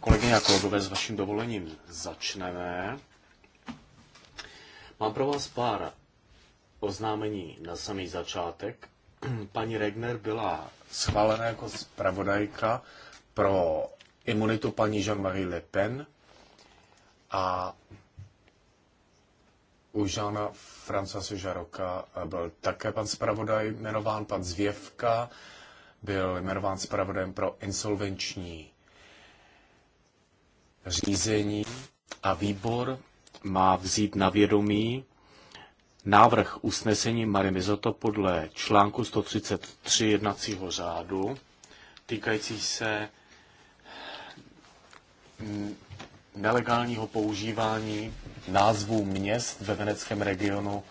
Kolegyně a kolegové, s vaším dovolením začneme. Mám pro vás pár oznámení na samý začátek. Paní Regner byla schválena jako zpravodajka pro imunitu paní Jean-Marie Le Pen a u Žána Francase Žaroka byl také pan zpravodaj jmenován, pan Zvěvka byl jmenován zpravodajem pro insolvenční řízení a výbor má vzít na vědomí návrh usnesení Mizoto podle článku 133 jednacího řádu týkající se nelegálního používání názvů měst ve veneckém regionu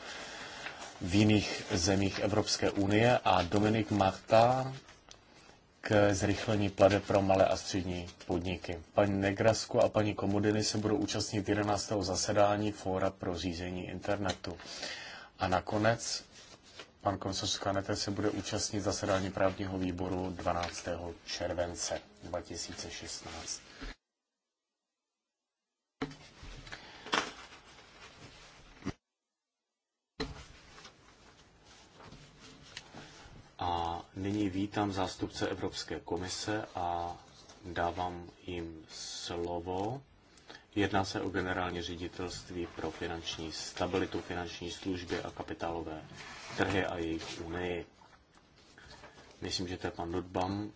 v jiných zemích Evropské unie a Dominik Marta k zrychlení plade pro malé a střední podniky. Paní Negrasku a paní Komodiny se budou účastnit 11. zasedání Fóra pro řízení internetu. A nakonec pan komisař Kanete se bude účastnit zasedání právního výboru 12. července 2016. A nyní vítám zástupce Evropské komise a dávám jim slovo. Jedná se o generální ředitelství pro finanční stabilitu, finanční služby a kapitálové trhy a jejich unii. Myslím, že to je pan Nudbam.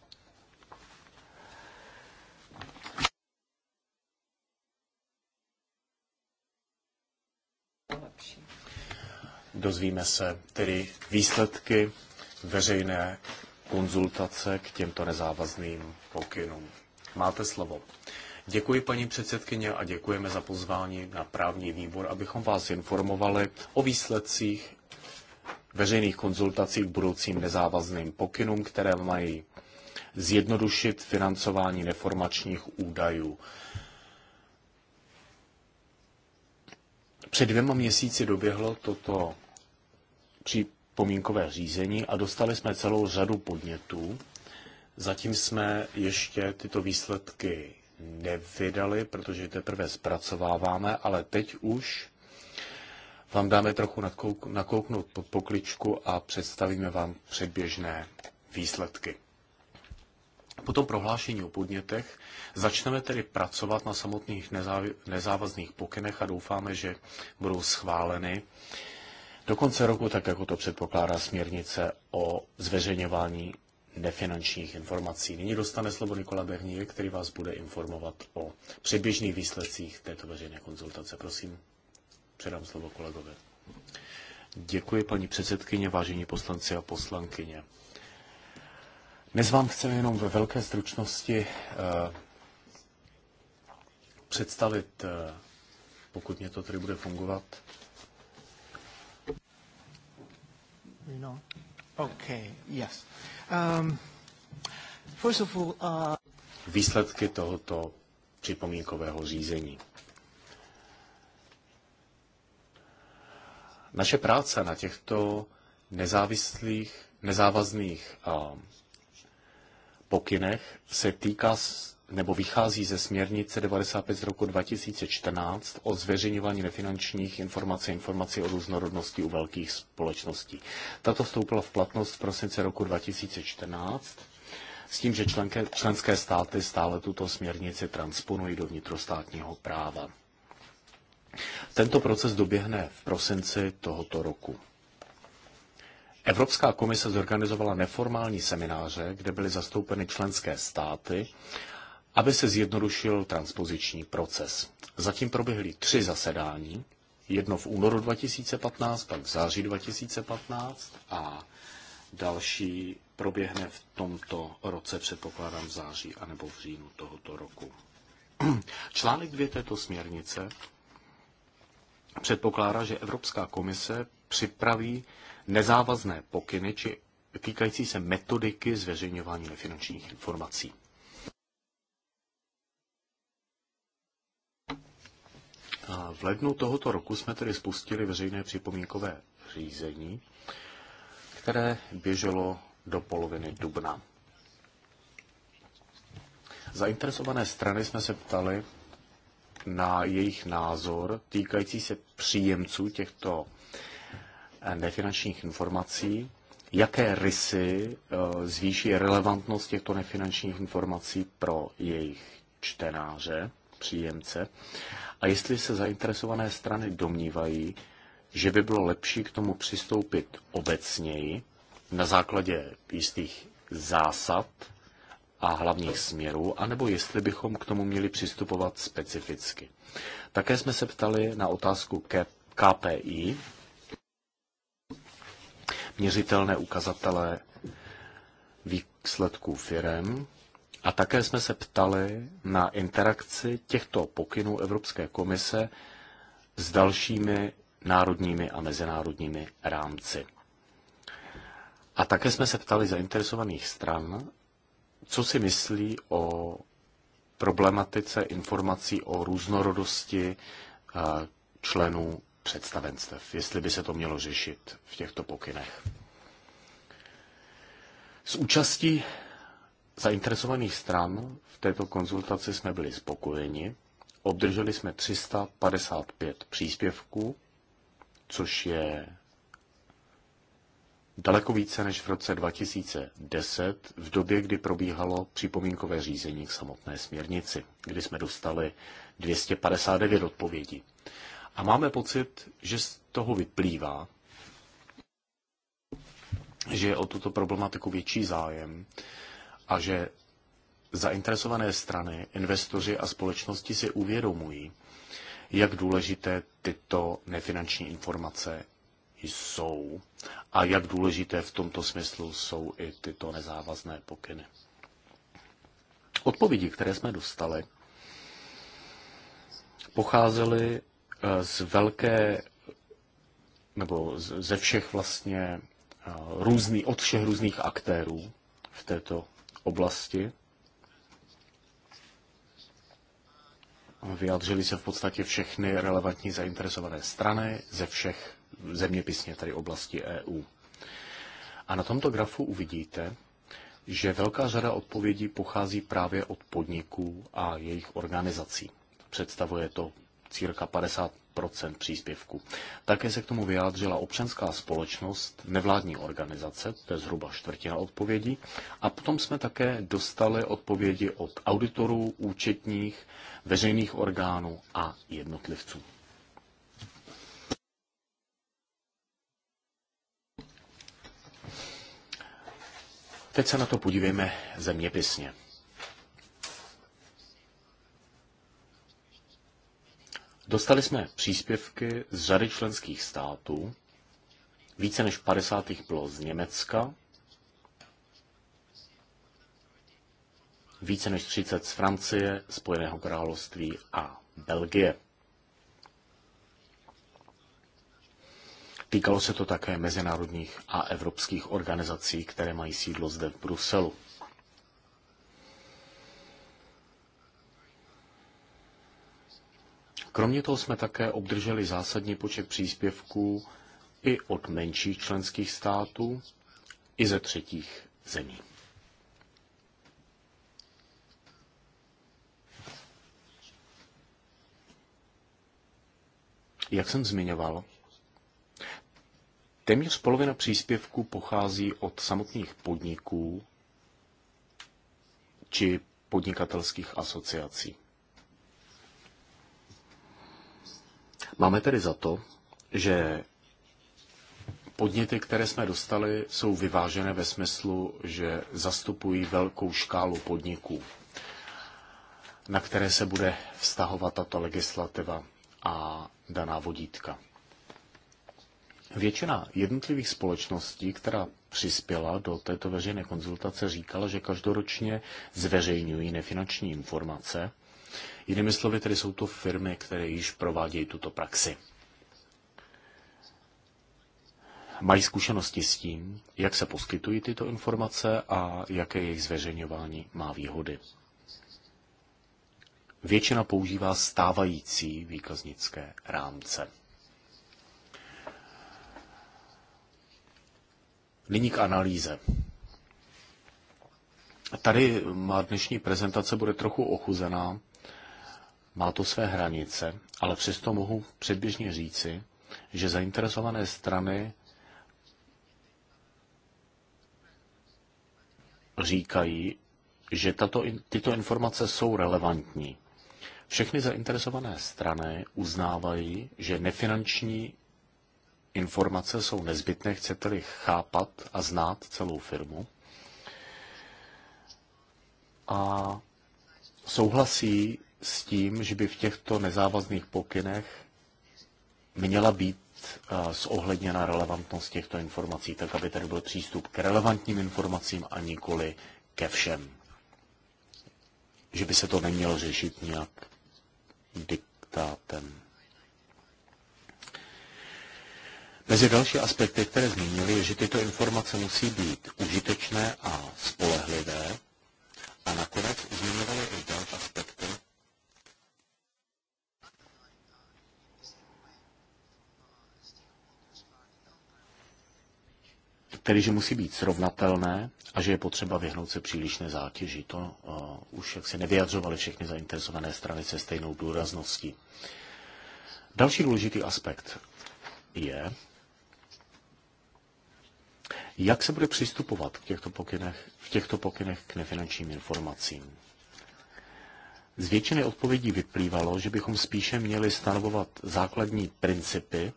Dozvíme se tedy výsledky veřejné konzultace k těmto nezávazným pokynům. Máte slovo. Děkuji paní předsedkyně a děkujeme za pozvání na právní výbor, abychom vás informovali o výsledcích veřejných konzultací k budoucím nezávazným pokynům, které mají zjednodušit financování neformačních údajů. Před dvěma měsíci doběhlo toto pomínkové řízení a dostali jsme celou řadu podnětů. Zatím jsme ještě tyto výsledky nevydali, protože teprve zpracováváme, ale teď už vám dáme trochu nakouknout pod pokličku a představíme vám předběžné výsledky. Po tom prohlášení o podnětech začneme tedy pracovat na samotných nezávazných pokynech a doufáme, že budou schváleny do konce roku, tak jako to předpokládá směrnice o zveřejňování nefinančních informací. Nyní dostane slovo Nikola Bernier, který vás bude informovat o předběžných výsledcích této veřejné konzultace. Prosím, předám slovo kolegové. Děkuji, paní předsedkyně, vážení poslanci a poslankyně. Dnes vám chceme jenom ve velké stručnosti eh, představit, eh, pokud mě to tedy bude fungovat, you know? Okay, yes. Um, first of all, uh... Výsledky tohoto připomínkového řízení. Naše práce na těchto nezávislých, nezávazných uh, pokynech se týká nebo vychází ze směrnice 95 z roku 2014 o zveřejňování nefinančních informací a informací o různorodnosti u velkých společností. Tato vstoupila v platnost v prosince roku 2014 s tím, že členke, členské státy stále tuto směrnici transponují do vnitrostátního práva. Tento proces doběhne v prosinci tohoto roku. Evropská komise zorganizovala neformální semináře, kde byly zastoupeny členské státy aby se zjednodušil transpoziční proces. Zatím proběhly tři zasedání, jedno v únoru 2015, pak v září 2015 a další proběhne v tomto roce, předpokládám v září anebo v říjnu tohoto roku. Článek 2 této směrnice předpokládá, že Evropská komise připraví nezávazné pokyny či týkající se metodiky zveřejňování nefinančních informací. V lednu tohoto roku jsme tedy spustili veřejné připomínkové řízení, které běželo do poloviny dubna. Zainteresované strany jsme se ptali na jejich názor týkající se příjemců těchto eh, nefinančních informací, jaké rysy eh, zvýší relevantnost těchto nefinančních informací pro jejich čtenáře, příjemce a jestli se zainteresované strany domnívají, že by bylo lepší k tomu přistoupit obecněji na základě jistých zásad a hlavních směrů, anebo jestli bychom k tomu měli přistupovat specificky. Také jsme se ptali na otázku KPI, měřitelné ukazatele výsledků firem, a také jsme se ptali na interakci těchto pokynů Evropské komise s dalšími národními a mezinárodními rámci. A také jsme se ptali zainteresovaných stran, co si myslí o problematice informací o různorodosti eh, členů představenstev, jestli by se to mělo řešit v těchto pokynech. S účastí zainteresovaných stran v této konzultaci jsme byli spokojeni. Obdrželi jsme 355 příspěvků, což je daleko více než v roce 2010, v době, kdy probíhalo připomínkové řízení k samotné směrnici, kdy jsme dostali 259 odpovědí. A máme pocit, že z toho vyplývá, že je o tuto problematiku větší zájem a že zainteresované strany, investoři a společnosti si uvědomují, jak důležité tyto nefinanční informace jsou a jak důležité v tomto smyslu jsou i tyto nezávazné pokyny. Odpovědi, které jsme dostali, pocházely eh, z velké nebo ze všech vlastně eh, různý, od všech různých aktérů v této oblasti. Vyjádřili se v podstatě všechny relevantní zainteresované strany ze všech zeměpisně tady oblasti EU. A na tomto grafu uvidíte, že velká řada odpovědí pochází právě od podniků a jejich organizací. Představuje to círka 50 příspěvku. Také se k tomu vyjádřila občanská společnost, nevládní organizace, to je zhruba čtvrtina odpovědí. A potom jsme také dostali odpovědi od auditorů, účetních, veřejných orgánů a jednotlivců. Teď se na to podívejme zeměpisně. Dostali jsme příspěvky z řady členských států, více než 50 bylo z Německa, více než 30 z Francie, Spojeného království a Belgie. Týkalo se to také mezinárodních a evropských organizací, které mají sídlo zde v Bruselu. Kromě toho jsme také obdrželi zásadní počet příspěvků i od menších členských států, i ze třetích zemí. Jak jsem zmiňoval, téměř polovina příspěvků pochází od samotných podniků či podnikatelských asociací. Máme tedy za to, že podněty, které jsme dostali, jsou vyvážené ve smyslu, že zastupují velkou škálu podniků, na které se bude vztahovat tato legislativa a daná vodítka. Většina jednotlivých společností, která přispěla do této veřejné konzultace, říkala, že každoročně zveřejňují nefinanční informace Jinými slovy, tedy jsou to firmy, které již provádějí tuto praxi. Mají zkušenosti s tím, jak se poskytují tyto informace a jaké jejich zveřejňování má výhody. Většina používá stávající výkaznické rámce. Nyní k analýze. Tady má dnešní prezentace bude trochu ochuzená, má to své hranice, ale přesto mohu předběžně říci, že zainteresované strany říkají, že tato, tyto informace jsou relevantní. Všechny zainteresované strany uznávají, že nefinanční informace jsou nezbytné, chcete-li chápat a znát celou firmu. A souhlasí s tím, že by v těchto nezávazných pokynech měla být zohledněna relevantnost těchto informací, tak aby tady byl přístup k relevantním informacím a nikoli ke všem. Že by se to nemělo řešit nějak diktátem. Mezi další aspekty, které zmínili, je, že tyto informace musí být užitečné a spolehlivé. A nakonec zmiňovali i další aspekty, Tedy, že musí být srovnatelné a že je potřeba vyhnout se přílišné zátěži. To uh, už jak se nevyjadřovaly všechny zainteresované strany se stejnou důrazností. Další důležitý aspekt je, jak se bude přistupovat k těchto pokynech, v těchto pokynech k nefinančním informacím. Z většiny odpovědí vyplývalo, že bychom spíše měli stanovovat základní principy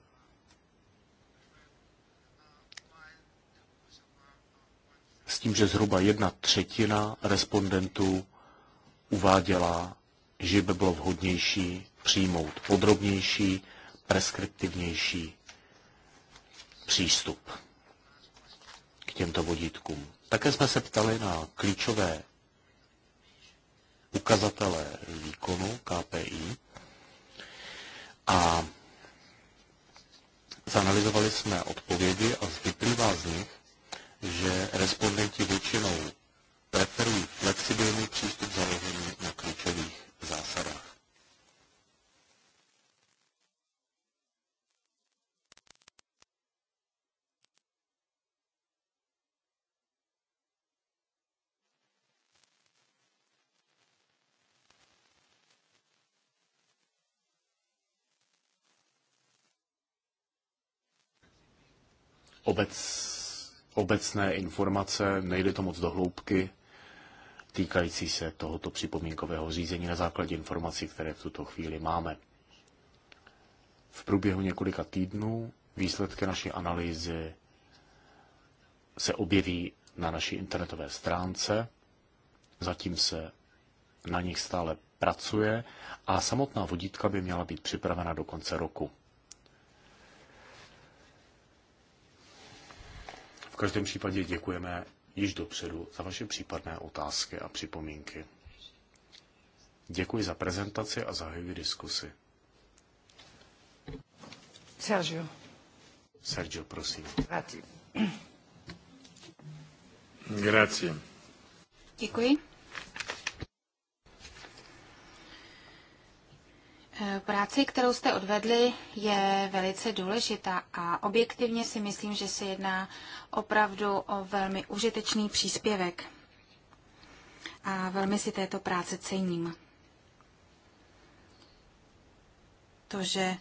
s tím, že zhruba jedna třetina respondentů uváděla, že by bylo vhodnější přijmout podrobnější, preskriptivnější přístup k těmto vodítkům. Také jsme se ptali na klíčové ukazatele výkonu KPI a zanalizovali jsme odpovědi a vyplývá z nich, že respondenti většinou preferují flexibilní přístup založený na klíčových zásadách. Obec obecné informace, nejde to moc do hloubky, týkající se tohoto připomínkového řízení na základě informací, které v tuto chvíli máme. V průběhu několika týdnů výsledky naší analýzy se objeví na naší internetové stránce. Zatím se na nich stále pracuje a samotná vodítka by měla být připravena do konce roku. V každém případě děkujeme již dopředu za vaše případné otázky a připomínky. Děkuji za prezentaci a zahajuji diskusi. Sergio. Sergio, prosím. Grazie. Grazie. Děkuji. Eh, práce, kterou jste odvedli, je velice důležitá a objektivně si myslím, že se jedná opravdu o velmi užitečný příspěvek. A velmi si této práce cením. To, že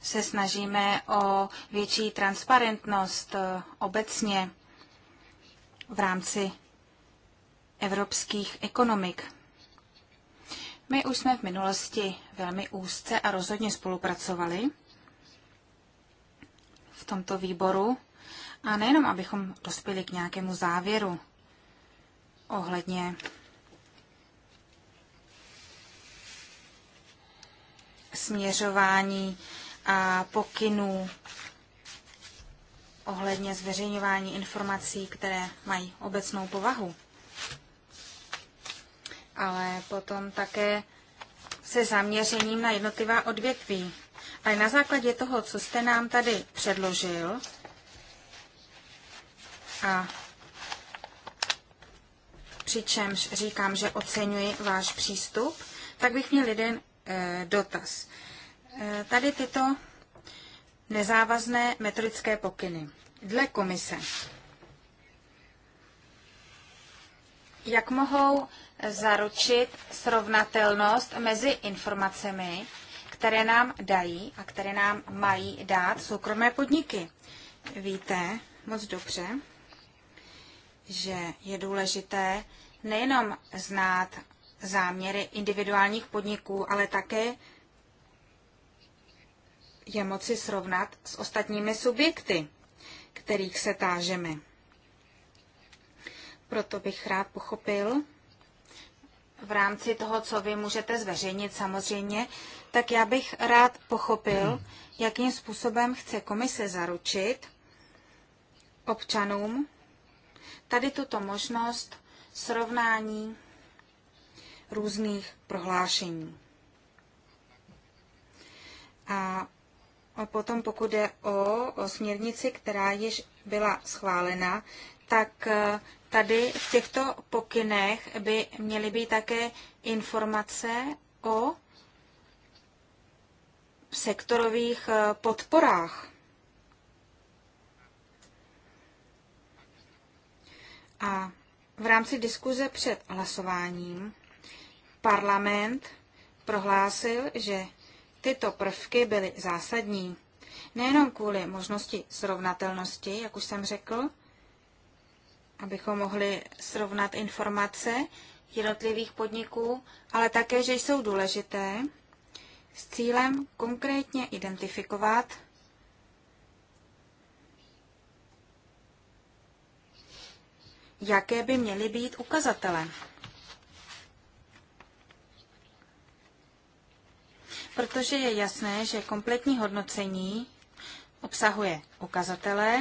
se snažíme o větší transparentnost eh, obecně v rámci evropských ekonomik. My už jsme v minulosti velmi úzce a rozhodně spolupracovali v tomto výboru a nejenom, abychom dospěli k nějakému závěru ohledně směřování a pokynů ohledně zveřejňování informací, které mají obecnou povahu ale potom také se zaměřením na jednotlivá odvětví. Ale na základě toho, co jste nám tady předložil, a přičemž říkám, že oceňuji váš přístup, tak bych měl jeden e, dotaz. E, tady tyto nezávazné metodické pokyny. Dle komise. Jak mohou zaručit srovnatelnost mezi informacemi, které nám dají a které nám mají dát soukromé podniky. Víte moc dobře, že je důležité nejenom znát záměry individuálních podniků, ale také je moci srovnat s ostatními subjekty, kterých se tážeme. Proto bych rád pochopil, v rámci toho, co vy můžete zveřejnit samozřejmě, tak já bych rád pochopil, jakým způsobem chce komise zaručit občanům tady tuto možnost srovnání různých prohlášení. A potom pokud jde o, o směrnici, která již byla schválena, tak Tady v těchto pokynech by měly být také informace o sektorových eh, podporách. A v rámci diskuze před hlasováním parlament prohlásil, že tyto prvky byly zásadní. Nejenom kvůli možnosti srovnatelnosti, jak už jsem řekl, abychom mohli srovnat informace jednotlivých podniků, ale také, že jsou důležité s cílem konkrétně identifikovat jaké by měly být ukazatele. Protože je jasné, že kompletní hodnocení obsahuje ukazatele,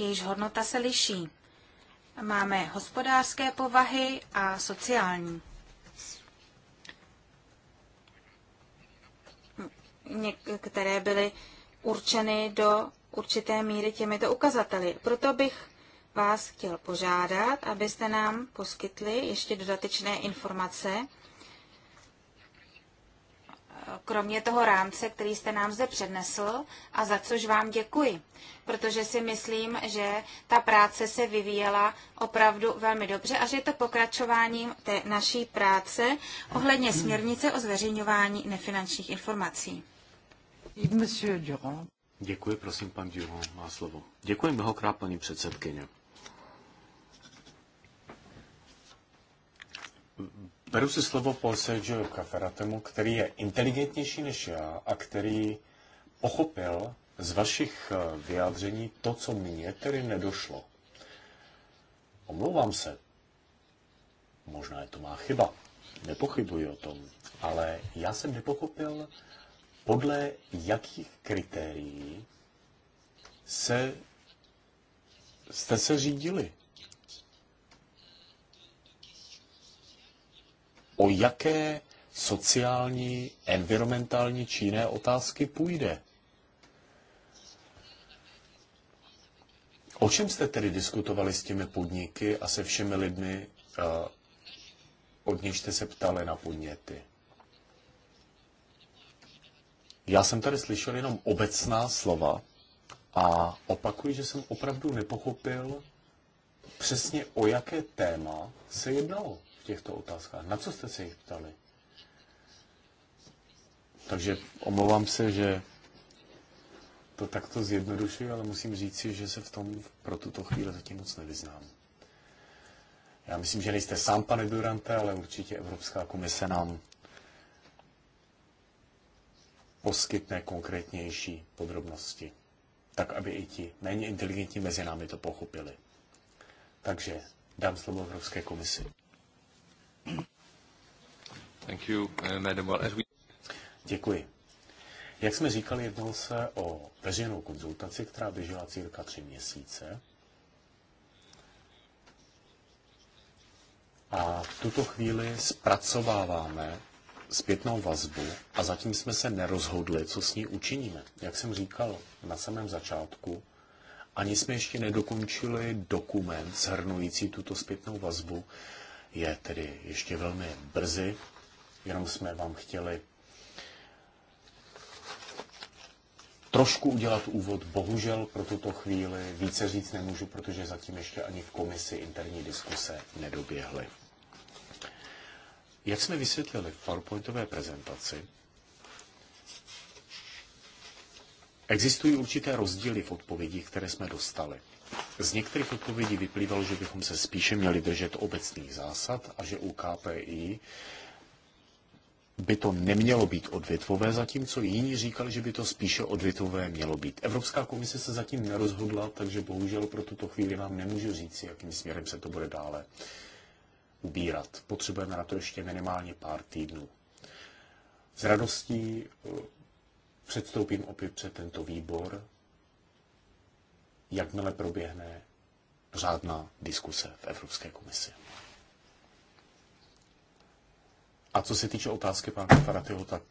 jejíž hodnota se liší. Máme hospodářské povahy a sociální. které byly určeny do určité míry těmito ukazateli. Proto bych vás chtěl požádat, abyste nám poskytli ještě dodatečné informace kromě toho rámce, který jste nám zde přednesl a za což vám děkuji, protože si myslím, že ta práce se vyvíjela opravdu velmi dobře a že je to pokračováním té naší práce ohledně směrnice o zveřejňování nefinančních informací. Děkuji, prosím, pan Durand má slovo. Děkuji mnohokrát, paní předsedkyně. Beru si slovo po Sergio Kaferatemu, který je inteligentnější než já a který pochopil z vašich eh, vyjádření to, co mně tedy nedošlo. Omlouvám se. Možná je to má chyba. Nepochybuji o tom. Ale já jsem nepochopil, podle jakých kritérií se jste se řídili. o jaké sociální, environmentální či jiné otázky půjde. O čem jste tedy diskutovali s těmi podniky a se všemi lidmi, od nich jste se ptali na podněty? Já jsem tady slyšel jenom obecná slova a opakuji, že jsem opravdu nepochopil přesně o jaké téma se jednalo v těchto otázkách. Na co jste se jich ptali? Takže omlouvám se, že to takto zjednodušuji, ale musím říci, že se v tom pro tuto chvíli zatím moc nevyznám. Já myslím, že nejste sám, pane Durante, ale určitě Evropská komise nám poskytne konkrétnější podrobnosti, tak aby i ti méně inteligentní mezi námi to pochopili. Takže dám slovo Evropské komisi. Uh, Děkuji. Jak jsme říkali, jednalo se o veřejnou konzultaci, která běžela cirka tři měsíce. A v tuto chvíli zpracováváme zpětnou vazbu a zatím jsme se nerozhodli, co s ní učiníme. Jak jsem říkal na samém začátku, ani jsme ještě nedokončili dokument shrnující tuto zpětnou vazbu, je tedy ještě velmi brzy, jenom jsme vám chtěli trošku udělat úvod. Bohužel pro tuto chvíli více říct nemůžu, protože zatím ještě ani v komisi interní diskuse nedoběhly. Jak jsme vysvětlili v PowerPointové prezentaci, existují určité rozdíly v odpovědích, které jsme dostali. Z některých odpovědí vyplývalo, že bychom se spíše měli držet obecných zásad a že u KPI by to nemělo být odvětvové, zatímco jiní říkali, že by to spíše odvětvové mělo být. Evropská komise se zatím nerozhodla, takže bohužel pro tuto chvíli vám nemůžu říct, jakým směrem se to bude dále ubírat. Potřebujeme na to ještě minimálně pár týdnů. S radostí eh, předstoupím opět před tento výbor jakmile proběhne řádná diskuse v Evropské komisi. A co se týče otázky pana Faratyho, tak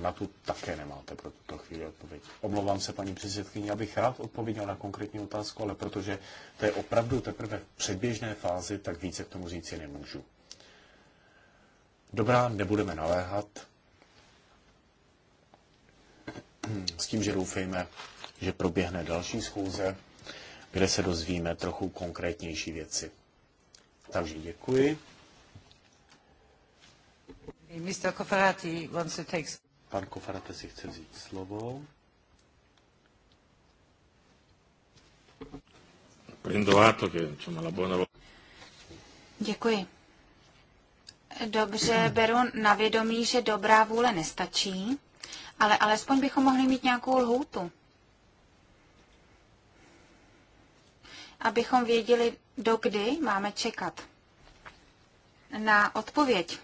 na tu také nemáte pro tuto chvíli odpověď. Omlouvám se, paní předsedkyně, já bych rád odpověděl na konkrétní otázku, ale protože to je opravdu teprve v předběžné fázi, tak více k tomu říci nemůžu. Dobrá, nebudeme naléhat s tím, že doufejme, že proběhne další schůze kde se dozvíme trochu konkrétnější věci. Takže děkuji. Mr. Kofarati, wants to take... Pan Kofarate si chce vzít slovo. Děkuji. Dobře, beru na vědomí, že dobrá vůle nestačí, ale alespoň bychom mohli mít nějakou lhůtu. abychom věděli, dokdy máme čekat na odpověď.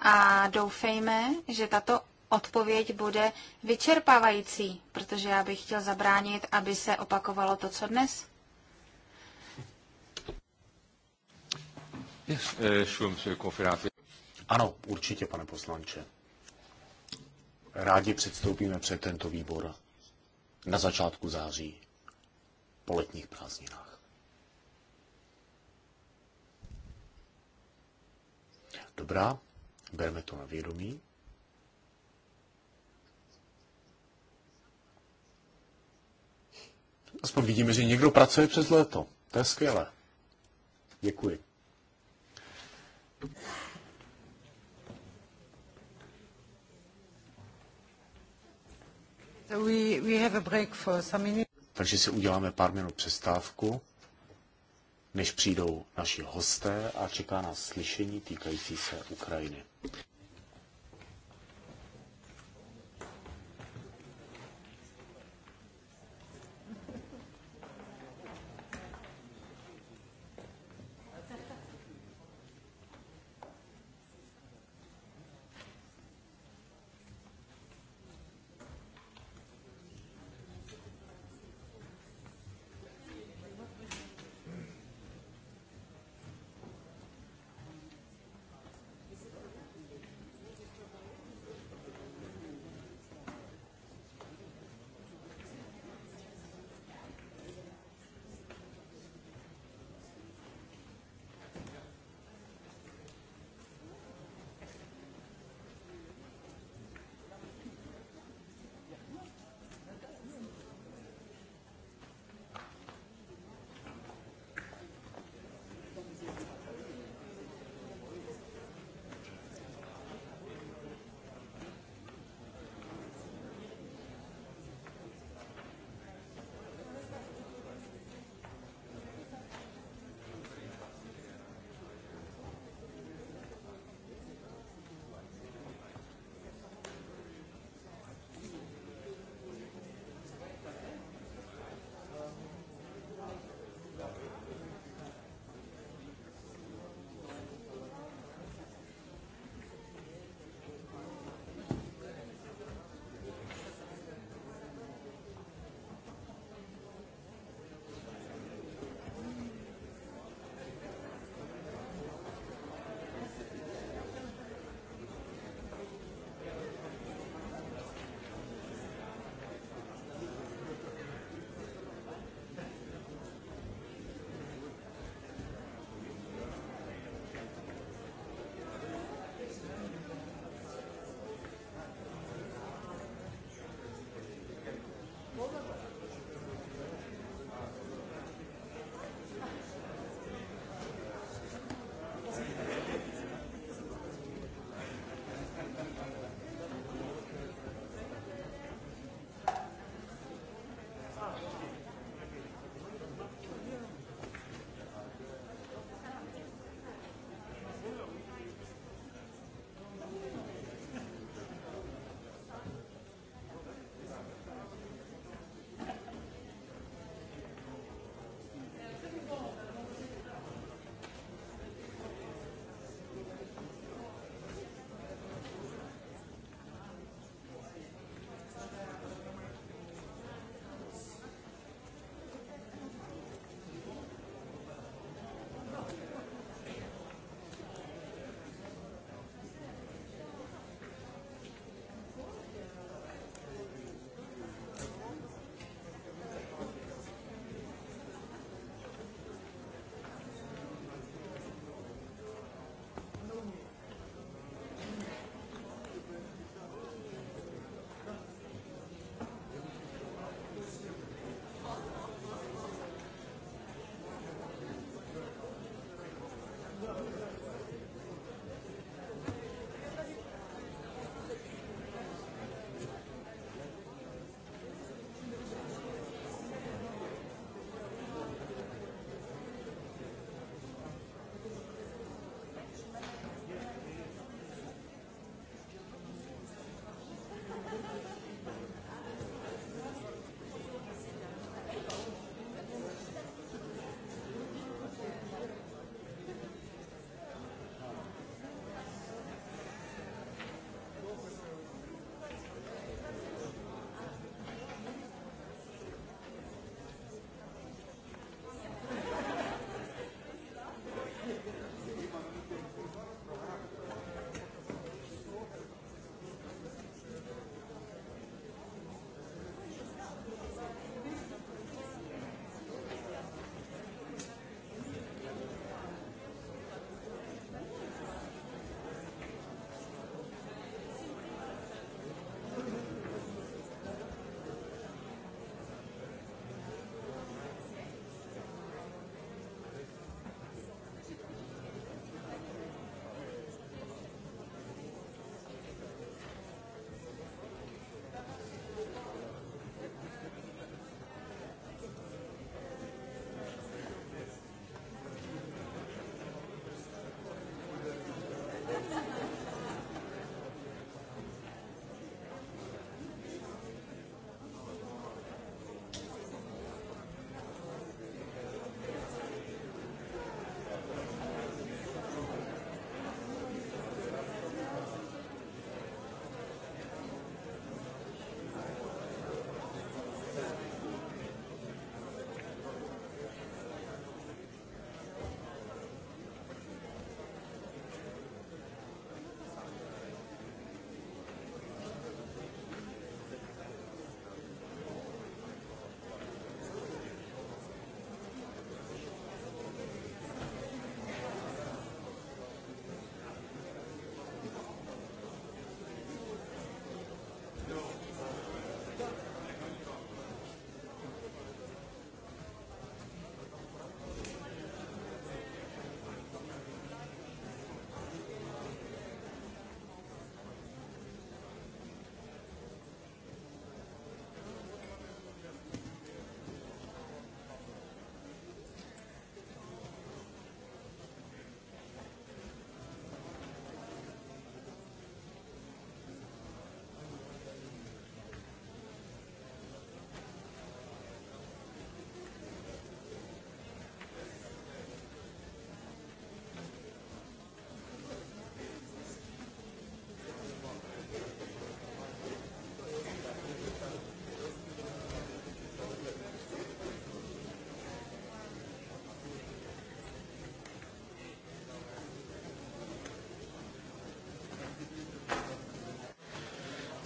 A doufejme, že tato odpověď bude vyčerpávající, protože já bych chtěl zabránit, aby se opakovalo to, co dnes. Uh, ano, určitě, pane poslanče. Rádi předstoupíme před tento výbor na začátku září po letních prázdninách. Dobrá, bereme to na vědomí. Aspoň vidíme, že někdo pracuje přes léto. To je skvělé. Děkuji. So we, we have a break for some Takže si uděláme pár minut přestávku než přijdou naši hosté a čeká nás slyšení týkající se Ukrajiny.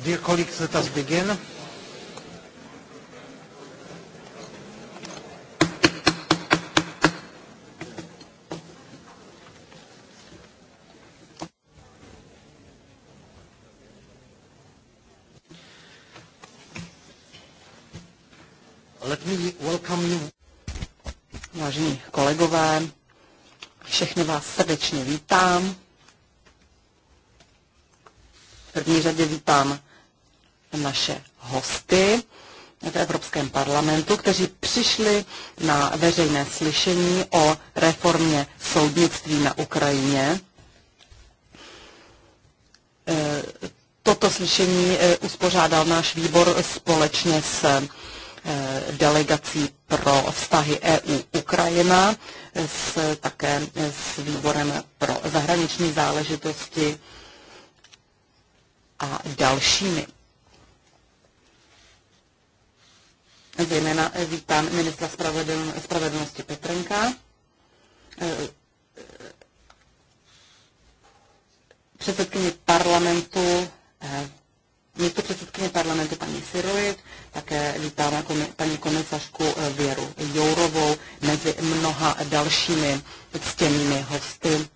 Dear colleagues, let us begin. Vážení kolegové, všechny vás srdečně vítám. V první řadě vítám naše hosty v Evropském parlamentu, kteří přišli na veřejné slyšení o reformě soudnictví na Ukrajině. E, toto slyšení e, uspořádal náš výbor společně s e, delegací pro vztahy EU-Ukrajina, s, také s výborem pro zahraniční záležitosti a dalšími. Zejména e, vítám ministra spravedlnosti Petrenka. E, e, předsedkyně parlamentu, místo předsedkyně parlamentu paní Sirovic, také vítám paní komisařku Věru Jourovou mezi mnoha dalšími ctěnými hosty,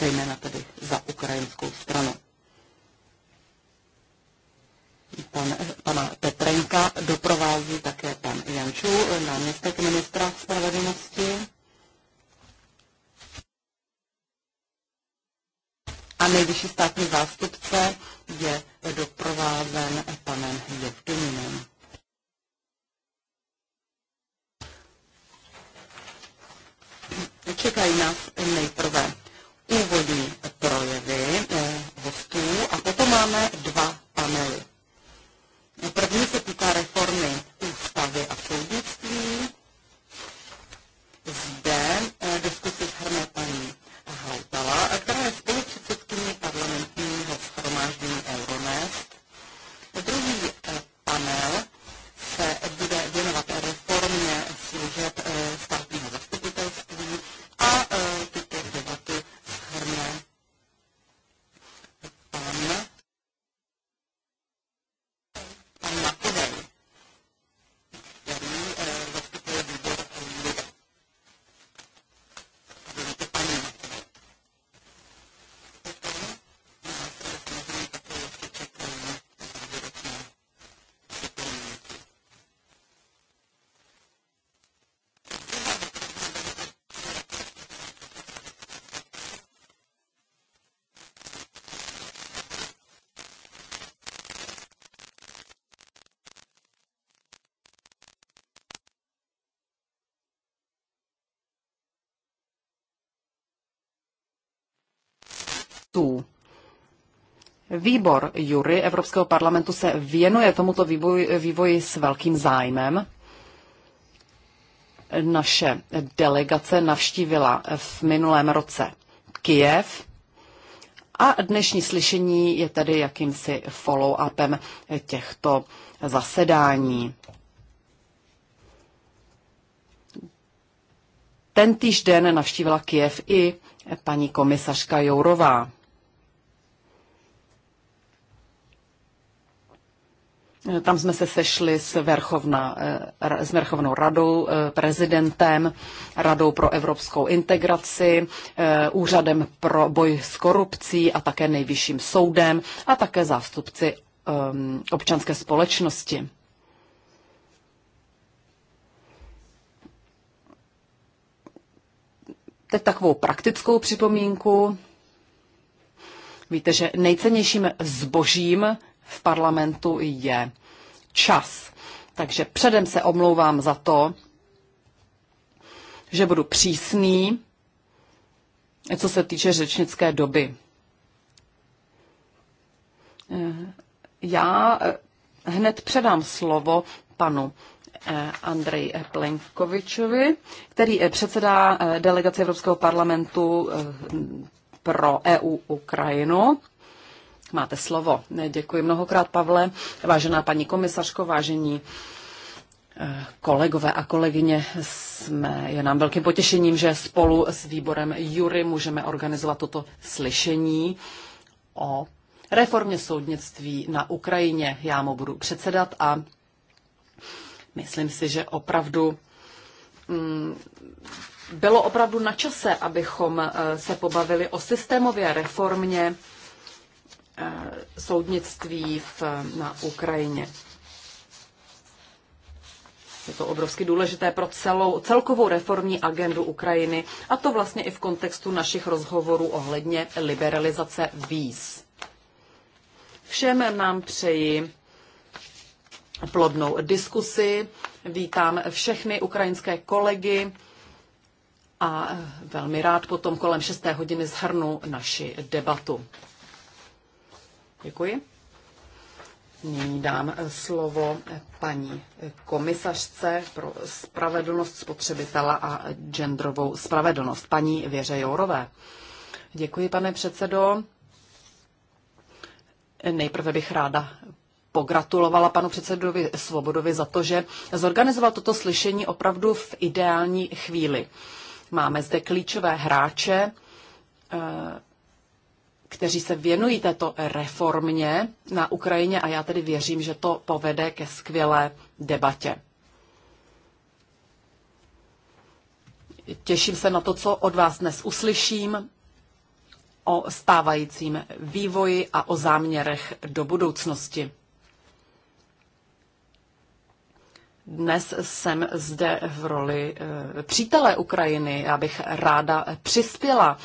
zejména tedy za ukrajinskou stranu pan, pana Petrenka doprovází také pan Jančů, náměstek ministra spravedlnosti. A nejvyšší státní zástupce je doprovázen panem Jevgeninem. Čekají nás nejprve úvodní projevy eh, hostů a potom máme dva panely. No, první se týká reformy ústavy a soudnictví. Zde eh, diskusi shrne paní Hautala, která je spolupředsedkyní parlamentního schromáždění Euronest. Druhý eh, panel se bude věnovat reformě služeb eh, státu Výbor Jury Evropského parlamentu se věnuje tomuto vývoji, vývoji s velkým zájmem. Naše delegace navštívila v minulém roce Kijev a dnešní slyšení je tedy jakýmsi follow-upem těchto zasedání. týž den navštívila Kijev i paní komisařka Jourová. Tam jsme se sešli s, Verchovna, eh, s Verchovnou radou, eh, prezidentem, radou pro evropskou integraci, eh, úřadem pro boj s korupcí a také nejvyšším soudem a také zástupci občanské společnosti. Teď takovou praktickou připomínku. Víte, že nejcennějším zbožím v parlamentu je čas. Takže předem se omlouvám za to, že budu přísný, co se týče řečnické doby. Eh, já eh, hned předám slovo panu eh, Andrej Plenkovičovi, který předsedá delegaci Evropského parlamentu pro EU Ukrajinu. Máte slovo. Děkuji mnohokrát, Pavle. Vážená paní komisařko, vážení eh, kolegové a kolegyně, jsme, je nám velkým potěšením, že spolu s výborem Jury můžeme organizovat toto slyšení o reformě soudnictví na Ukrajině. Já mu budu předsedat a myslím si, že opravdu mm, bylo opravdu na čase, abychom eh, se pobavili o systémové reformě Eh, soudnictví v, na Ukrajině. Je to obrovsky důležité pro celou, celkovou reformní agendu Ukrajiny a to vlastně i v kontextu našich rozhovorů ohledně liberalizace víz. Všem nám přeji plodnou diskusi. Vítám všechny ukrajinské kolegy a velmi rád potom kolem 6. hodiny zhrnu naši debatu. Děkuji. Nyní dám slovo paní komisařce pro spravedlnost spotřebitela a genderovou spravedlnost, paní Věře Jourové. Děkuji, pane předsedo. Nejprve bych ráda pogratulovala panu předsedovi Svobodovi za to, že zorganizoval toto slyšení opravdu v ideální chvíli. Máme zde klíčové hráče, kteří se věnují této reformě na Ukrajině a já tedy věřím, že to povede ke skvělé debatě. Těším se na to, co od vás dnes uslyším o stávajícím vývoji a o záměrech do budoucnosti. Dnes jsem zde v roli eh, přítele Ukrajiny. Já bych ráda přispěla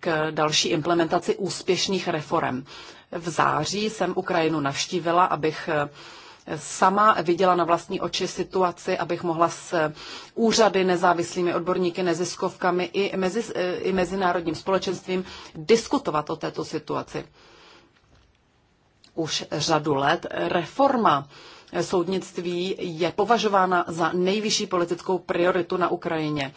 k další implementaci úspěšných reform. V září jsem Ukrajinu navštívila, abych eh, sama viděla na vlastní oči situaci, abych mohla s eh, úřady, nezávislými odborníky, neziskovkami i, mezi, eh, i mezinárodním společenstvím diskutovat o této situaci. Už řadu let reforma soudnictví je považována za nejvyšší politickou prioritu na Ukrajině.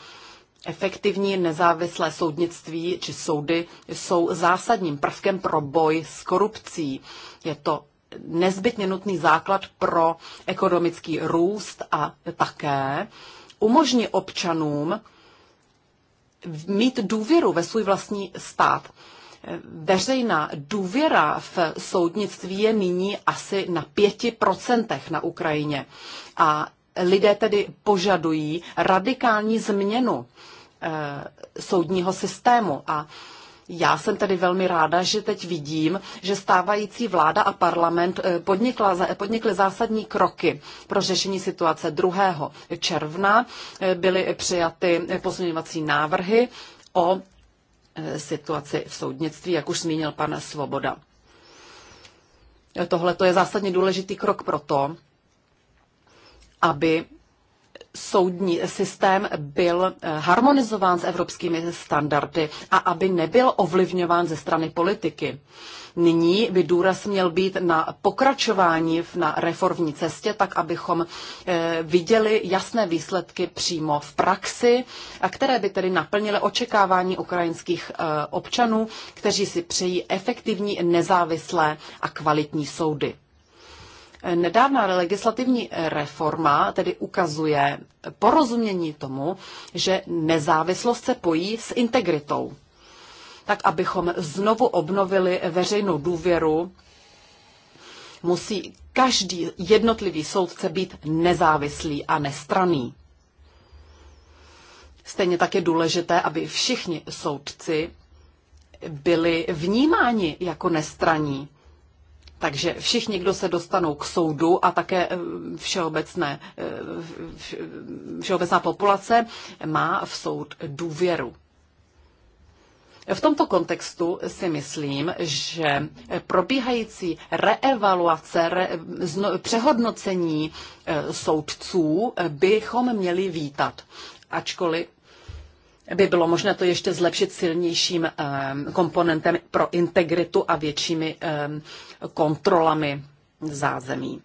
Efektivní nezávislé soudnictví či soudy jsou zásadním prvkem pro boj s korupcí. Je to nezbytně nutný základ pro ekonomický růst a také umožní občanům mít důvěru ve svůj vlastní stát. Veřejná důvěra v soudnictví je nyní asi na 5% na Ukrajině. A lidé tedy požadují radikální změnu Eh, soudního systému. A já jsem tedy velmi ráda, že teď vidím, že stávající vláda a parlament eh, podnikla, podnikly zásadní kroky pro řešení situace 2. června. Eh, byly přijaty pozměňovací návrhy o situaci v soudnictví, jak už zmínil pan Svoboda. Tohle je zásadně důležitý krok pro to, aby soudní systém byl eh, harmonizován s evropskými standardy a aby nebyl ovlivňován ze strany politiky. Nyní by důraz měl být na pokračování na reformní cestě, tak abychom eh, viděli jasné výsledky přímo v praxi, a které by tedy naplnily očekávání ukrajinských eh, občanů, kteří si přejí efektivní, nezávislé a kvalitní soudy. Nedávná legislativní reforma tedy ukazuje porozumění tomu, že nezávislost se pojí s integritou. Tak abychom znovu obnovili veřejnou důvěru, musí každý jednotlivý soudce být nezávislý a nestraný. Stejně tak je důležité, aby všichni soudci byli vnímáni jako nestraní. Takže všichni, kdo se dostanou k soudu a také eh, všeobecné, eh, všeobecná populace má v soud důvěru. V tomto kontextu si myslím, že probíhající reevaluace, re, přehodnocení eh, soudců bychom měli vítat. Ačkoliv by bylo možné to ještě zlepšit silnějším ehm, komponentem pro integritu a většími ehm, kontrolami zázemí.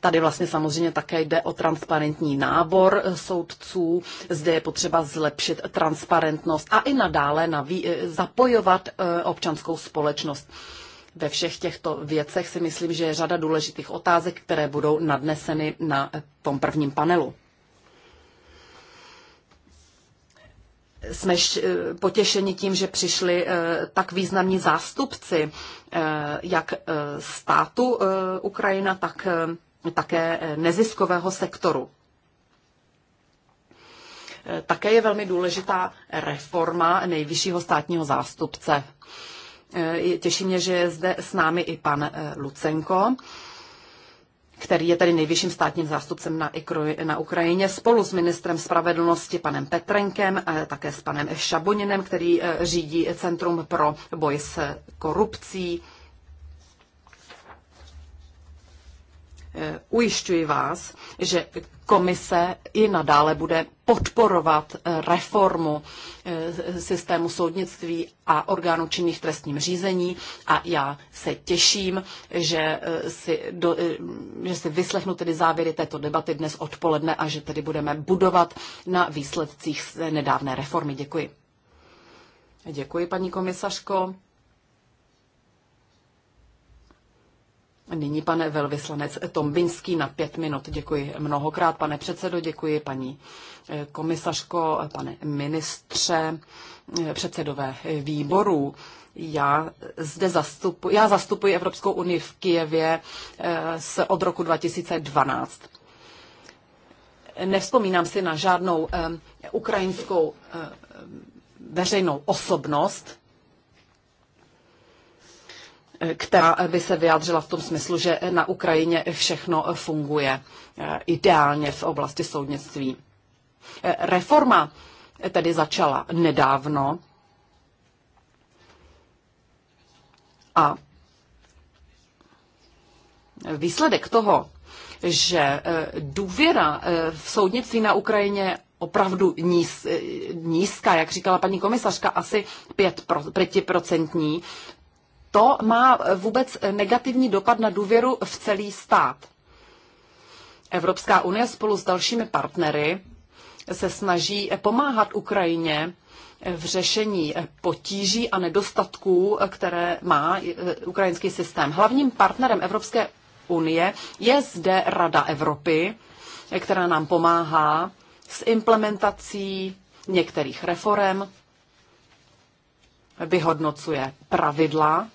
Tady vlastně samozřejmě také jde o transparentní nábor eh, soudců. Zde je potřeba zlepšit transparentnost a i nadále naví- eh, zapojovat eh, občanskou společnost. Ve všech těchto věcech si myslím, že je řada důležitých otázek, které budou nadneseny na tom prvním panelu. jsme potěšeni tím, že přišli eh, tak významní zástupci eh, jak eh, státu Ukrajina, tak také neziskového sektoru. Také je velmi důležitá reforma nejvyššího státního zástupce. Těší mě, že je zde s námi i pan Lucenko který je tedy nejvyšším státním zástupcem na, na Ukrajině, spolu s ministrem spravedlnosti panem Petrenkem, a eh, také s panem Šaboninem, který eh, řídí Centrum pro boj s korupcí. Eh, ujišťuji vás, že komise i nadále bude podporovat eh, reformu eh, systému soudnictví a orgánů činných trestním řízení a já se těším, že eh, si, do, že si vyslechnu tedy závěry této debaty dnes odpoledne a že tedy budeme budovat na výsledcích nedávné reformy. Děkuji. Děkuji, paní komisařko. Nyní pane velvyslanec Tombinský na pět minut. Děkuji mnohokrát, pane předsedo, děkuji paní eh, komisařko, pane ministře, eh, předsedové výborů. Já zde zastupuji, já zastupuji Evropskou unii v Kijevě z, eh, od roku 2012. Nevzpomínám si na žádnou ukrajinskou veřejnou osobnost, která by se vyjádřila v tom smyslu, že na Ukrajině všechno funguje eh, ideálně v oblasti soudnictví. Eh, reforma tedy začala nedávno a výsledek toho, že eh, důvěra v soudnictví na Ukrajině opravdu níz, nízká, jak říkala paní komisařka, asi 5%, to má vůbec negativní dopad na důvěru v celý stát. Evropská unie spolu s dalšími partnery se snaží pomáhat Ukrajině v řešení potíží a nedostatků, které má eh, ukrajinský systém. Hlavním partnerem Evropské unie je zde Rada Evropy, která nám pomáhá s implementací některých reform, vyhodnocuje pravidla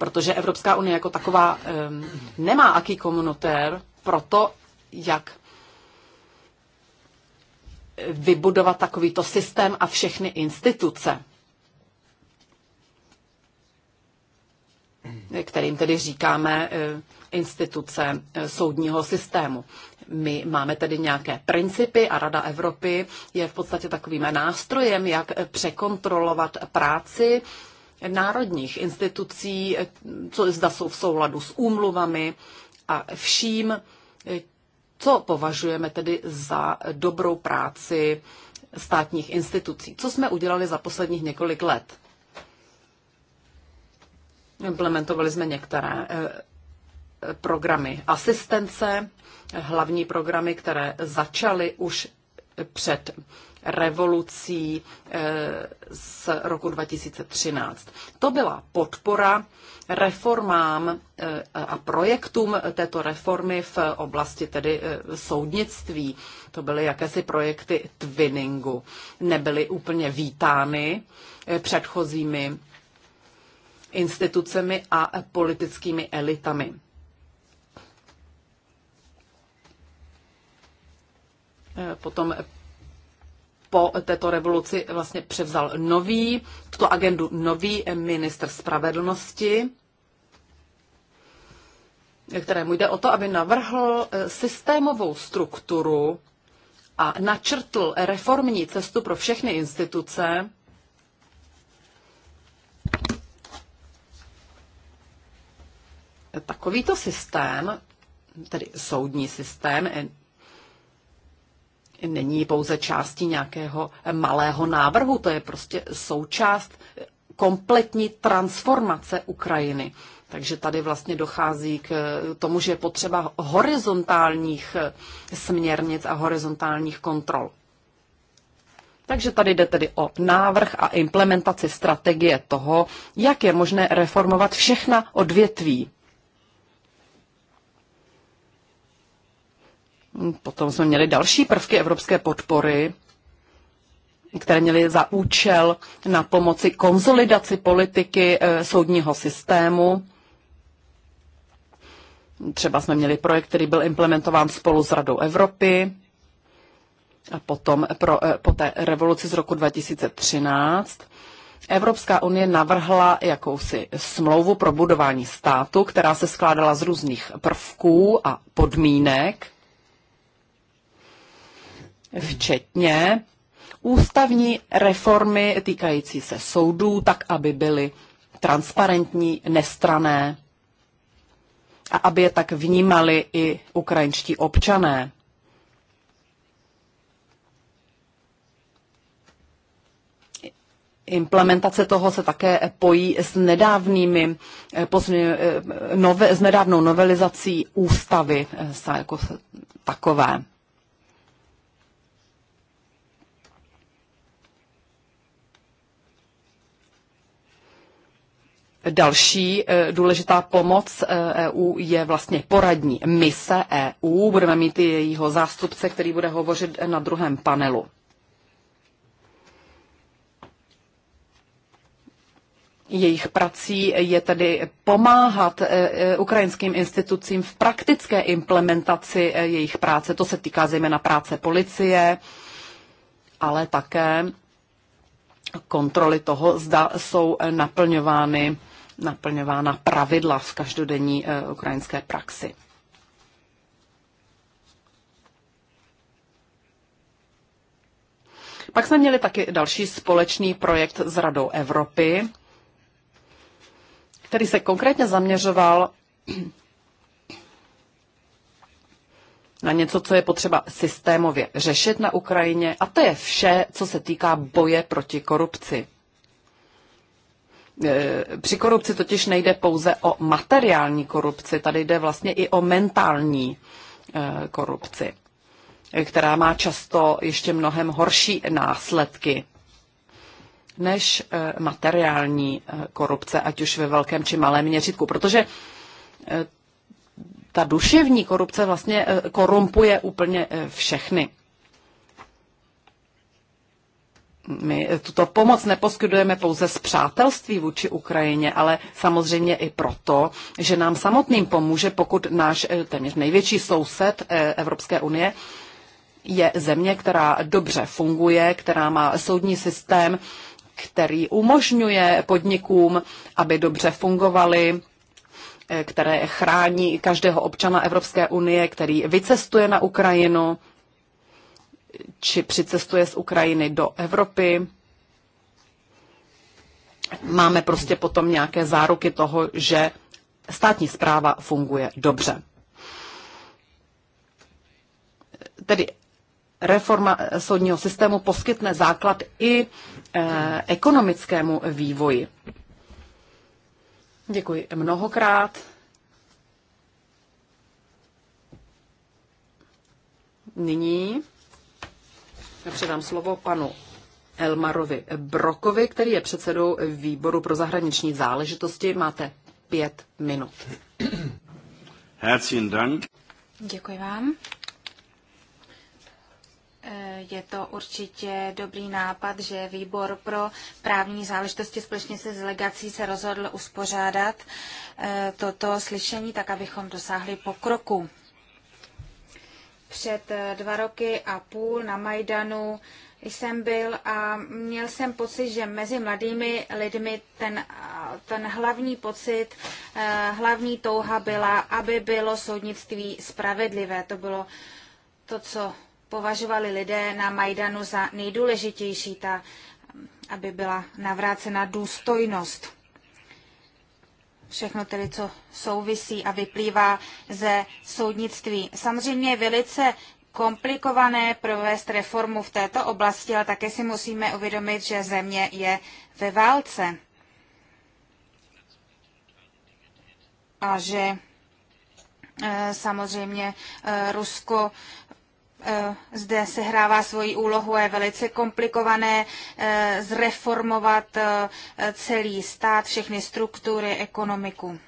protože Evropská unie jako taková um, nemá aký komunitér pro to, jak vybudovat takovýto systém a všechny instituce, kterým tedy říkáme eh, instituce eh, soudního systému. My máme tedy nějaké principy a Rada Evropy je v podstatě takovým nástrojem, jak překontrolovat práci národních institucí, co zda jsou v souladu s úmluvami a vším, co považujeme tedy za dobrou práci státních institucí. Co jsme udělali za posledních několik let? Implementovali jsme některé eh, programy asistence, hlavní programy, které začaly už před revolucí eh, z roku 2013. To byla podpora reformám eh, a projektům této reformy v oblasti tedy eh, soudnictví. To byly jakési projekty twinningu. Nebyly úplně vítány předchozími institucemi a politickými elitami. Potom po této revoluci vlastně převzal nový, tuto agendu nový minister spravedlnosti, kterému jde o to, aby navrhl eh, systémovou strukturu a načrtl reformní cestu pro všechny instituce, Takovýto systém, tedy soudní systém, eh, není pouze částí nějakého malého návrhu, to je prostě součást kompletní transformace Ukrajiny. Takže tady vlastně dochází k tomu, že je potřeba horizontálních směrnic a horizontálních kontrol. Takže tady jde tedy o návrh a implementaci strategie toho, jak je možné reformovat všechna odvětví. Potom jsme měli další prvky evropské podpory, které měly za účel na pomoci konzolidaci politiky eh, soudního systému. Třeba jsme měli projekt, který byl implementován spolu s Radou Evropy a potom pro, eh, po té revoluci z roku 2013 Evropská unie navrhla jakousi smlouvu pro budování státu, která se skládala z různých prvků a podmínek včetně ústavní reformy týkající se soudů, tak aby byly transparentní, nestrané a aby je tak vnímali i ukrajinští občané. Implementace toho se také pojí s, nedávnými, eh, eh, nove, s nedávnou novelizací ústavy eh, jako takové. Další eh, důležitá pomoc EU eh, e je vlastně poradní mise EU. Budeme mít i jejího zástupce, který bude hovořit na druhém panelu. Jejich prací je tedy pomáhat eh, ukrajinským institucím v praktické implementaci jejich práce. To se týká zejména práce policie, ale také kontroly toho, zda jsou naplňovány naplňována pravidla v každodenní eh, ukrajinské praxi. Pak jsme měli taky další společný projekt s Radou Evropy, který se konkrétně zaměřoval na něco, co je potřeba systémově řešit na Ukrajině, a to je vše, co se týká boje proti korupci. E, při korupci totiž nejde pouze o materiální korupci, tady jde vlastně i o mentální e, korupci, která má často ještě mnohem horší následky než e, materiální korupce, ať už ve velkém či malém měřitku. Protože ta duševní korupce vlastně korumpuje úplně všechny. my tuto pomoc neposkytujeme pouze z přátelství vůči Ukrajině, ale samozřejmě i proto, že nám samotným pomůže, pokud náš eh, téměř největší soused eh, Evropské unie je země, která dobře funguje, která má soudní systém, který umožňuje podnikům, aby dobře fungovaly, eh, které chrání každého občana Evropské unie, který vycestuje na Ukrajinu či přicestuje z Ukrajiny do Evropy. Máme prostě potom nějaké záruky toho, že státní zpráva funguje dobře. Tedy reforma soudního systému poskytne základ i e, ekonomickému vývoji. Děkuji mnohokrát. Nyní předám slovo panu Elmarovi Brokovi, který je předsedou výboru pro zahraniční záležitosti. Máte pět minut. Herzlichen Dank. Děkuji vám. E, je to určitě dobrý nápad, že výbor pro právní záležitosti společně se delegací se rozhodl uspořádat e, toto slyšení, tak abychom dosáhli pokroku před eh, dva roky a půl na Majdanu jsem byl a měl jsem pocit, že mezi mladými lidmi ten, eh, ten hlavní pocit, eh, hlavní touha byla, aby bylo soudnictví spravedlivé. To bylo to, co považovali lidé na Majdanu za nejdůležitější, ta, aby byla navrácena důstojnost všechno tedy, co souvisí a vyplývá ze soudnictví. Samozřejmě je velice komplikované provést reformu v této oblasti, ale také si musíme uvědomit, že země je ve válce. A že eh, samozřejmě eh, Rusko Eh, zde sehrává svoji úlohu a je velice komplikované eh, zreformovat eh, celý stát, všechny struktury, ekonomiku.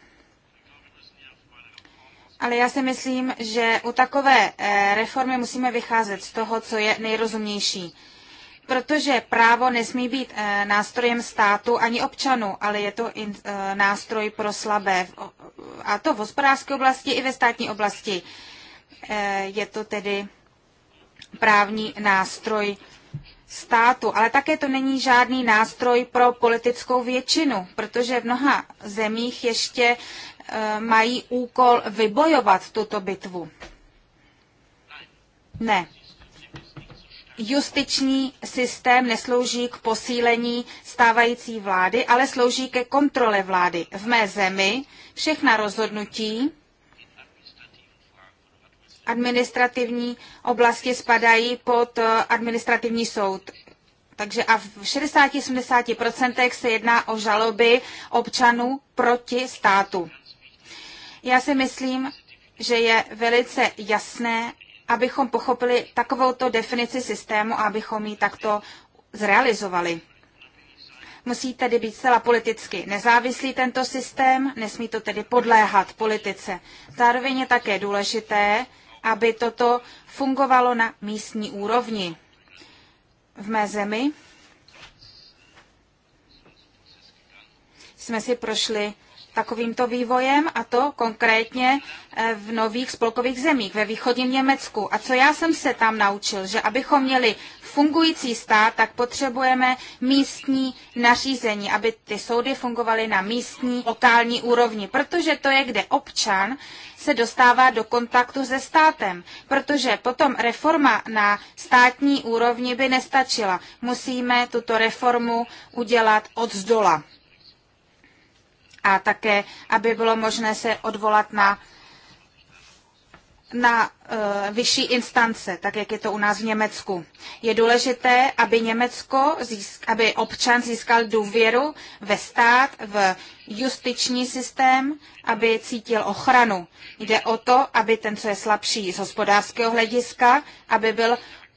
Ale já si myslím, že u takové reformy musíme vycházet z toho, co je nejrozumnější. Protože právo nesmí být nástrojem státu ani občanů, ale je to nástroj pro slabé. A to v hospodářské oblasti i ve státní oblasti. Je to tedy právní nástroj státu, ale také to není žádný nástroj pro politickou většinu, protože v mnoha zemích ještě eh, mají úkol vybojovat tuto bitvu. Ne. Justiční systém neslouží k posílení stávající vlády, ale slouží ke kontrole vlády. V mé zemi všechna rozhodnutí, administrativní oblasti spadají pod eh, administrativní soud. Takže a v 60-70% se jedná o žaloby občanů proti státu. Já si myslím, že je velice jasné, abychom pochopili takovouto definici systému a abychom ji takto zrealizovali. Musí tedy být zcela politicky nezávislý tento systém, nesmí to tedy podléhat politice. Zároveň je také důležité, aby toto fungovalo na místní úrovni. V mé zemi jsme si prošli takovýmto vývojem a to konkrétně eh, v nových spolkových zemích, ve východním Německu. A co já jsem se tam naučil, že abychom měli fungující stát, tak potřebujeme místní nařízení, aby ty soudy fungovaly na místní, lokální úrovni, protože to je, kde občan se dostává do kontaktu se státem, protože potom reforma na státní úrovni by nestačila. Musíme tuto reformu udělat od zdola a také, aby bylo možné se odvolat na na e, vyšší instance, tak jak je to u nás v Německu. Je důležité, aby Německo, získ, aby občan získal důvěru ve stát, v justiční systém, aby cítil ochranu. Jde o to, aby ten, co je slabší z hospodářského hlediska, aby byl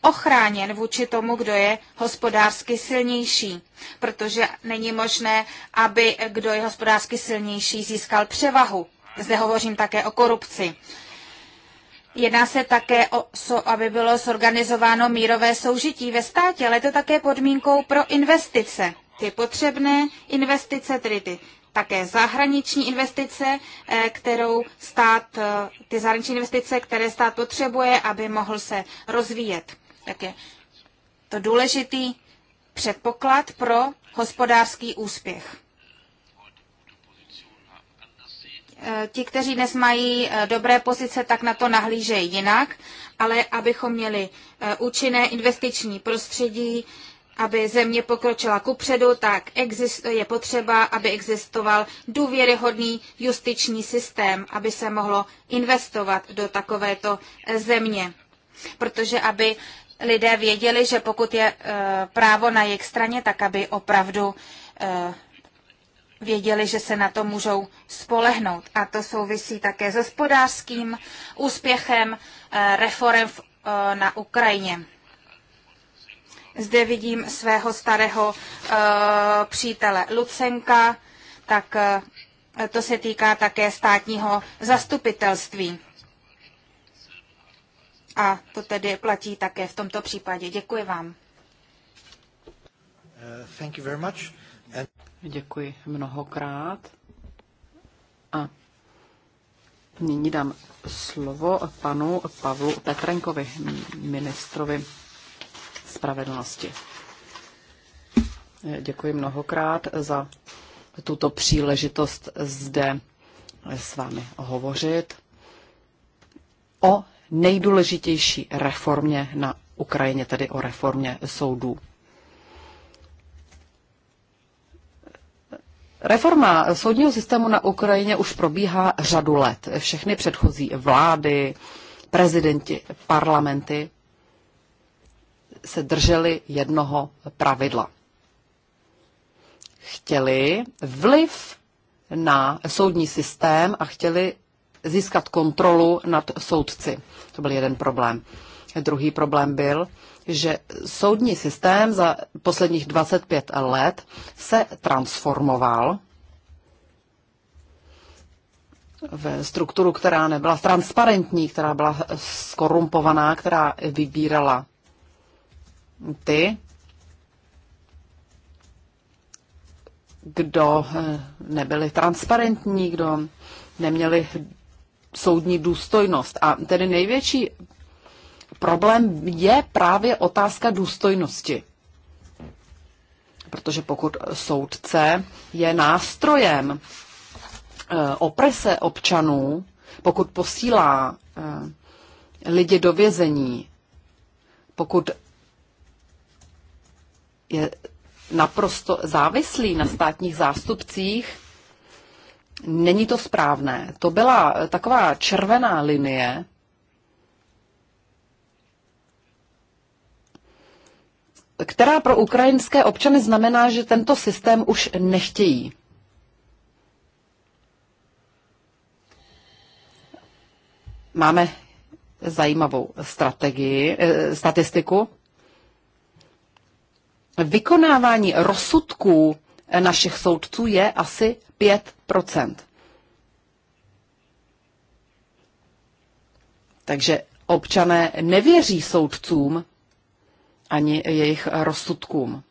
ochráněn vůči tomu, kdo je hospodářsky silnější, protože není možné, aby kdo je hospodářsky silnější získal převahu. Zde hovořím také o korupci. Jedná se také o, so, aby bylo zorganizováno mírové soužití ve státě, ale je to také podmínkou pro investice. Ty potřebné investice, tedy ty také zahraniční investice, eh, kterou stát, eh, ty zahraniční investice, které stát potřebuje, aby mohl se rozvíjet tak je to důležitý předpoklad pro hospodářský úspěch. E, ti, kteří dnes mají e, dobré pozice, tak na to nahlížejí jinak, ale abychom měli e, účinné investiční prostředí, aby země pokročila kupředu, tak je potřeba, aby existoval důvěryhodný justiční systém, aby se mohlo investovat do takovéto země. Protože aby lidé věděli, že pokud je eh, právo na jejich straně, tak aby opravdu eh, věděli, že se na to můžou spolehnout. A to souvisí také s hospodářským úspěchem eh, reform na Ukrajině. Zde vidím svého starého přítele Lucenka, tak to se týká také státního zastupitelství. A to tedy platí také v tomto případě. Děkuji vám. Uh, thank you very much. And... Děkuji mnohokrát. A nyní dám slovo panu Pavlu Petrenkovi, ministrovi spravedlnosti. Děkuji mnohokrát za tuto příležitost zde s vámi hovořit o nejdůležitější reformě na Ukrajině, tedy o reformě soudů. Reforma soudního systému na Ukrajině už probíhá řadu let. Všechny předchozí vlády, prezidenti, parlamenty se drželi jednoho pravidla. Chtěli vliv na soudní systém a chtěli získat kontrolu nad soudci. To byl jeden problém. Druhý problém byl, že soudní systém za posledních 25 let se transformoval ve strukturu, která nebyla transparentní, která byla skorumpovaná, která vybírala ty, kdo nebyli transparentní, kdo neměli soudní důstojnost. A tedy největší problém je právě otázka důstojnosti. Protože pokud soudce je nástrojem eh, oprese občanů, pokud posílá eh, lidi do vězení, pokud je naprosto závislý na státních zástupcích, Není to správné. To byla taková červená linie, která pro ukrajinské občany znamená, že tento systém už nechtějí. Máme zajímavou strategii, eh, statistiku. Vykonávání rozsudků našich soudců je asi 5 Takže občané nevěří soudcům ani jejich rozsudkům.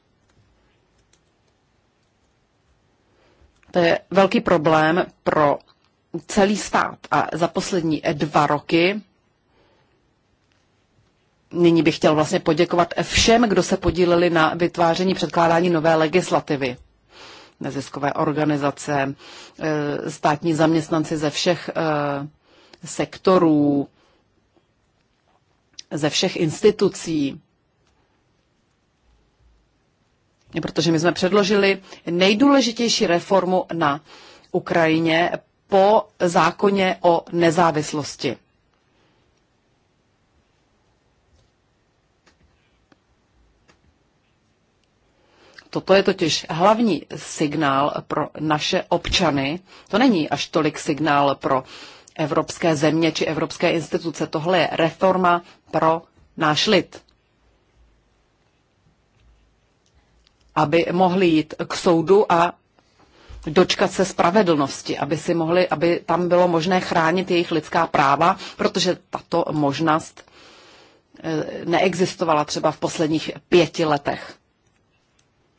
To je velký problém pro celý stát a za poslední dva roky Nyní bych chtěl vlastně poděkovat všem, kdo se podíleli na vytváření předkládání nové legislativy neziskové organizace, e, státní zaměstnanci ze všech e, sektorů, ze všech institucí. Protože my jsme předložili nejdůležitější reformu na Ukrajině po zákoně o nezávislosti. Toto je totiž hlavní signál pro naše občany. To není až tolik signál pro evropské země či evropské instituce. Tohle je reforma pro náš lid. Aby mohli jít k soudu a dočkat se spravedlnosti, aby, si mohli, aby tam bylo možné chránit jejich lidská práva, protože tato možnost eh, neexistovala třeba v posledních pěti letech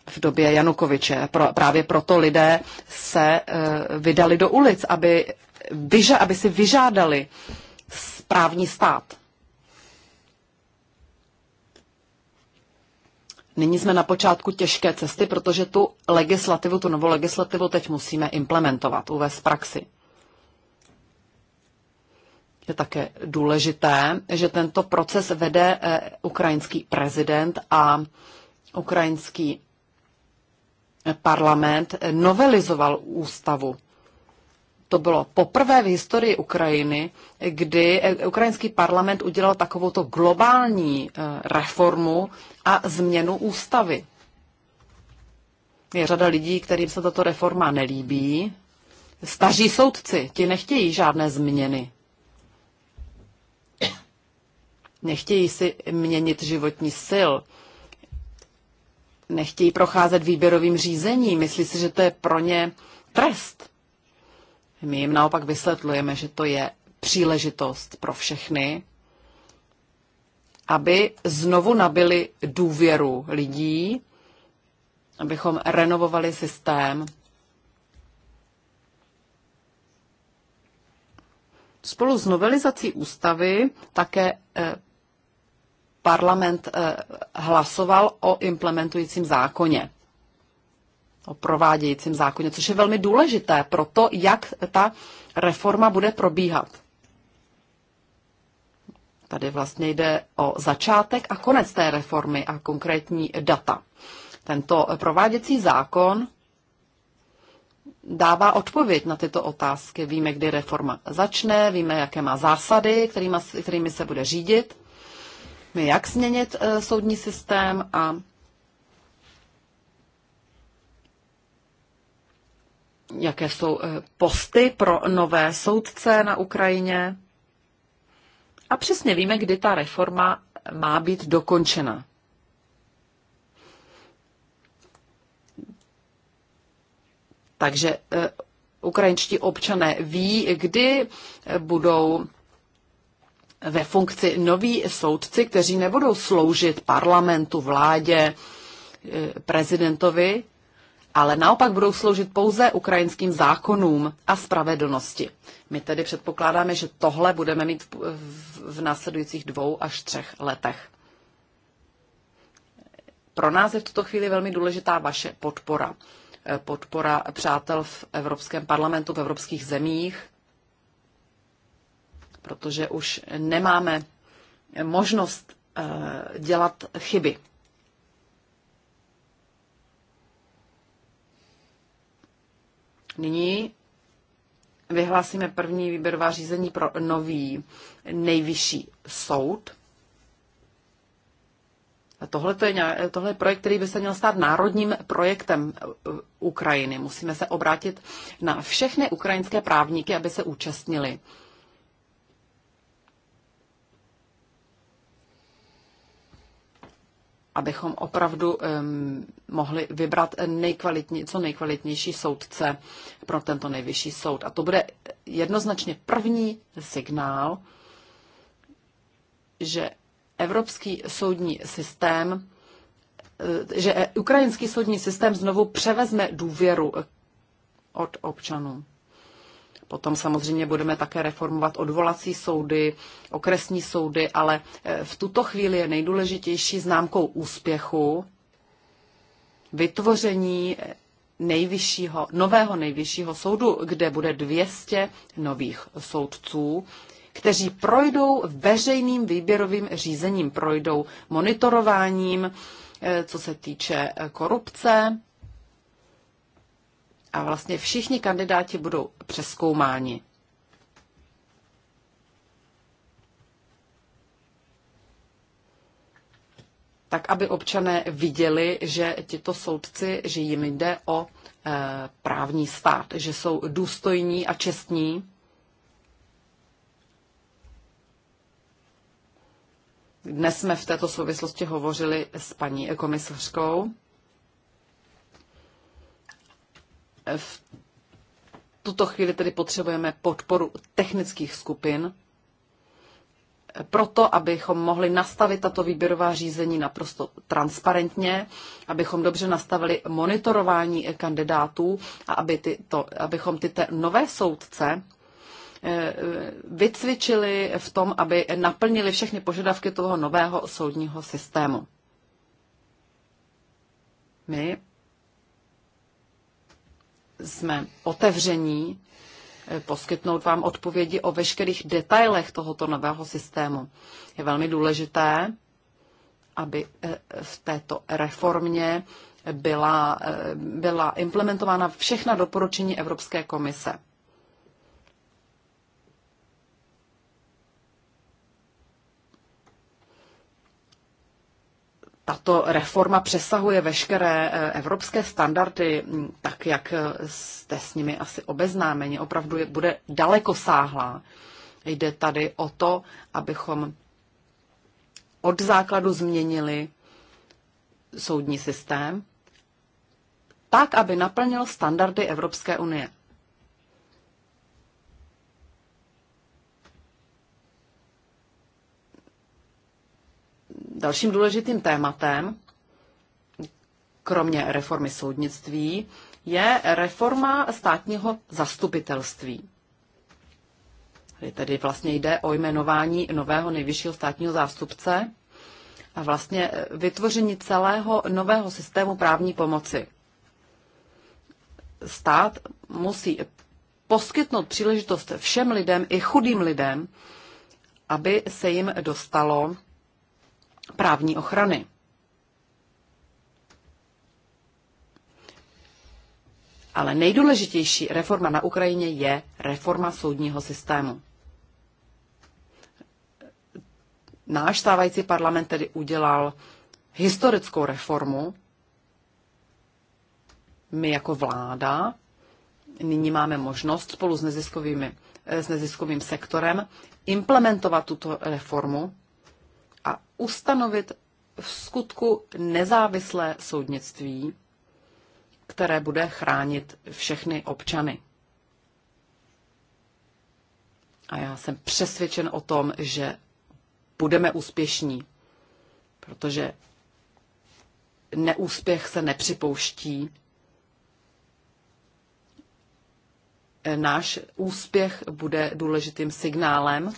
v době Janukoviče. Pro, právě proto lidé se eh, vydali do ulic, aby, vyža, aby si vyžádali správní stát. Nyní jsme na počátku těžké cesty, protože tu legislativu, tu novou legislativu teď musíme implementovat, uvést v praxi. Je také důležité, že tento proces vede eh, ukrajinský prezident a ukrajinský parlament novelizoval ústavu. To bylo poprvé v historii Ukrajiny, kdy eh, ukrajinský parlament udělal takovouto globální eh, reformu a změnu ústavy. Je řada lidí, kterým se tato reforma nelíbí. Staří soudci, ti nechtějí žádné změny. Nechtějí si měnit životní styl, nechtějí procházet výběrovým řízením. Myslí si, že to je pro ně trest. My jim naopak vysvětlujeme, že to je příležitost pro všechny, aby znovu nabili důvěru lidí, abychom renovovali systém. Spolu s novelizací ústavy také eh, parlament eh, hlasoval o implementujícím zákoně, o provádějícím zákoně, což je velmi důležité pro to, jak ta reforma bude probíhat. Tady vlastně jde o začátek a konec té reformy a konkrétní data. Tento prováděcí zákon dává odpověď na tyto otázky. Víme, kdy reforma začne, víme, jaké má zásady, kterými, kterými se bude řídit jak změnit eh, soudní systém a jaké jsou eh, posty pro nové soudce na Ukrajině. A přesně víme, kdy ta reforma má být dokončena. Takže eh, ukrajinští občané ví, kdy budou ve funkci noví soudci, kteří nebudou sloužit parlamentu, vládě, e, prezidentovi, ale naopak budou sloužit pouze ukrajinským zákonům a spravedlnosti. My tedy předpokládáme, že tohle budeme mít v, v, v následujících dvou až třech letech. Pro nás je v tuto chvíli velmi důležitá vaše podpora. E, podpora přátel v Evropském parlamentu, v evropských zemích, protože už nemáme možnost eh, dělat chyby. Nyní vyhlásíme první výběrová řízení pro nový nejvyšší soud. A tohle, to je, tohle je projekt, který by se měl stát národním projektem eh, Ukrajiny. Musíme se obrátit na všechny ukrajinské právníky, aby se účastnili abychom opravdu um, mohli vybrat nejkvalitní, co nejkvalitnější soudce pro tento nejvyšší soud. A to bude jednoznačně první signál, že evropský soudní systém, e, že ukrajinský soudní systém znovu převezme důvěru od občanů. Potom samozřejmě budeme také reformovat odvolací soudy, okresní soudy, ale eh, v tuto chvíli je nejdůležitější známkou úspěchu vytvoření eh, nejvyššího, nového nejvyššího soudu, kde bude 200 nových soudců, kteří projdou veřejným výběrovým řízením, projdou monitorováním, eh, co se týče korupce, a vlastně všichni kandidáti budou přeskoumáni. tak aby občané viděli, že tito soudci, že jim jde o e, právní stát, že jsou důstojní a čestní. Dnes jsme v této souvislosti hovořili s paní komisařkou. V tuto chvíli tedy potřebujeme podporu technických skupin, proto, abychom mohli nastavit tato výběrová řízení naprosto transparentně, abychom dobře nastavili monitorování kandidátů a aby tyto, abychom tyto nové soudce eh, vycvičili v tom, aby naplnili všechny požadavky toho nového soudního systému. My jsme otevření eh, poskytnout vám odpovědi o veškerých detailech tohoto nového systému. Je velmi důležité, aby eh, v této reformě byla, eh, byla implementována všechna doporučení Evropské komise. tato reforma přesahuje veškeré eh, evropské standardy, mm, tak jak eh, jste s nimi asi obeznámeni, opravdu je, bude daleko sáhlá. Jde tady o to, abychom od základu změnili soudní systém, tak, aby naplnil standardy Evropské unie. Dalším důležitým tématem, kromě reformy soudnictví, je reforma státního zastupitelství. Tedy vlastně jde o jmenování nového nejvyššího státního zástupce a vlastně vytvoření celého nového systému právní pomoci. Stát musí poskytnout příležitost všem lidem, i chudým lidem, aby se jim dostalo právní ochrany. Ale nejdůležitější reforma na Ukrajině je reforma soudního systému. Náš stávající parlament tedy udělal historickou reformu. My jako vláda nyní máme možnost spolu s, neziskovými, s neziskovým sektorem implementovat tuto reformu ustanovit v skutku nezávislé soudnictví, které bude chránit všechny občany. A já jsem přesvědčen o tom, že budeme úspěšní, protože neúspěch se nepřipouští. Náš úspěch bude důležitým signálem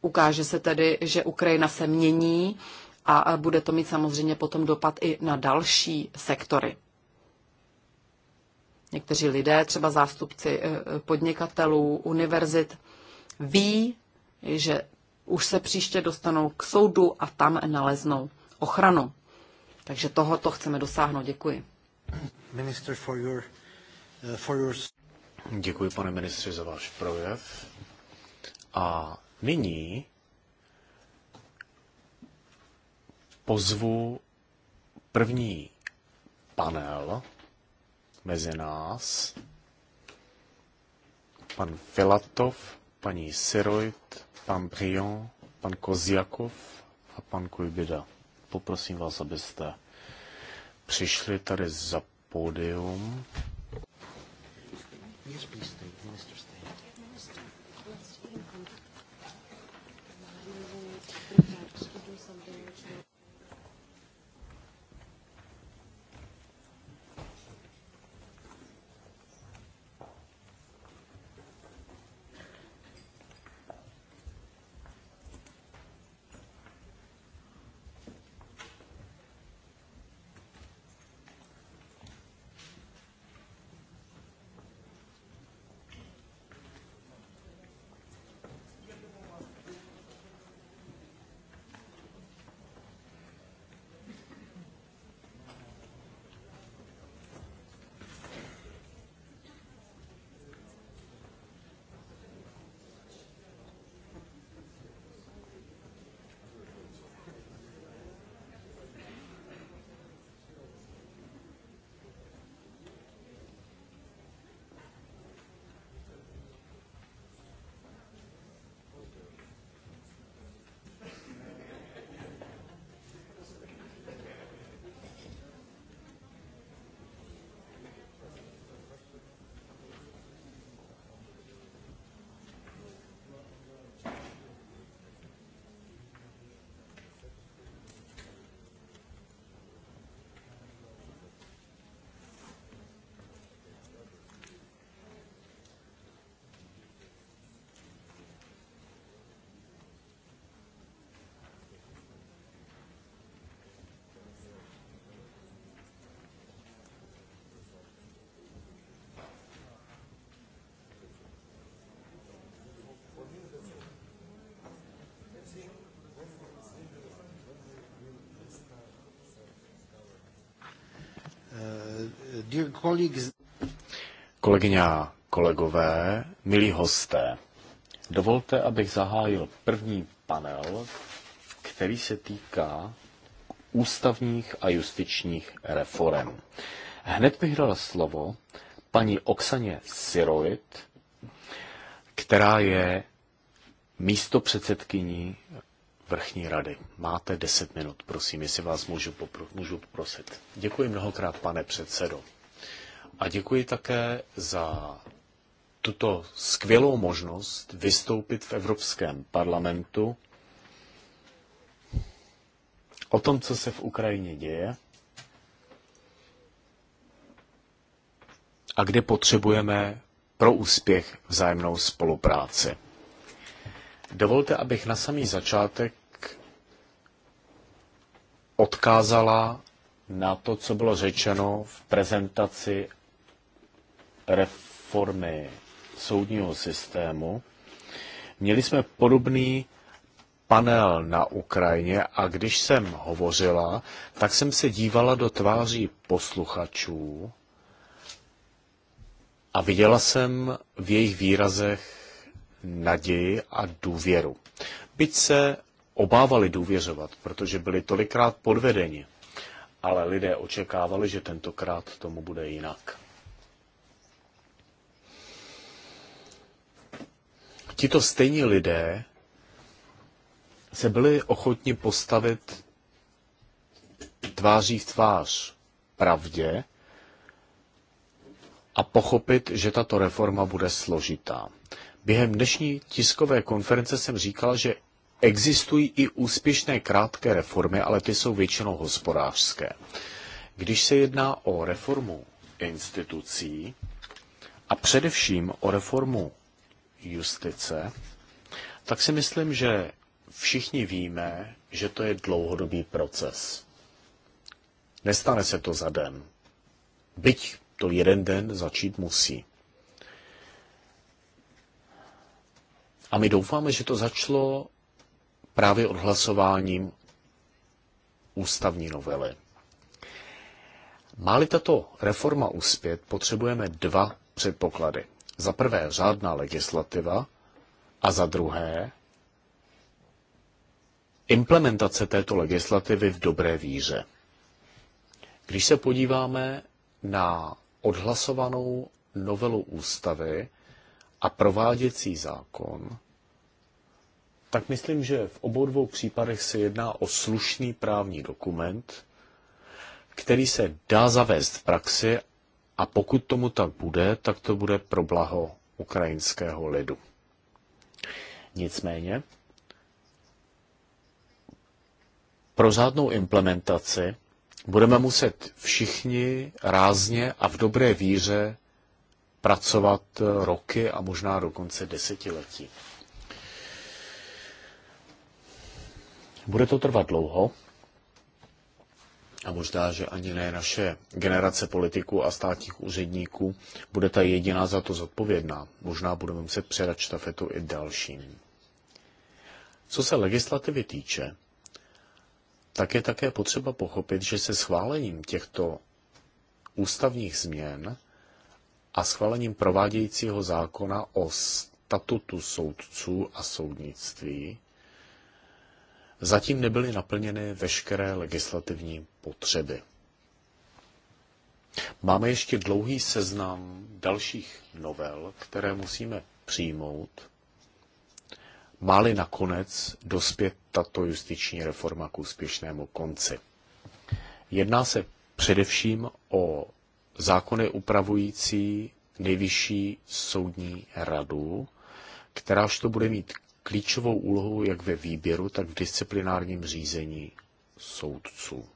Ukáže se tedy, že Ukrajina se mění a bude to mít samozřejmě potom dopad i na další sektory. Někteří lidé, třeba zástupci e, podnikatelů, univerzit, ví, že už se příště dostanou k soudu a tam naleznou ochranu. Takže tohoto chceme dosáhnout. Děkuji. Minister for your, e, for your... Děkuji, pane ministře, za váš projev. A Nyní pozvu první panel mezi nás. Pan Filatov, paní Siroid, pan Brion, pan Koziakov a pan Kujbida. Poprosím vás, abyste přišli tady za pódium. Yes, please, dear Kolegyně a kolegové, milí hosté, dovolte, abych zahájil první panel, který se týká ústavních a justičních reform. Hned bych dal slovo paní Oksaně Siroit, která je místo předsedkyní vrchní rady. Máte 10 minut, prosím, jestli vás můžu, popr- můžu poprosit. Děkuji mnohokrát, pane předsedo. A děkuji také za tuto skvělou možnost vystoupit v Evropském parlamentu o tom, co se v Ukrajině děje a kde potřebujeme pro úspěch vzájemnou spolupráci. Dovolte, abych na samý začátek odkázala na to, co bylo řečeno v prezentaci reformy soudního systému. Měli jsme podobný panel na Ukrajině a když jsem hovořila, tak jsem se dívala do tváří posluchačů a viděla jsem v jejich výrazech naději a důvěru. Byť se obávali důvěřovat, protože byli tolikrát podvedeni, ale lidé očekávali, že tentokrát tomu bude jinak. tito stejní lidé se byli ochotni postavit tváří v tvář pravdě a pochopit, že tato reforma bude složitá. Během dnešní tiskové konference jsem říkal, že existují i úspěšné krátké reformy, ale ty jsou většinou hospodářské. Když se jedná o reformu institucí a především o reformu justice, tak si myslím, že všichni víme, že to je dlouhodobý proces. Nestane se to za den. Byť to jeden den začít musí. A my doufáme, že to začalo právě odhlasováním ústavní novely. Máli tato reforma uspět, potřebujeme dva předpoklady za prvé řádná legislativa a za druhé implementace této legislativy v dobré víře. Když se podíváme na odhlasovanou novelu ústavy a prováděcí zákon, tak myslím, že v obou dvou případech se jedná o slušný právní dokument, který se dá zavést v praxi a pokud tomu tak bude, tak to bude pro blaho ukrajinského lidu. Nicméně, pro řádnou implementaci budeme muset všichni rázně a v dobré víře pracovat roky a možná dokonce desetiletí. Bude to trvat dlouho, a možná, že ani ne naše generace politiků a státních úředníků bude ta jediná za to zodpovědná. Možná budeme muset předat štafetu i dalším. Co se legislativy týče, tak je také potřeba pochopit, že se schválením těchto ústavních změn a schválením provádějícího zákona o statutu soudců a soudnictví Zatím nebyly naplněny veškeré legislativní potřeby. Máme ještě dlouhý seznam dalších novel, které musíme přijmout, máli nakonec dospět tato justiční reforma k úspěšnému konci. Jedná se především o zákony upravující nejvyšší soudní radu, kteráž to bude mít klíčovou úlohu jak ve výběru, tak v disciplinárním řízení soudců.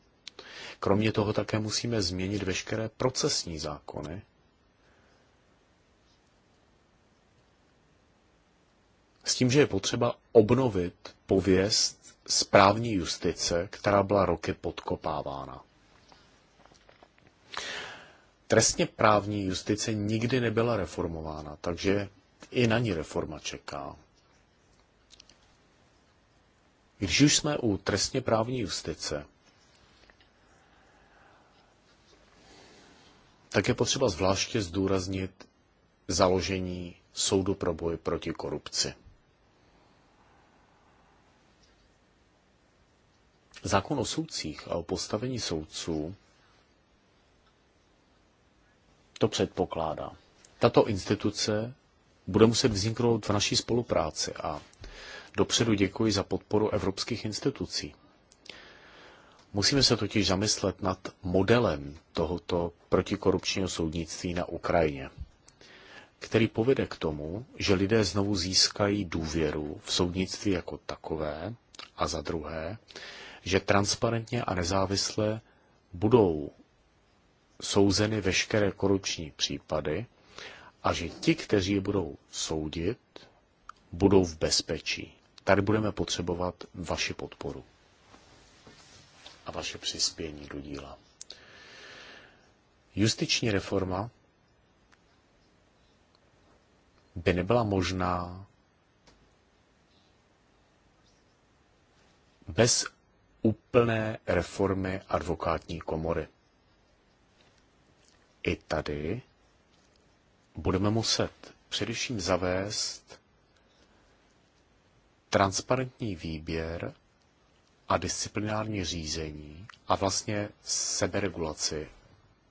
Kromě toho také musíme změnit veškeré procesní zákony, s tím, že je potřeba obnovit pověst správní justice, která byla roky podkopávána. Trestně právní justice nikdy nebyla reformována, takže i na ní reforma čeká. Když už jsme u trestně právní justice, tak je potřeba zvláště zdůraznit založení soudu pro boj proti korupci. Zákon o soudcích a o postavení soudců to předpokládá. Tato instituce bude muset vzniknout v naší spolupráci a Dopředu děkuji za podporu evropských institucí. Musíme se totiž zamyslet nad modelem tohoto protikorupčního soudnictví na Ukrajině, který povede k tomu, že lidé znovu získají důvěru v soudnictví jako takové a za druhé, že transparentně a nezávisle budou souzeny veškeré korupční případy a že ti, kteří je budou soudit, budou v bezpečí. Tady budeme potřebovat vaši podporu a vaše přispění do díla. Justiční reforma by nebyla možná bez úplné reformy advokátní komory. I tady budeme muset především zavést transparentní výběr a disciplinární řízení a vlastně seberegulaci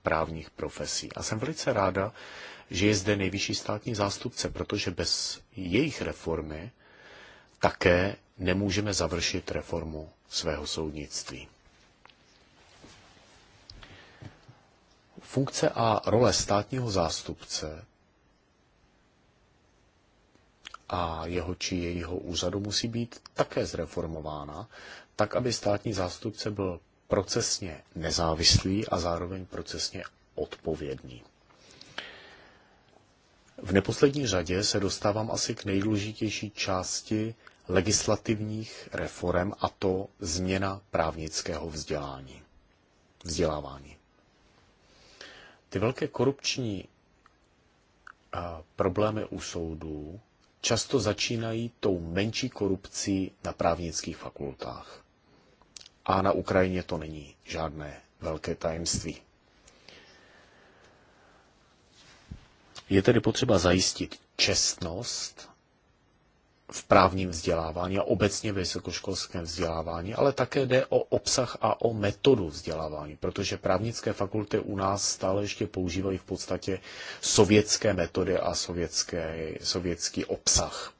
právních profesí. A jsem velice ráda, že je zde nejvyšší státní zástupce, protože bez jejich reformy také nemůžeme završit reformu svého soudnictví. Funkce a role státního zástupce a jeho či jejího úřadu musí být také zreformována, tak aby státní zástupce byl procesně nezávislý a zároveň procesně odpovědný. V neposlední řadě se dostávám asi k nejdůležitější části legislativních reform, a to změna právnického vzdělání. vzdělávání. Ty velké korupční eh, problémy u soudů často začínají tou menší korupcí na právnických fakultách. A na Ukrajině to není žádné velké tajemství. Je tedy potřeba zajistit čestnost v právním vzdělávání a obecně vysokoškolském vzdělávání, ale také jde o obsah a o metodu vzdělávání, protože právnické fakulty u nás stále ještě používají v podstatě sovětské metody a sovětské, sovětský obsah.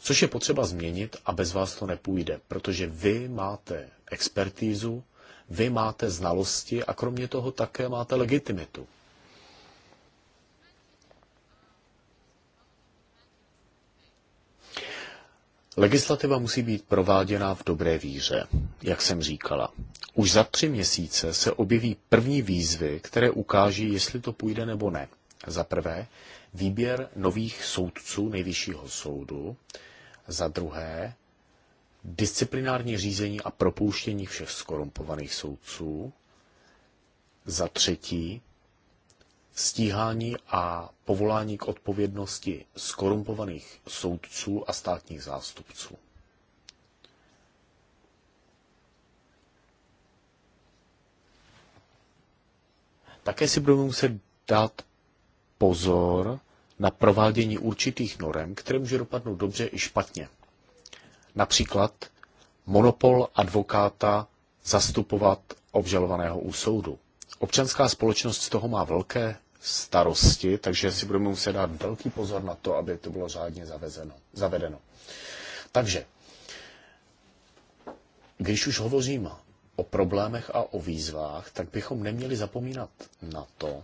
Což je potřeba změnit a bez vás to nepůjde, protože vy máte expertízu, vy máte znalosti a kromě toho také máte legitimitu. Legislativa musí být prováděna v dobré víře, jak jsem říkala. Už za tři měsíce se objeví první výzvy, které ukáží, jestli to půjde nebo ne. Za prvé, výběr nových soudců nejvyššího soudu. Za druhé, disciplinární řízení a propouštění všech skorumpovaných soudců. Za třetí, stíhání a povolání k odpovědnosti skorumpovaných soudců a státních zástupců. Také si budeme muset dát pozor na provádění určitých norem, které může dopadnout dobře i špatně. Například monopol advokáta zastupovat obžalovaného u soudu. Občanská společnost z toho má velké starosti, takže si budeme muset dát velký pozor na to, aby to bylo řádně zavezeno, zavedeno. Takže, když už hovořím o problémech a o výzvách, tak bychom neměli zapomínat na to,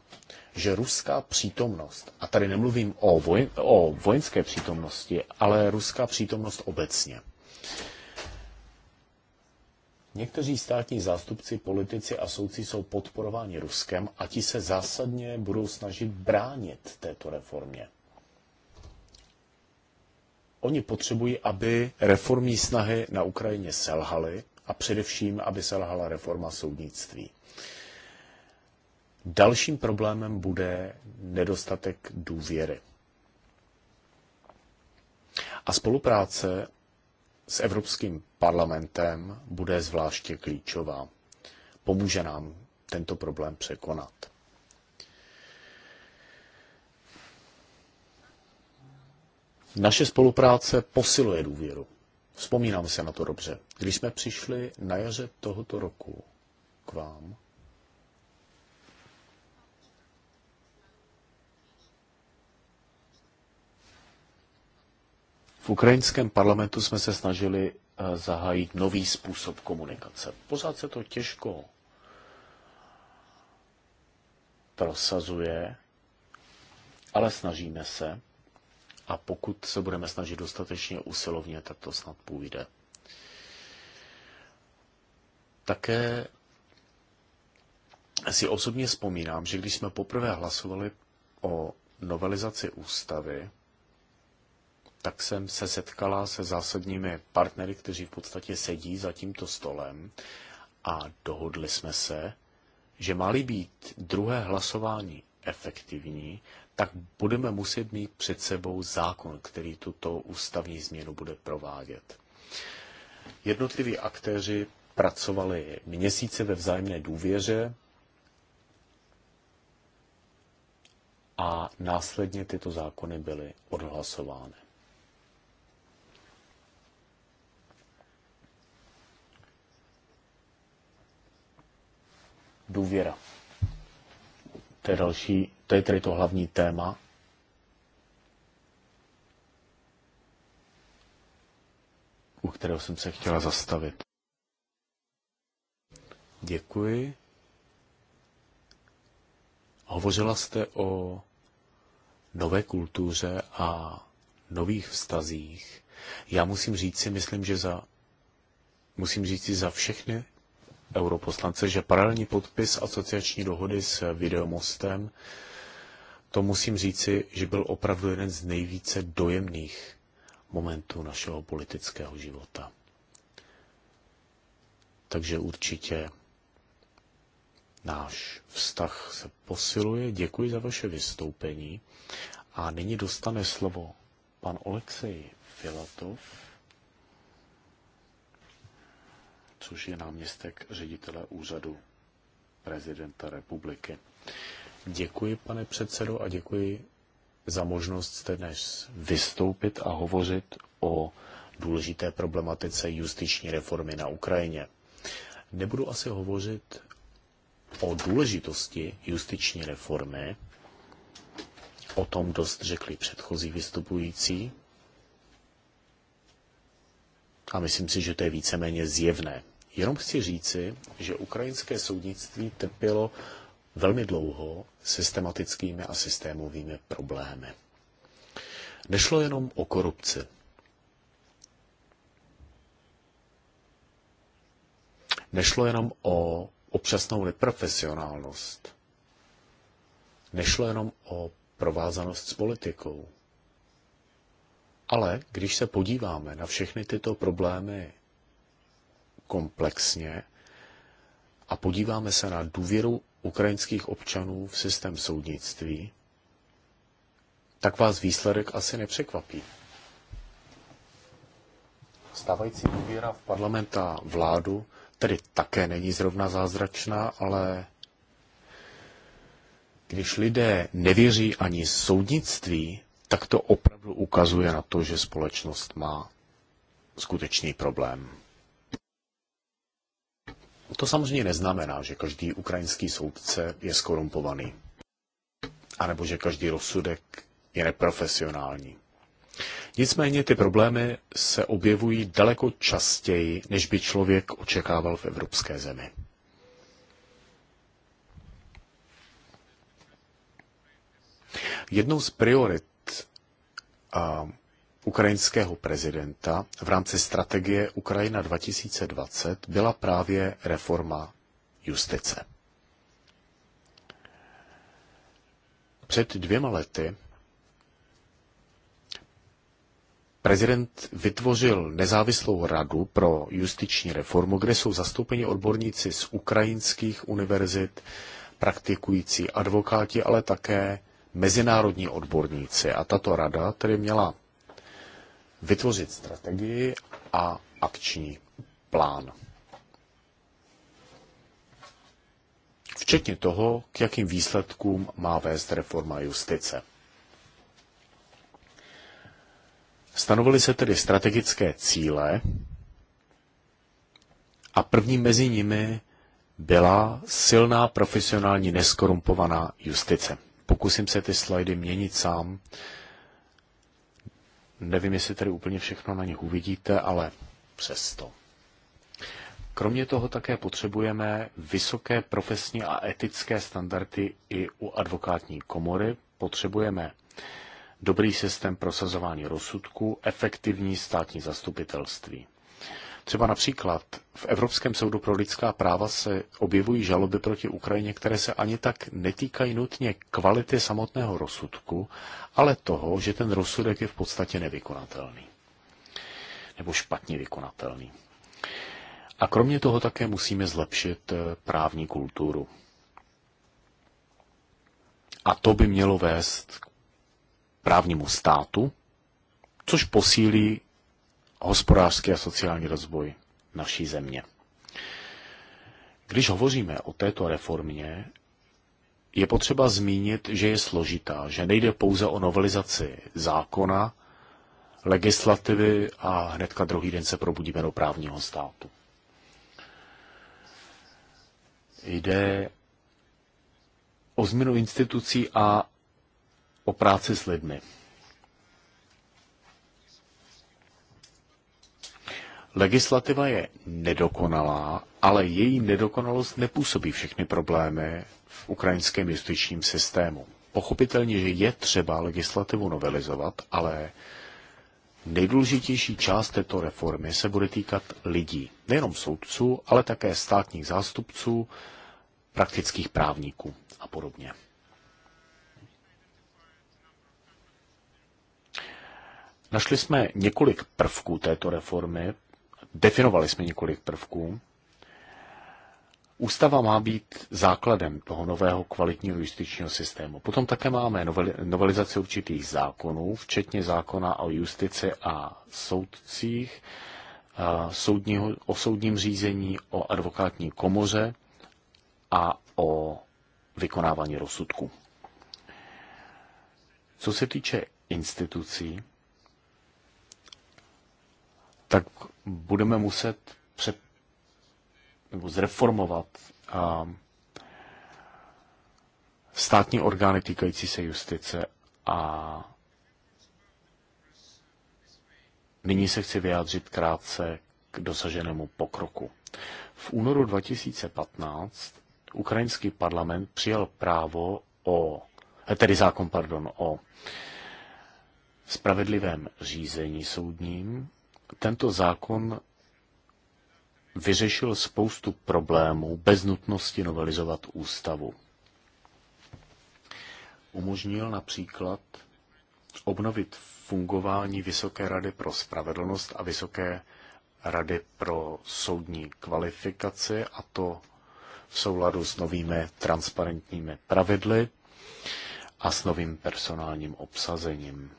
že ruská přítomnost, a tady nemluvím o, voj- o vojenské přítomnosti, ale ruská přítomnost obecně, Někteří státní zástupci, politici a soudci jsou podporováni Ruskem a ti se zásadně budou snažit bránit této reformě. Oni potřebují, aby reformní snahy na Ukrajině selhaly a především, aby selhala reforma soudnictví. Dalším problémem bude nedostatek důvěry. A spolupráce s Evropským parlamentem bude zvláště klíčová. Pomůže nám tento problém překonat. Naše spolupráce posiluje důvěru. Vzpomínám se na to dobře. Když jsme přišli na jaře tohoto roku k vám, V ukrajinském parlamentu jsme se snažili eh, zahájit nový způsob komunikace. Pořád se to těžko prosazuje, ale snažíme se a pokud se budeme snažit dostatečně usilovně, tak to snad půjde. Také si osobně vzpomínám, že když jsme poprvé hlasovali o novelizaci ústavy, tak jsem se setkala se zásadními partnery, kteří v podstatě sedí za tímto stolem a dohodli jsme se, že má-li být druhé hlasování efektivní, tak budeme muset mít před sebou zákon, který tuto ústavní změnu bude provádět. Jednotliví aktéři pracovali měsíce ve vzájemné důvěře a následně tyto zákony byly odhlasovány. důvěra. To je další, to je tedy to hlavní téma. u kterého jsem se chtěla zastavit. Děkuji. Hovořila jste o nové kultuře a nových vztazích. Já musím říct si, myslím, že za musím říct si za všechny europoslance, že paralelní podpis asociační dohody s videomostem, to musím říci, že byl opravdu jeden z nejvíce dojemných momentů našeho politického života. Takže určitě náš vztah se posiluje. Děkuji za vaše vystoupení. A nyní dostane slovo pan Oleksej Filatov. což je náměstek ředitele úřadu prezidenta republiky. Děkuji, pane předsedo, a děkuji za možnost zde dnes vystoupit a hovořit o důležité problematice justiční reformy na Ukrajině. Nebudu asi hovořit o důležitosti justiční reformy, o tom dost řekli předchozí vystupující, a myslím si, že to je víceméně zjevné Jenom chci říci, že ukrajinské soudnictví trpělo velmi dlouho systematickými a systémovými problémy. Nešlo jenom o korupci. Nešlo jenom o občasnou neprofesionálnost. Nešlo jenom o provázanost s politikou. Ale když se podíváme na všechny tyto problémy komplexně a podíváme se na důvěru ukrajinských občanů v systém soudnictví, tak vás výsledek asi nepřekvapí. Stávající důvěra v parlament a vládu tedy také není zrovna zázračná, ale když lidé nevěří ani soudnictví, tak to opravdu ukazuje na to, že společnost má skutečný problém. To samozřejmě neznamená, že každý ukrajinský soudce je skorumpovaný, a nebo že každý rozsudek je neprofesionální. Nicméně ty problémy se objevují daleko častěji, než by člověk očekával v evropské zemi. Jednou z priorit ukrajinského prezidenta v rámci strategie Ukrajina 2020 byla právě reforma justice. Před dvěma lety prezident vytvořil nezávislou radu pro justiční reformu, kde jsou zastoupeni odborníci z ukrajinských univerzit, praktikující advokáti, ale také mezinárodní odborníci. A tato rada tedy měla vytvořit strategii a akční plán. Včetně toho, k jakým výsledkům má vést reforma justice. Stanovily se tedy strategické cíle a první mezi nimi byla silná profesionální neskorumpovaná justice. Pokusím se ty slajdy měnit sám, Nevím, jestli tady úplně všechno na nich uvidíte, ale přesto. Kromě toho také potřebujeme vysoké profesní a etické standardy i u advokátní komory. Potřebujeme dobrý systém prosazování rozsudku, efektivní státní zastupitelství. Třeba například v Evropském soudu pro lidská práva se objevují žaloby proti Ukrajině, které se ani tak netýkají nutně kvality samotného rozsudku, ale toho, že ten rozsudek je v podstatě nevykonatelný. Nebo špatně vykonatelný. A kromě toho také musíme zlepšit eh, právní kulturu. A to by mělo vést k právnímu státu, což posílí hospodářský a sociální rozvoj naší země. Když hovoříme o této reformě, je potřeba zmínit, že je složitá, že nejde pouze o novelizaci zákona, legislativy a hnedka druhý den se probudíme do právního státu. Jde o změnu institucí a o práci s lidmi. Legislativa je nedokonalá, ale její nedokonalost nepůsobí všechny problémy v ukrajinském justičním systému. Pochopitelně, že je třeba legislativu novelizovat, ale nejdůležitější část této reformy se bude týkat lidí, nejenom soudců, ale také státních zástupců, praktických právníků a podobně. Našli jsme několik prvků této reformy, Definovali jsme několik prvků. Ústava má být základem toho nového kvalitního justičního systému. Potom také máme novelizaci určitých zákonů, včetně zákona o justici a soudcích, soudního, o soudním řízení, o advokátní komoře a o vykonávání rozsudku. Co se týče institucí, tak budeme muset pře- nebo zreformovat a státní orgány týkající se justice a nyní se chci vyjádřit krátce k dosaženému pokroku. V únoru 2015 ukrajinský parlament přijal právo o, eh, tedy zákon, pardon, o spravedlivém řízení soudním tento zákon vyřešil spoustu problémů bez nutnosti novelizovat ústavu. Umožnil například obnovit fungování Vysoké rady pro spravedlnost a Vysoké rady pro soudní kvalifikaci, a to v souladu s novými transparentními pravidly a s novým personálním obsazením.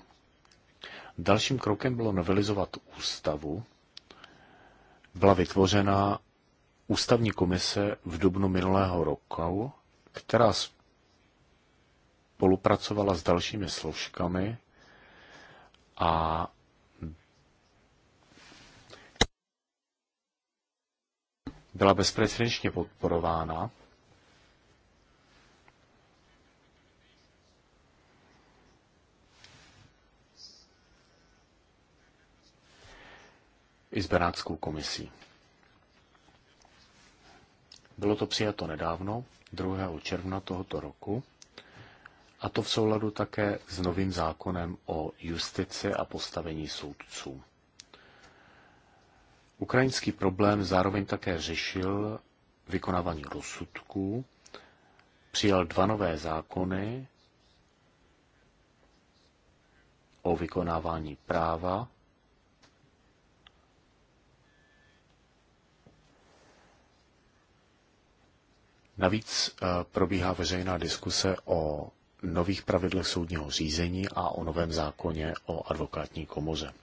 Dalším krokem bylo novelizovat ústavu. Byla vytvořena ústavní komise v dubnu minulého roku, která spolupracovala s dalšími složkami a byla bezprecedentně podporována. i s Benátskou komisí. Bylo to přijato nedávno, 2. června tohoto roku, a to v souladu také s novým zákonem o justici a postavení soudců. Ukrajinský problém zároveň také řešil vykonávání rozsudků, přijal dva nové zákony o vykonávání práva Navíc eh, probíhá veřejná diskuse o nových pravidlech soudního řízení a o novém zákoně o advokátní komoře.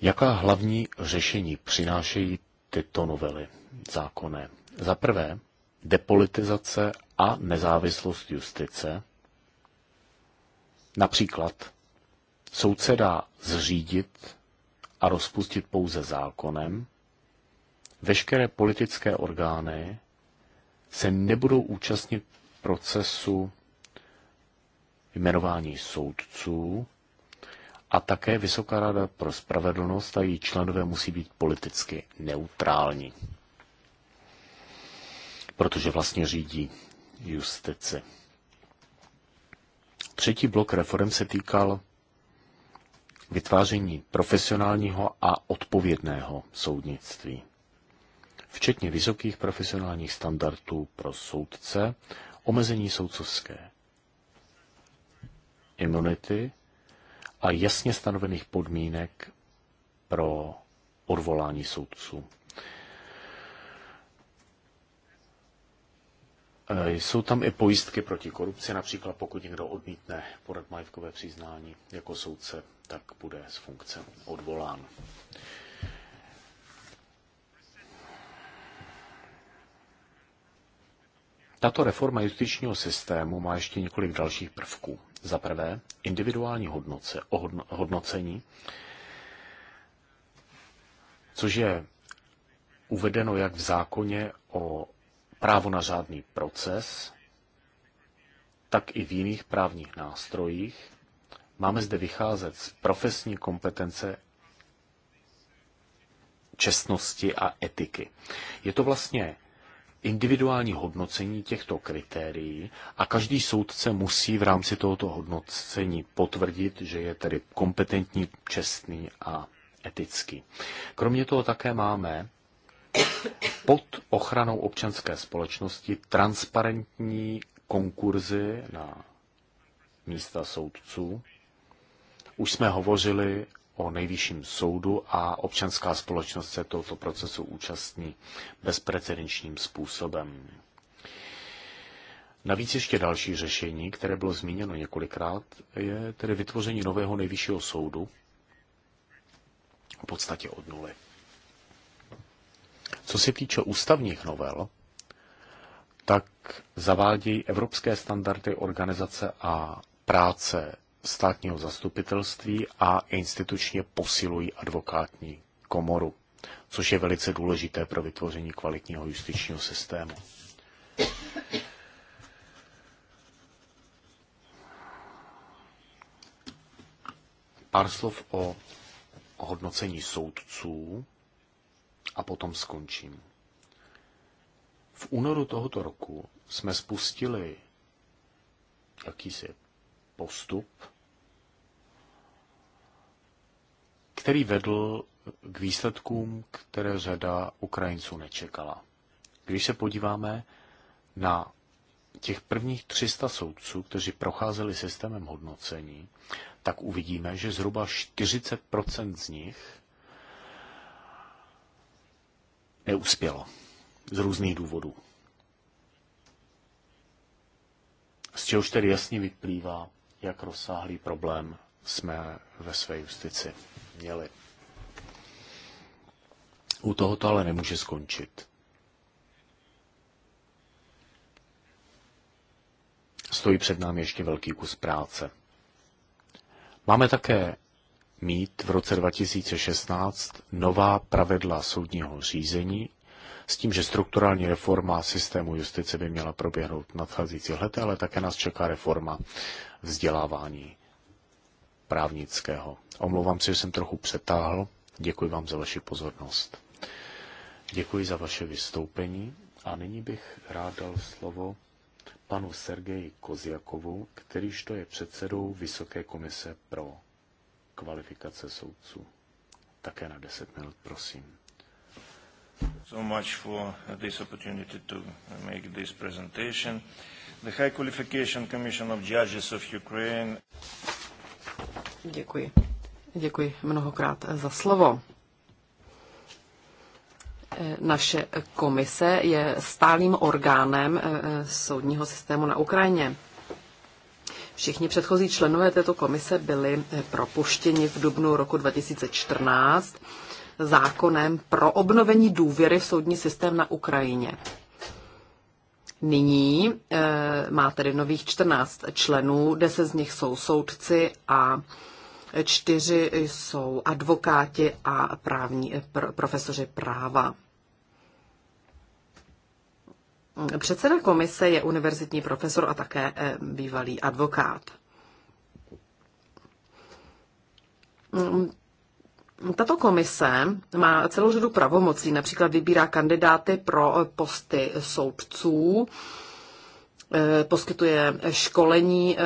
Jaká hlavní řešení přinášejí tyto novely zákonné? Za prvé, depolitizace a nezávislost justice. Například soud se dá zřídit a rozpustit pouze zákonem, veškeré politické orgány se nebudou účastnit procesu jmenování soudců a také Vysoká rada pro spravedlnost a její členové musí být politicky neutrální, protože vlastně řídí justici. Třetí blok reform se týkal vytváření profesionálního a odpovědného soudnictví včetně vysokých profesionálních standardů pro soudce, omezení soudcovské imunity a jasně stanovených podmínek pro odvolání soudců. E, jsou tam i pojistky proti korupci, například pokud někdo odmítne podat majetkové přiznání jako soudce, tak bude z funkce odvolán. Tato reforma justičního systému má ještě několik dalších prvků. Za prvé, individuální hodnoce, hodnocení, což je uvedeno jak v zákoně o právo na řádný proces, tak i v jiných právních nástrojích. Máme zde vycházet z profesní kompetence čestnosti a etiky. Je to vlastně individuální hodnocení těchto kritérií a každý soudce musí v rámci tohoto hodnocení potvrdit, že je tedy kompetentní, čestný a etický. Kromě toho také máme pod ochranou občanské společnosti transparentní konkurzy na místa soudců. Už jsme hovořili o nejvyšším soudu a občanská společnost se tohoto procesu účastní bezprecedenčním způsobem. Navíc ještě další řešení, které bylo zmíněno několikrát, je tedy vytvoření nového nejvyššího soudu v podstatě od nuly. Co se týče ústavních novel, tak zavádějí evropské standardy organizace a práce státního zastupitelství a institučně posilují advokátní komoru, což je velice důležité pro vytvoření kvalitního justičního systému. Pár slov o hodnocení soudců a potom skončím. V únoru tohoto roku jsme spustili jakýsi postup, který vedl k výsledkům, které řada Ukrajinců nečekala. Když se podíváme na těch prvních 300 soudců, kteří procházeli systémem hodnocení, tak uvidíme, že zhruba 40 z nich neuspělo z různých důvodů. Z čehož tedy jasně vyplývá, jak rozsáhlý problém jsme ve své justici měli. U tohoto ale nemůže skončit. Stojí před námi ještě velký kus práce. Máme také mít v roce 2016 nová pravidla soudního řízení, s tím, že strukturální reforma systému justice by měla proběhnout v nadcházejících lety, ale také nás čeká reforma vzdělávání právnického. Omlouvám se, že jsem trochu přetáhl. Děkuji vám za vaši pozornost. Děkuji za vaše vystoupení a nyní bych rád dal slovo panu Sergeji Koziakovu, kterýž to je předsedou Vysoké komise pro kvalifikace soudců. Také na 10 minut, prosím. So much for this opportunity to make this presentation. Uh, the High Qualification Commission of Judges of Ukraine. Děkuji. Děkuji mnohokrát za slovo. Naše komise je stálým orgánem eh, eh, soudního systému na Ukrajině. Všichni předchozí členové této komise byli eh, propuštěni v dubnu roku 2014 zákonem pro obnovení důvěry v soudní systém na Ukrajině. Nyní eh, má tedy nových 14 členů, 10 z nich jsou soudci a čtyři jsou advokáti a právní, eh, pr- profesoři práva. Předseda komise je univerzitní profesor a také eh, bývalý advokát. Tato komise má celou řadu pravomocí, například vybírá kandidáty pro posty soudců, eh, poskytuje školení eh,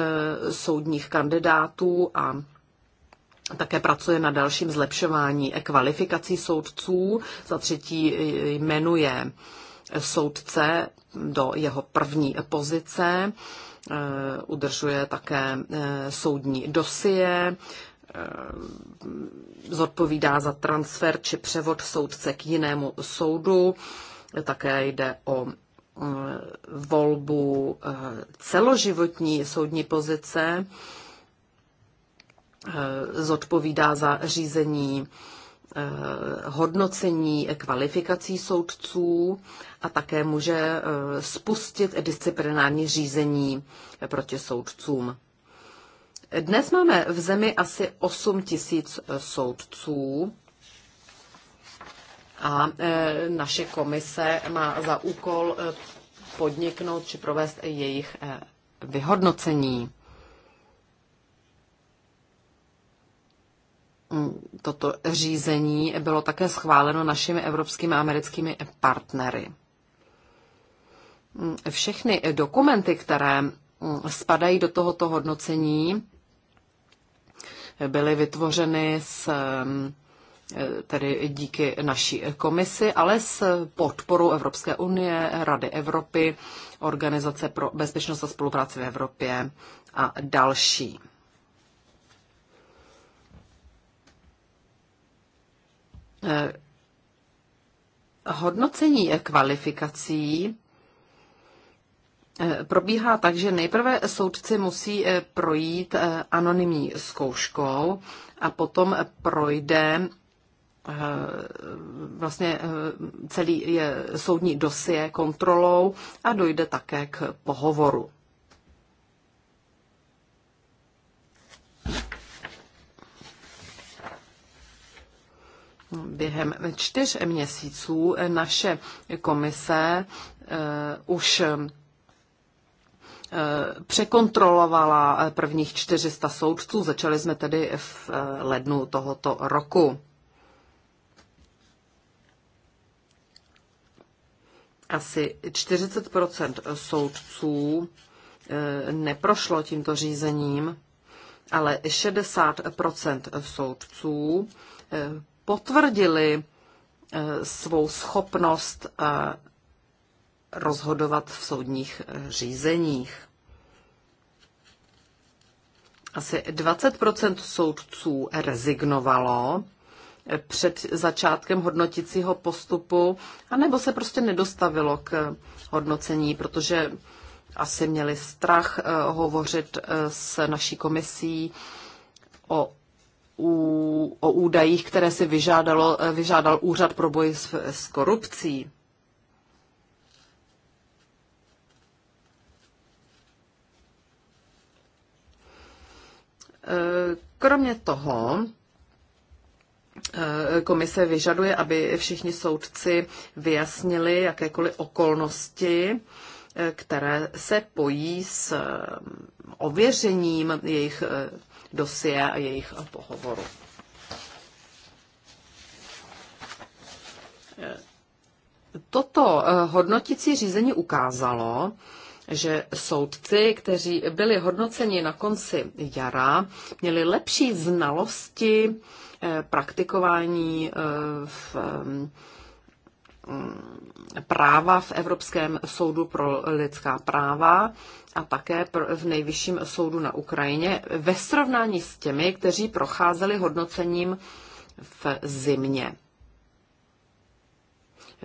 soudních kandidátů a také pracuje na dalším zlepšování kvalifikací soudců. Za třetí jmenuje soudce do jeho první pozice, eh, udržuje také soudní dosie, Eh, zodpovídá za transfer či převod soudce k jinému soudu. Také jde o eh, volbu eh, celoživotní soudní pozice, zodpovídá za řízení hodnocení kvalifikací soudců a také může spustit disciplinární řízení proti soudcům. Dnes máme v zemi asi 8 tisíc eh, soudců a eh, naše komise má za úkol eh, podniknout či provést jejich vyhodnocení. Mm, toto řízení bylo také schváleno našimi evropskými a americkými partnery. Mm, všechny dokumenty, které mm, spadají do tohoto hodnocení, byly vytvořeny s tedy díky naší komisi, ale s podporou Evropské unie, Rady Evropy, Organizace pro bezpečnost a spolupráci v Evropě a další. Eh, hodnocení kvalifikací Eh, probíhá tak, že nejprve soudci musí eh, projít eh, anonymní zkouškou a potom projde vlastně celý je soudní dosie kontrolou a dojde také k pohovoru. Během čtyř měsíců naše komise už Eh, překontrolovala eh, prvních 400 soudců. Začali jsme tedy v eh, lednu tohoto roku. Asi 40 soudců neprošlo tímto řízením, ale 60 soudců potvrdili svou schopnost rozhodovat v soudních eh, řízeních. Asi 20 soudců rezignovalo eh, před začátkem hodnoticího postupu, anebo se prostě nedostavilo k eh, hodnocení, protože asi měli strach hovořit s naší komisí o, o údajích, které si vyžádalo, vyžádal Úřad pro boj s, s korupcí. Kromě toho, eh, Komise vyžaduje, aby všichni soudci vyjasnili jakékoliv okolnosti, eh, které se pojí s eh, ověřením jejich dosie a jejich pohovoru. Toto hodnotící řízení ukázalo, že soudci, kteří byli hodnoceni na konci jara, měli lepší znalosti eh, praktikování eh, v eh, mm, práva v Evropském soudu pro lidská práva a také v nejvyšším soudu na Ukrajině ve srovnání s těmi, kteří procházeli hodnocením v zimě.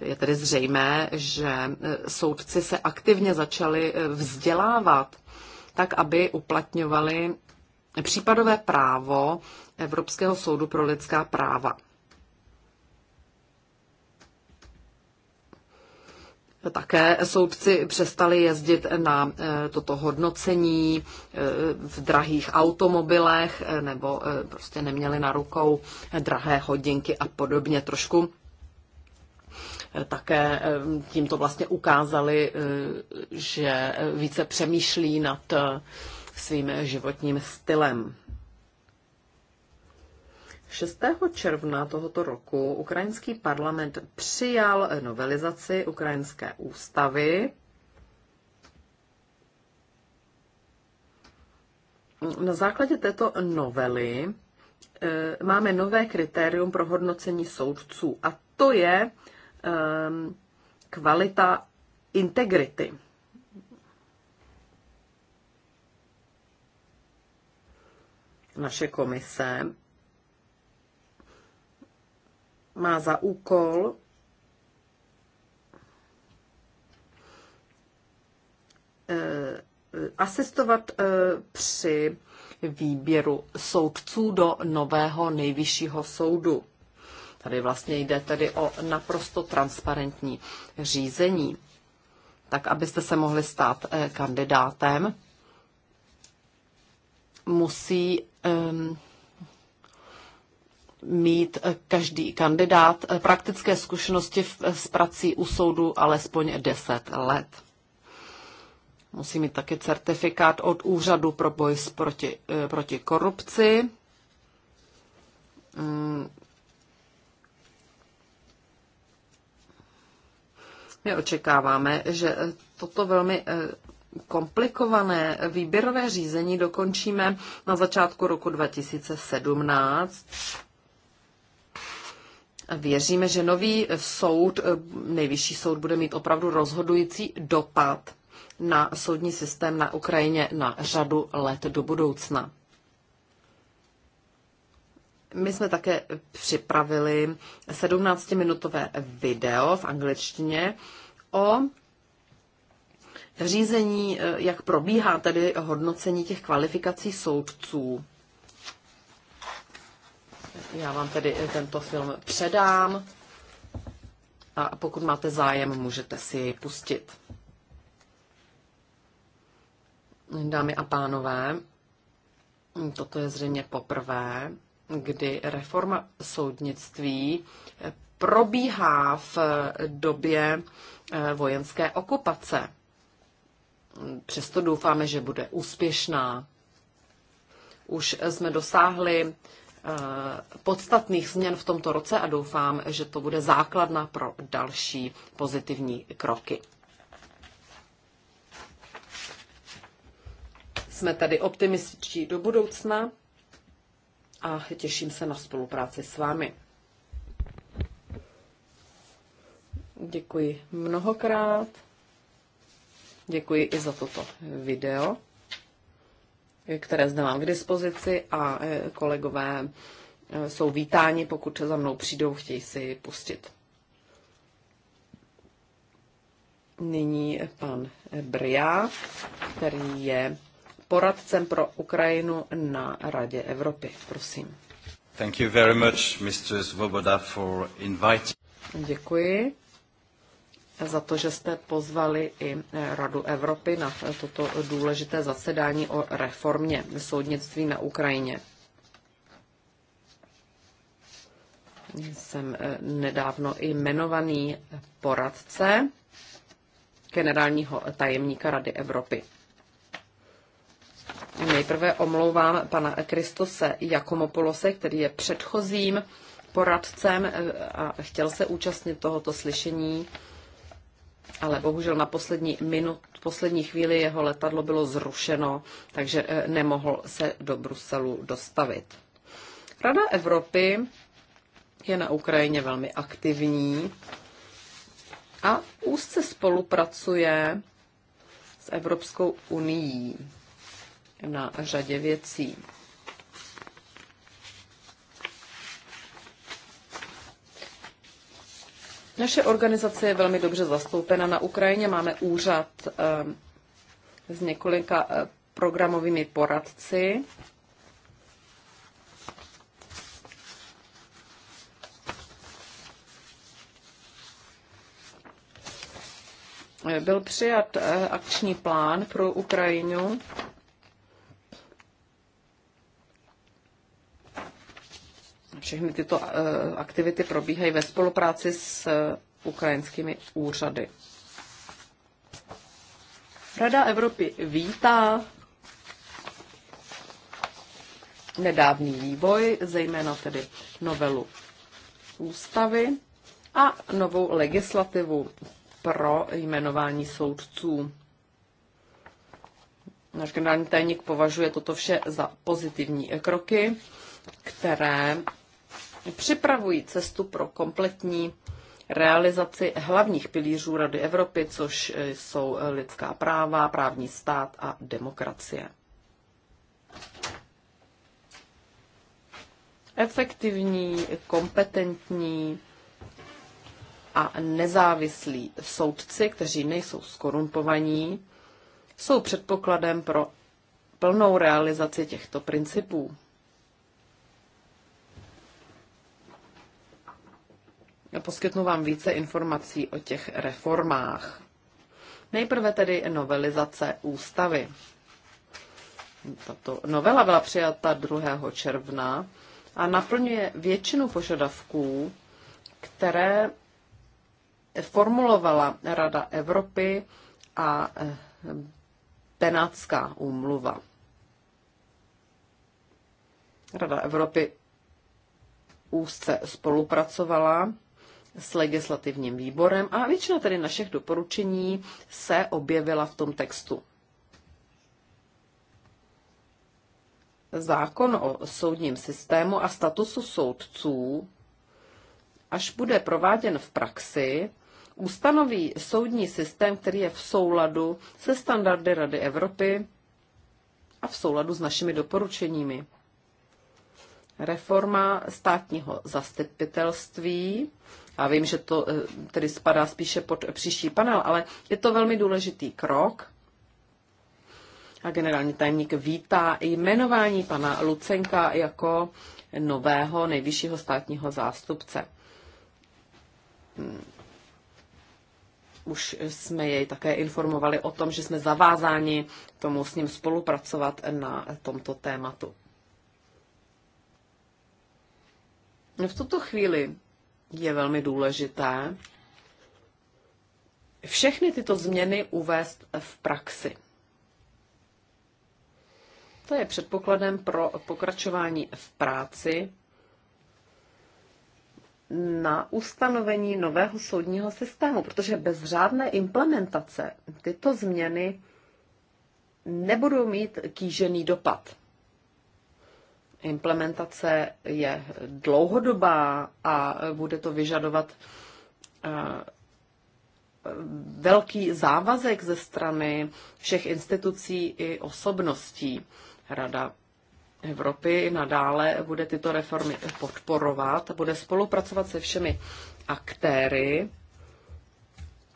Je tedy zřejmé, že e, soudci se aktivně začali e, vzdělávat tak, aby uplatňovali případové právo Evropského soudu pro lidská práva. Také soudci přestali jezdit na e, toto hodnocení v drahých automobilech nebo prostě neměli na rukou drahé hodinky a podobně. Trošku Eh, také eh, tímto vlastně ukázali, eh, že více přemýšlí nad svým životním stylem. 6. června tohoto roku ukrajinský parlament přijal novelizaci ukrajinské ústavy, Na základě této novely máme nové kritérium pro hodnocení soudců a to je Ehm, kvalita integrity. Naše komise má za úkol eh, asistovat eh, při výběru soudců do nového nejvyššího soudu. Tady vlastně jde tedy o naprosto transparentní řízení, tak abyste se mohli stát eh, kandidátem musí um, mít eh, každý kandidát eh, praktické zkušenosti s prací u soudu alespoň 10 let. Musí mít taky certifikát od Úřadu pro boj proti, proti korupci. Ehm, My očekáváme, že toto velmi eh, komplikované výběrové řízení dokončíme na začátku roku 2017. Věříme, že nový soud, eh, nejvyšší soud, bude mít opravdu rozhodující dopad na soudní systém na Ukrajině na řadu let do budoucna. My jsme také připravili 17-minutové video v angličtině o řízení, eh, jak probíhá tedy hodnocení těch kvalifikací soudců. Já vám tedy eh, tento film předám a pokud máte zájem, můžete si jej pustit. Dámy a pánové, toto je zřejmě poprvé, kdy reforma soudnictví probíhá v době eh, vojenské okupace. Přesto doufáme, že bude úspěšná. Už jsme dosáhli eh, podstatných změn v tomto roce a doufám, že to bude základna pro další pozitivní kroky. Jsme tady optimističtí do budoucna a těším se na spolupráci s vámi. Děkuji mnohokrát. Děkuji i za toto video, které zde mám k dispozici a e, kolegové e, jsou vítáni, pokud se za mnou přijdou, chtějí si pustit. Nyní pan Bria, který je poradcem pro Ukrajinu na Radě Evropy. Prosím. Thank you very much, Mr. Svoboda, for inviting. Děkuji za to, že jste pozvali i Radu Evropy na toto důležité zasedání o reformě soudnictví na Ukrajině. Jsem eh, nedávno i jmenovaný poradce generálního tajemníka Rady Evropy. Nejprve omlouvám pana Kristose Jakomopolose, který je předchozím poradcem eh, a chtěl se účastnit tohoto slyšení, ale bohužel na poslední minut, poslední chvíli jeho letadlo bylo zrušeno, takže eh, nemohl se do Bruselu dostavit. Rada Evropy je na Ukrajině velmi aktivní a úzce spolupracuje s Evropskou unii na řadě věcí. Naše organizace je velmi dobře zastoupena na Ukrajině. Máme úřad ehm, s několika eh, programovými poradci. Byl přijat eh, akční plán pro Ukrajinu Všechny tyto eh, aktivity probíhají ve spolupráci s eh, ukrajinskými úřady. Rada Evropy vítá nedávný vývoj, zejména tedy novelu ústavy a novou legislativu pro jmenování soudců. Náš generální tajník považuje toto vše za pozitivní kroky, které připravují cestu pro kompletní realizaci hlavních pilířů Rady Evropy, což e, jsou e, lidská práva, právní stát a demokracie. Efektivní, kompetentní a nezávislí soudci, kteří nejsou skorumpovaní, jsou předpokladem pro plnou realizaci těchto principů. Poskytnu vám více informací o těch reformách. Nejprve tedy novelizace ústavy. Tato novela byla přijata 2. června a naplňuje většinu požadavků, které formulovala Rada Evropy a eh, Benátská úmluva. Rada Evropy úzce spolupracovala s legislativním výborem a většina tedy našich doporučení se objevila v tom textu. Zákon o soudním systému a statusu soudců, až bude prováděn v praxi, ustanoví soudní systém, který je v souladu se standardy Rady Evropy a v souladu s našimi doporučeními. Reforma státního zastupitelství a vím, že to eh, tedy spadá spíše pod příští panel, ale je to velmi důležitý krok. A generální tajemník vítá jmenování pana Lucenka jako nového nejvyššího státního zástupce. Hmm. Už jsme jej také informovali o tom, že jsme zavázáni tomu s ním spolupracovat na tomto tématu. V tuto chvíli je velmi důležité všechny tyto změny uvést v praxi. To je předpokladem pro pokračování v práci na ustanovení nového soudního systému, protože bez řádné implementace tyto změny nebudou mít kýžený dopad implementace je dlouhodobá a bude to vyžadovat eh, velký závazek ze strany všech institucí i osobností. Rada Evropy nadále bude tyto reformy podporovat, bude spolupracovat se všemi aktéry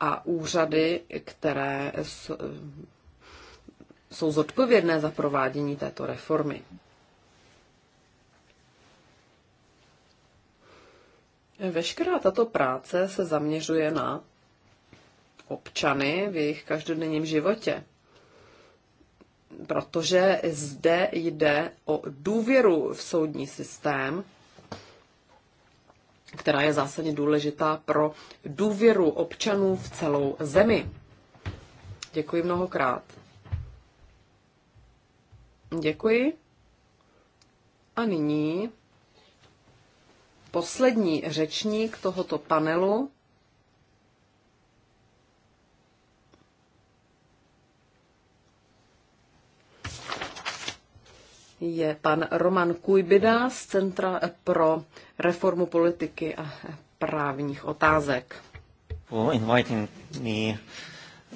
a úřady, které jsou zodpovědné za provádění této reformy. Veškerá tato práce se zaměřuje na občany v jejich každodenním životě, protože zde jde o důvěru v soudní systém, která je zásadně důležitá pro důvěru občanů v celou zemi. Děkuji mnohokrát. Děkuji. A nyní poslední řečník tohoto panelu. je pan Roman Kujbida z Centra pro reformu politiky a právních otázek. For inviting me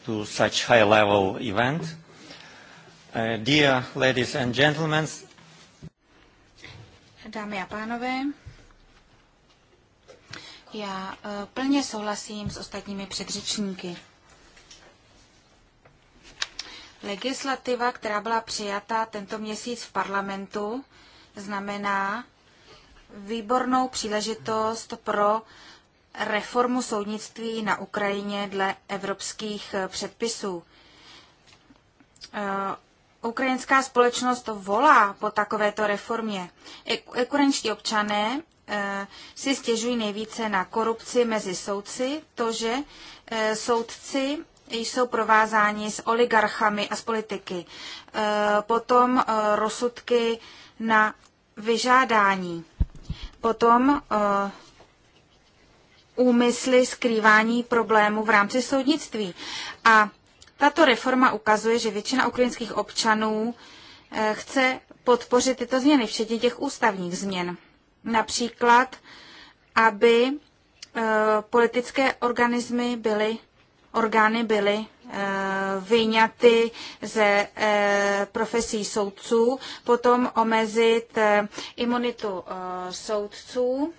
to such high level event. Uh, dear ladies and gentlemen. Dámy a pánové, já eh, plně souhlasím s ostatními předřečníky. Legislativa, která byla přijata tento měsíc v parlamentu, znamená výbornou příležitost pro reformu soudnictví na Ukrajině dle evropských eh, předpisů. Eh, ukrajinská společnost volá po takovéto reformě. E-, e-, ukrajinští občané Eh, si stěžují nejvíce na korupci mezi soudci, to, že eh, soudci jsou provázáni s oligarchami a s politiky. Eh, potom rozsudky na vyžádání. Potom úmysly skrývání problémů v rámci soudnictví. A tato reforma ukazuje, že většina ukrajinských občanů chce podpořit tyto změny, včetně těch ústavních změn. Například, aby eh, politické organismy byly, orgány byly eh, vyňaty ze eh, profesí soudců, potom omezit imunitu soudců,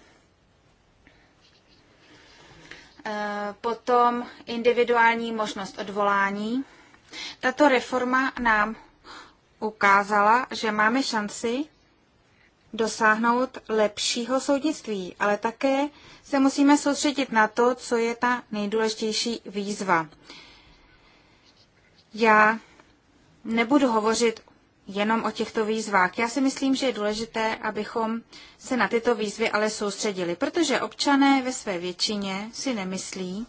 potom individuální možnost odvolání. Tato reforma nám ukázala, že máme šanci dosáhnout lepšího soudnictví, ale také se musíme soustředit na to, co je ta nejdůležitější výzva. Já nebudu hovořit jenom o těchto výzvách. Já si myslím, že je důležité, abychom se na tyto výzvy ale soustředili, protože občané ve své většině si nemyslí,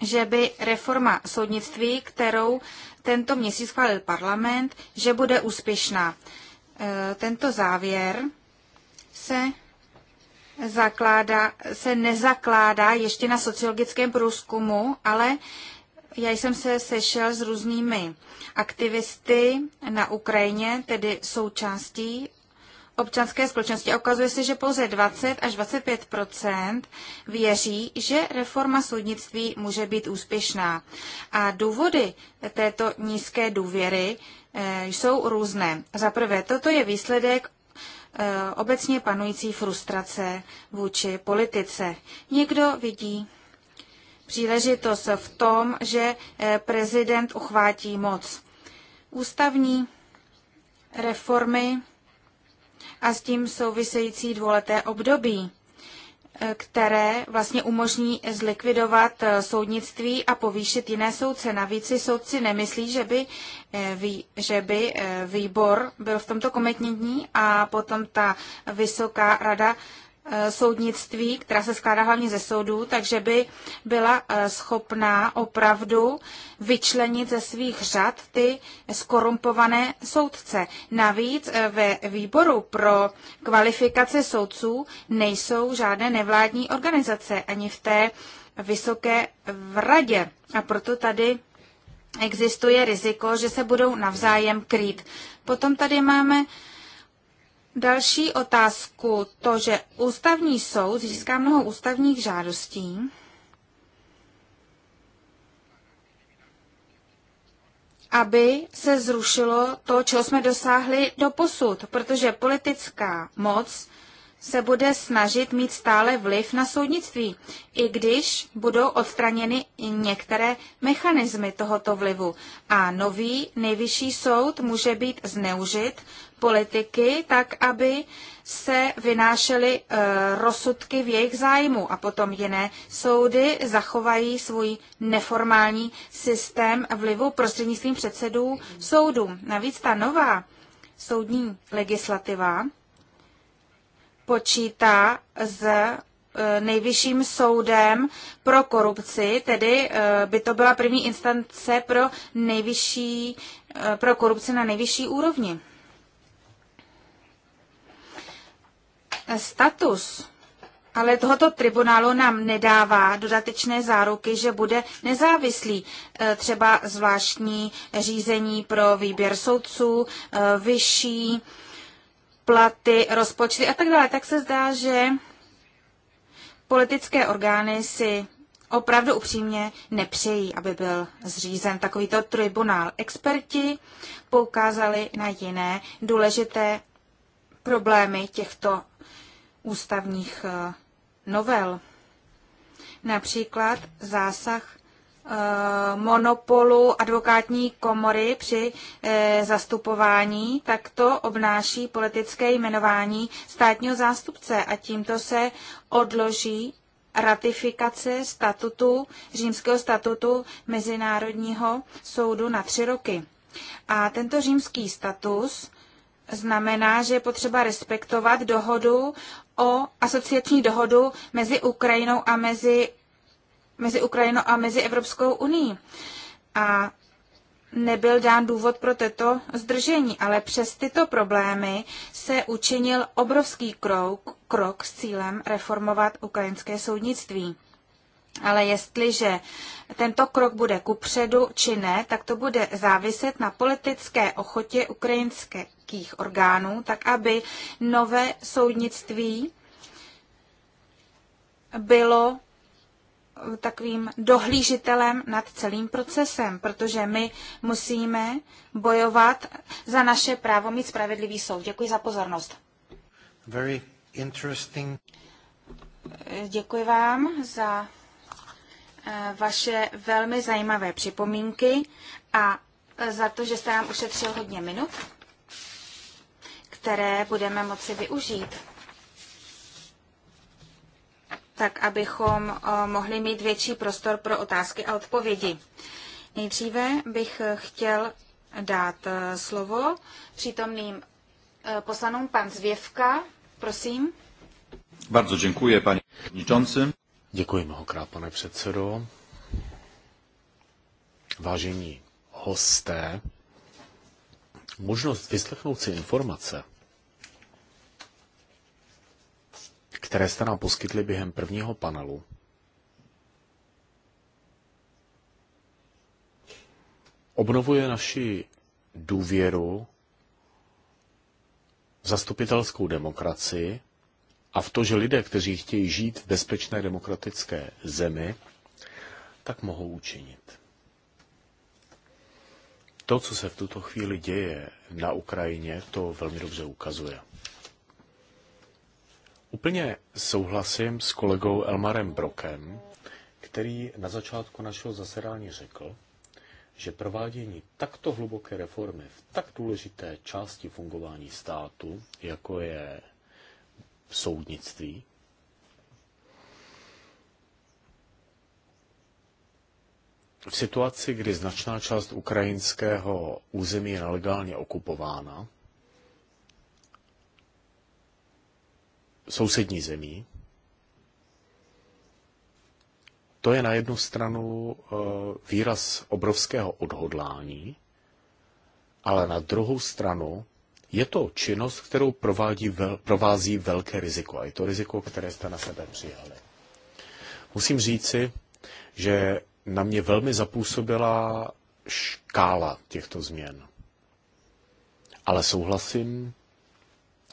že by reforma soudnictví, kterou tento měsíc schválil parlament, že bude úspěšná. Eh, tento závěr se zakládá, se nezakládá ještě na sociologickém průzkumu, ale já jsem se sešel s různými aktivisty na Ukrajině, tedy součástí občanské společnosti. Okazuje ukazuje se, že pouze 20 až 25 věří, že reforma soudnictví může být úspěšná. A důvody této nízké důvěry Eh, jsou různé. Za prvé, toto je výsledek eh, obecně panující frustrace vůči politice. Někdo vidí příležitost v tom, že eh, prezident uchvátí moc. Ústavní reformy a s tím související dvouleté období Eh, které vlastně umožní zlikvidovat eh, soudnictví a povýšit jiné soudce. Navíc si soudci nemyslí, že by, eh, že by výbor byl v tomto komitnění a potom ta vysoká rada Eh, soudnictví, která se skládá hlavně ze soudů, takže by byla eh, schopná opravdu vyčlenit ze svých řad ty skorumpované soudce. Navíc eh, ve výboru pro kvalifikace soudců nejsou žádné nevládní organizace ani v té vysoké v radě. A proto tady existuje riziko, že se budou navzájem krýt. Potom tady máme Další otázku, to, že ústavní soud získá mnoho ústavních žádostí, aby se zrušilo to, čeho jsme dosáhli do posud, protože politická moc se bude snažit mít stále vliv na soudnictví, i když budou odstraněny některé mechanismy tohoto vlivu. A nový nejvyšší soud může být zneužit politiky, tak aby se vynášely eh, rozsudky v jejich zájmu a potom jiné soudy zachovají svůj neformální systém vlivu prostřednictvím předsedů soudů. Navíc ta nová soudní legislativa počítá s eh, nejvyšším soudem pro korupci, tedy eh, by to byla první instance pro, nejvyšší, pro korupci na nejvyšší úrovni. Status ale tohoto tribunálu nám nedává dodatečné záruky, že bude nezávislý. E, třeba zvláštní řízení pro výběr soudců, e, vyšší platy, rozpočty a tak dále. Tak se zdá, že politické orgány si opravdu upřímně nepřejí, aby byl zřízen takovýto tribunál. Experti poukázali na jiné důležité problémy těchto ústavních eh, novel. Například zásah eh, monopolu advokátní komory při eh, zastupování, tak to obnáší politické jmenování státního zástupce a tímto se odloží ratifikace statutu, římského statutu Mezinárodního soudu na tři roky. A tento římský status znamená, že je potřeba respektovat dohodu o asociační dohodu mezi Ukrajinou a mezi, mezi Ukrajinou a mezi Evropskou unii. A nebyl dán důvod pro toto zdržení, ale přes tyto problémy se učinil obrovský krok, krok s cílem reformovat ukrajinské soudnictví. Ale jestliže tento krok bude kupředu či ne, tak to bude záviset na politické ochotě ukrajinských orgánů, tak aby nové soudnictví bylo takovým dohlížitelem nad celým procesem, protože my musíme bojovat za naše právo mít spravedlivý soud. Děkuji za pozornost. Very interesting. Děkuji vám za Eh, vaše velmi zajímavé připomínky a za to, že jste nám ušetřil hodně minut, které budeme moci využít tak abychom eh, mohli mít větší prostor pro otázky a odpovědi. Nejdříve bych chtěl dát eh, slovo přítomným poslanům. Pan Zvěvka, prosím. Bardzo dziękuję, panie przewodniczący. Děkuji mnohokrát, pane předsedo. Vážení hosté, možnost vyslechnout si informace, které jste nám poskytli během prvního panelu, obnovuje naši důvěru v zastupitelskou demokracii a v to, že lidé, kteří chtějí žít v bezpečné demokratické zemi, tak mohou učinit. To, co se v tuto chvíli děje na Ukrajině, to velmi dobře ukazuje. Úplně souhlasím s kolegou Elmarem Brokem, který na začátku našeho zasedání řekl, že provádění takto hluboké reformy v tak důležité části fungování státu, jako je v soudnictví. V situaci, kdy značná část ukrajinského území je nelegálně okupována sousední zemí, to je na jednu stranu eh, výraz obrovského odhodlání, ale na druhou stranu je to činnost, kterou provádí vel, provází velké riziko a je to riziko, které jste na sebe přijali. Musím říci, že na mě velmi zapůsobila škála těchto změn. Ale souhlasím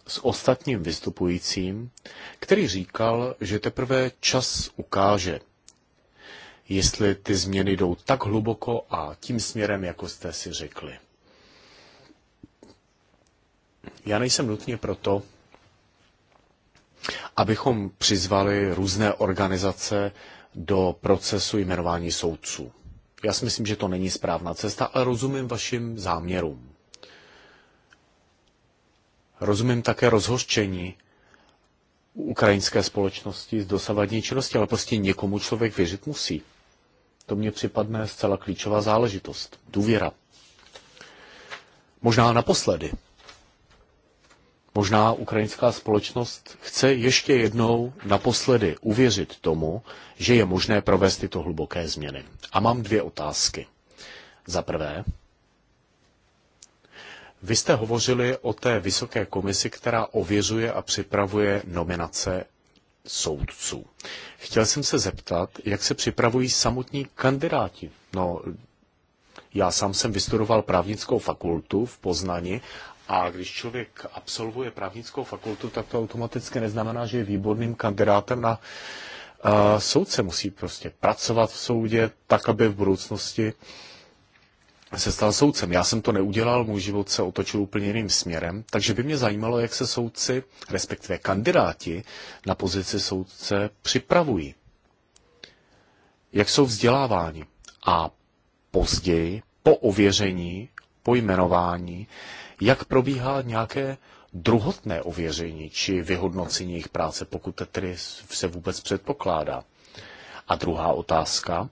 s ostatním vystupujícím, který říkal, že teprve čas ukáže, jestli ty změny jdou tak hluboko a tím směrem, jako jste si řekli. Já nejsem nutně proto, abychom přizvali různé organizace do procesu jmenování soudců. Já si myslím, že to není správná cesta, ale rozumím vašim záměrům. Rozumím také rozhořčení ukrajinské společnosti z dosavadní činnosti, ale prostě někomu člověk věřit musí. To mně připadne zcela klíčová záležitost. Důvěra. Možná naposledy. Možná ukrajinská společnost chce ještě jednou naposledy uvěřit tomu, že je možné provést tyto hluboké změny. A mám dvě otázky. Za prvé, vy jste hovořili o té vysoké komisi, která ověřuje a připravuje nominace soudců. Chtěl jsem se zeptat, jak se připravují samotní kandidáti. No, já sám jsem vystudoval právnickou fakultu v Poznani a když člověk absolvuje právnickou fakultu, tak to automaticky neznamená, že je výborným kandidátem na uh, soudce. Musí prostě pracovat v soudě tak, aby v budoucnosti se stal soudcem. Já jsem to neudělal, můj život se otočil úplně jiným směrem, takže by mě zajímalo, jak se soudci, respektive kandidáti na pozici soudce připravují. Jak jsou vzděláváni. A později, po ověření, po jmenování, jak probíhá nějaké druhotné ověření či vyhodnocení jejich práce, pokud tedy se vůbec předpokládá. A druhá otázka,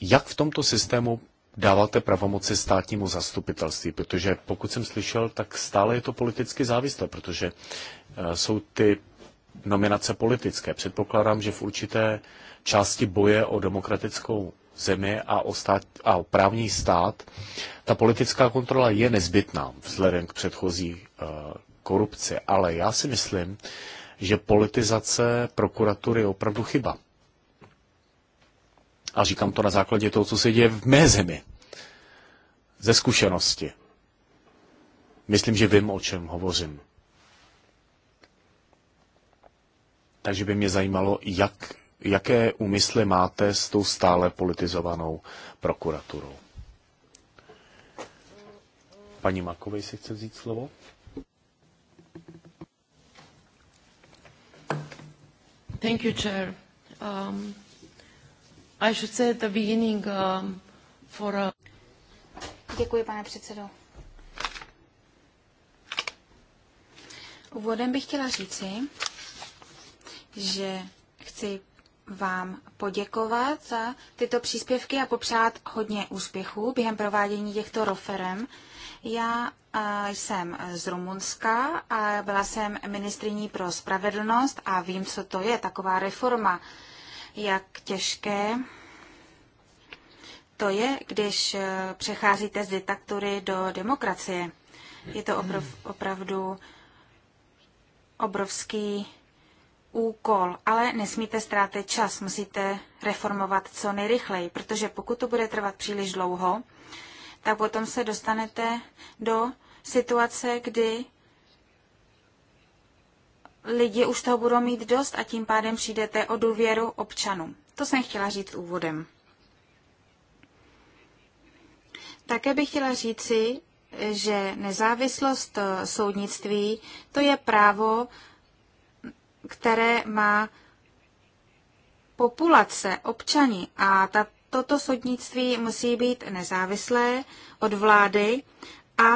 jak v tomto systému dáváte pravomoci státnímu zastupitelství, protože pokud jsem slyšel, tak stále je to politicky závislé, protože eh, jsou ty nominace politické. Předpokládám, že v určité části boje o demokratickou zemi a o, stát, a o právní stát, ta politická kontrola je nezbytná vzhledem k předchozí eh, korupci. Ale já si myslím, že politizace prokuratury je opravdu chyba. A říkám to na základě toho, co se děje v mé zemi. Ze zkušenosti. Myslím, že vím, o čem hovořím. Takže by mě zajímalo, jak jaké úmysly máte s tou stále politizovanou prokuraturou. Paní Makovej si chce vzít slovo? Thank you, Chair. Um, I should say at the beginning um, for a... Děkuji, pane předsedo. Úvodem bych chtěla říci, že chci vám poděkovat za tyto příspěvky a popřát hodně úspěchů během provádění těchto roferem. Já jsem z Rumunska a byla jsem ministriní pro spravedlnost a vím, co to je taková reforma, jak těžké to je, když e, přecházíte z diktatury do demokracie. Je to opravdu obrovský úkol, ale nesmíte ztrátit čas, musíte reformovat co nejrychleji, protože pokud to bude trvat příliš dlouho, tak potom se dostanete do situace, kdy lidi už toho budou mít dost a tím pádem přijdete o důvěru občanů. To jsem chtěla říct úvodem. Také bych chtěla říci, že nezávislost soudnictví to je právo které má populace, občani a ta, toto soudnictví musí být nezávislé od vlády a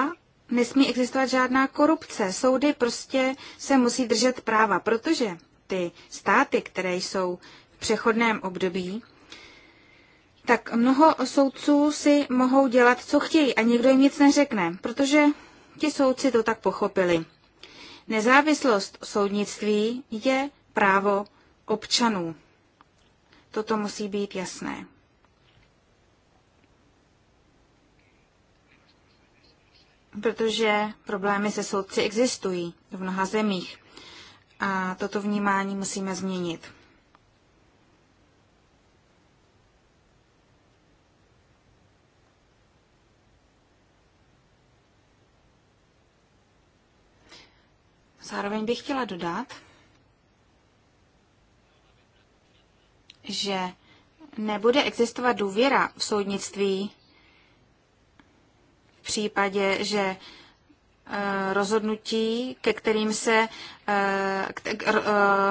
nesmí existovat žádná korupce. Soudy prostě se musí držet práva, protože ty státy, které jsou v přechodném období, tak mnoho soudců si mohou dělat, co chtějí a nikdo jim nic neřekne, protože ti soudci to tak pochopili. Nezávislost soudnictví je právo občanů. Toto musí být jasné. Protože problémy se soudci existují v mnoha zemích a toto vnímání musíme změnit. Zároveň bych chtěla dodat, že nebude existovat důvěra v soudnictví v případě, že eh, rozhodnutí, ke kterým se eh, eh,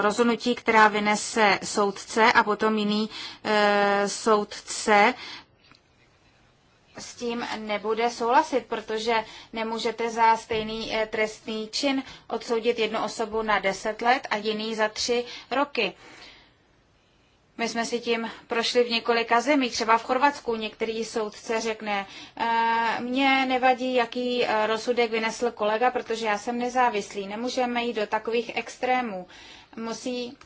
rozhodnutí, která vynese soudce a potom jiný soudce s tím nebude souhlasit, protože nemůžete za stejný eh, trestný čin odsoudit jednu osobu na deset let a jiný za tři roky. My jsme si tím prošli v několika zemích, třeba v Chorvatsku některý soudce řekne, eh, mně nevadí, jaký eh, rozsudek vynesl kolega, protože já jsem nezávislý. Nemůžeme jít do takových extrémů. Musí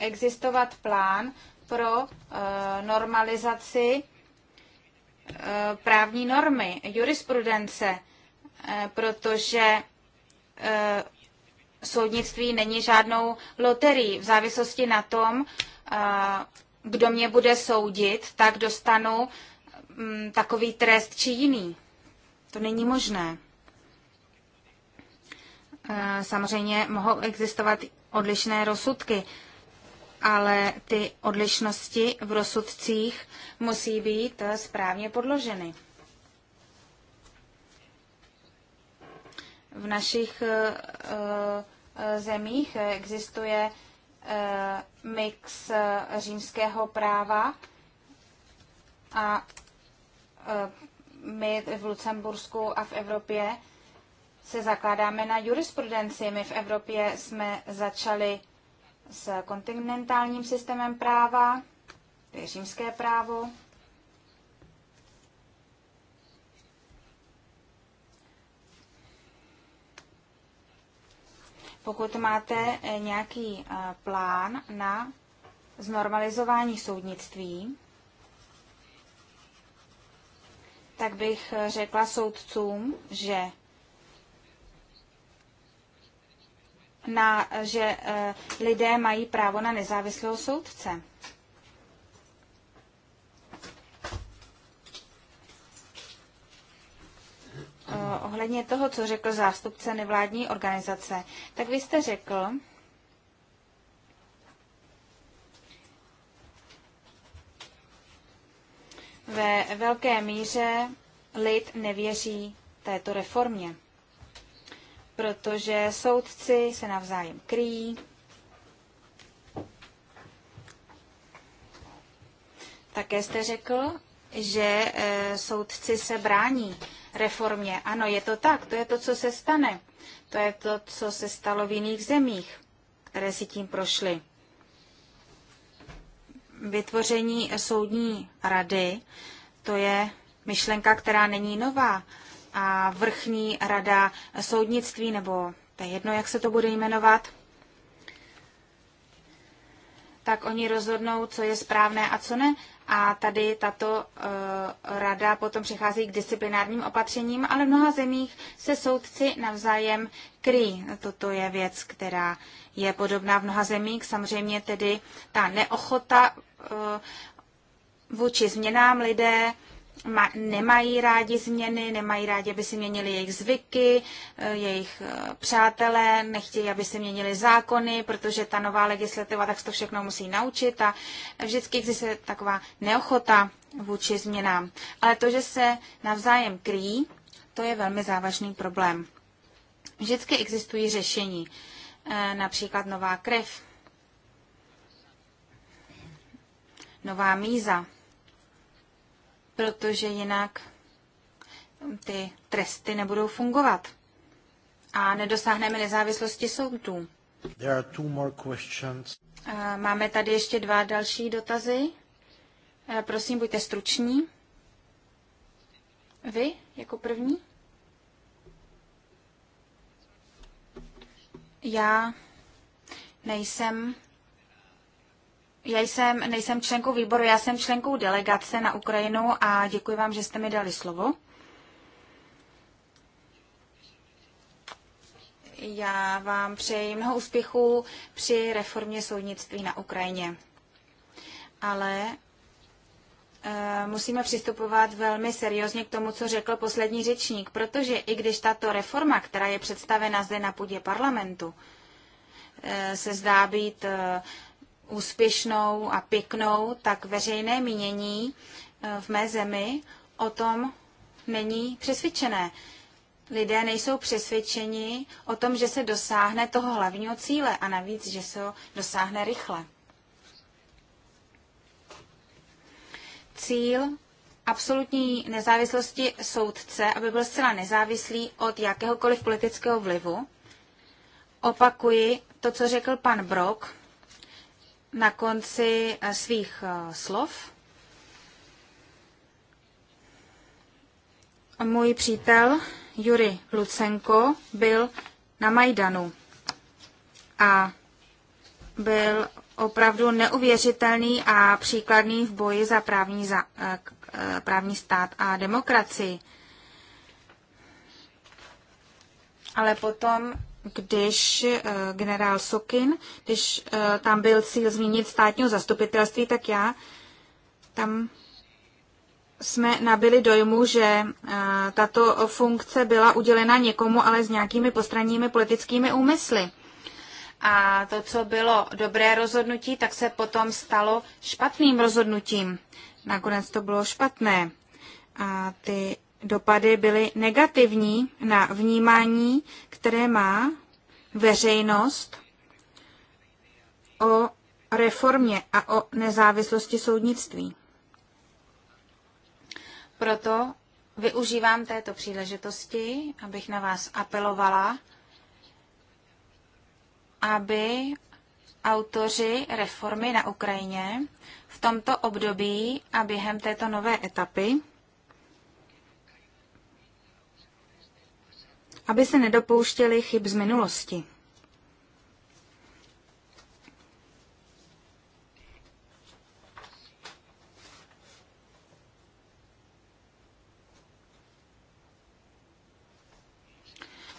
existovat plán pro normalizaci Eh, právní normy, jurisprudence, eh, protože eh, soudnictví není žádnou loterií. V závislosti na tom, kdo mě bude soudit, tak dostanu mm, takový trest či jiný. To není možné. Samozřejmě mohou existovat odlišné rozsudky, ale ty odlišnosti v rozsudcích musí být eh, správně podloženy. V našich eh, eh, zemích existuje mix římského práva a my v Lucembursku a v Evropě se zakládáme na jurisprudenci. My v Evropě jsme začali s kontinentálním systémem práva, to je římské právo, pokud máte eh, nějaký eh, plán na znormalizování soudnictví, tak bych eh, řekla soudcům, že na, že eh, lidé mají právo na nezávislého soudce. Eh, ohledně toho, co řekl zástupce nevládní organizace, tak vy jste řekl, ve velké míře lid nevěří této reformě protože soudci se navzájem kryjí. Také jste řekl, že e, soudci se brání reformě. Ano, je to tak, to je to, co se stane. To je to, co se stalo v jiných zemích, které si tím prošly. Vytvoření soudní rady, to je myšlenka, která není nová a vrchní rada soudnictví, nebo to je jedno, jak se to bude jmenovat, tak oni rozhodnou, co je správné a co ne. A tady tato uh, rada potom přichází k disciplinárním opatřením, ale v mnoha zemích se soudci navzájem kryjí. Toto je věc, která je podobná v mnoha zemích. Samozřejmě tedy ta neochota uh, vůči změnám lidé nemají rádi změny, nemají rádi, aby se měnili jejich zvyky, eh, jejich eh, přátelé, nechtějí, aby se měnili zákony, protože ta nová legislativa tak to všechno musí naučit a vždycky existuje taková neochota vůči změnám. Ale to, že se navzájem kryjí, to je velmi závažný problém. Vždycky existují řešení, eh, například nová krev, nová míza, protože jinak ty tresty nebudou fungovat a nedosáhneme nezávislosti soudů. There are two more questions. Eh, máme tady ještě dva další dotazy. Eh, prosím, buďte struční. Vy jako první? Já nejsem já jsem, nejsem členkou výboru, já jsem členkou delegace na Ukrajinu a děkuji vám, že jste mi dali slovo. Já vám přeji mnoho úspěchů při reformě soudnictví na Ukrajině. Ale eh, musíme přistupovat velmi seriózně k tomu, co řekl poslední řečník, protože i když tato reforma, která je představena zde na půdě parlamentu, eh, se zdá být eh, úspěšnou a pěknou, tak veřejné mínění eh, v mé zemi o tom není přesvědčené. Lidé nejsou přesvědčeni o tom, že se dosáhne toho hlavního cíle a navíc, že se ho dosáhne rychle. Cíl absolutní nezávislosti soudce, aby byl zcela nezávislý od jakéhokoliv politického vlivu. Opakuji to, co řekl pan Brok, na konci eh, svých eh, slov. Můj přítel Juri Lucenko byl na Majdanu a byl opravdu neuvěřitelný a příkladný v boji za právní, za, eh, právní stát a demokracii. Ale potom když eh, generál Sokin, když eh, tam byl cíl zmínit státního zastupitelství, tak já tam jsme nabili dojmu, že eh, tato funkce byla udělena někomu, ale s nějakými postranními politickými úmysly. A to, co bylo dobré rozhodnutí, tak se potom stalo špatným rozhodnutím. Nakonec to bylo špatné. A ty dopady byly negativní na vnímání, které má veřejnost o reformě a o nezávislosti soudnictví. Proto využívám této příležitosti, abych na vás apelovala, aby autoři reformy na Ukrajině v tomto období a během této nové etapy aby se nedopouštěli chyb z minulosti.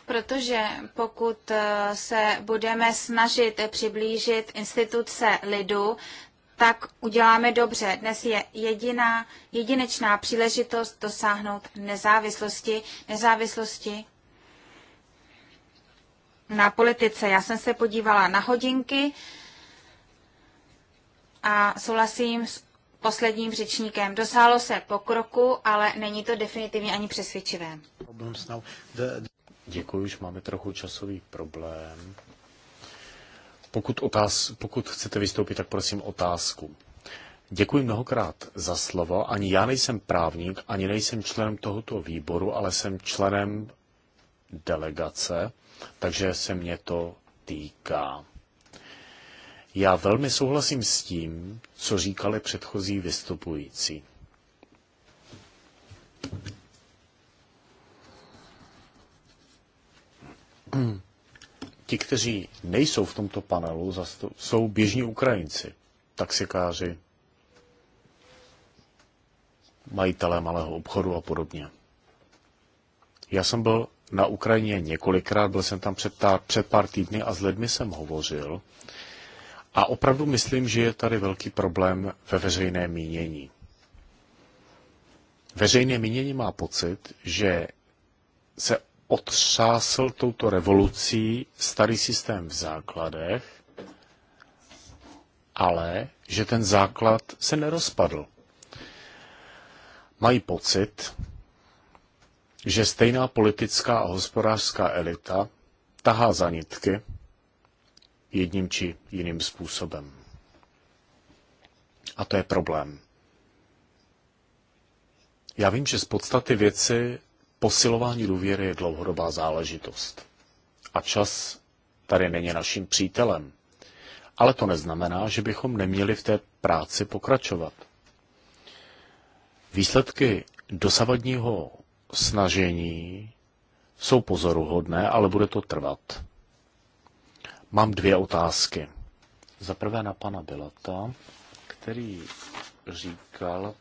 protože pokud eh, se budeme snažit přiblížit instituce lidu, tak uděláme dobře. Dnes je jediná, jedinečná příležitost dosáhnout nezávislosti, nezávislosti, na politice. Já jsem se podívala na hodinky a souhlasím s posledním řečníkem. Dosáhlo se pokroku, ale není to definitivně ani přesvědčivé. Děkuji, už máme trochu časový problém. Pokud, otáz, pokud chcete vystoupit, tak prosím otázku. Děkuji mnohokrát za slovo. Ani já nejsem právník, ani nejsem členem tohoto výboru, ale jsem členem delegace takže se mě to týká. Já velmi souhlasím s tím, co říkali předchozí vystupující. Ti, kteří nejsou v tomto panelu, jsou běžní Ukrajinci, taxikáři, majitelé malého obchodu a podobně. Já jsem byl na Ukrajině několikrát, byl jsem tam před, ta, před pár týdny a s lidmi jsem hovořil. A opravdu myslím, že je tady velký problém ve veřejné mínění. Veřejné mínění má pocit, že se otřásl touto revolucí starý systém v základech, ale že ten základ se nerozpadl. Mají pocit, že stejná politická a hospodářská elita tahá za nitky jedním či jiným způsobem. A to je problém. Já vím, že z podstaty věci posilování důvěry je dlouhodobá záležitost. A čas tady není naším přítelem. Ale to neznamená, že bychom neměli v té práci pokračovat. Výsledky dosavadního snažení jsou pozoruhodné, ale bude to trvat. Mám dvě otázky. Za prvé na pana Bilata, který říkal,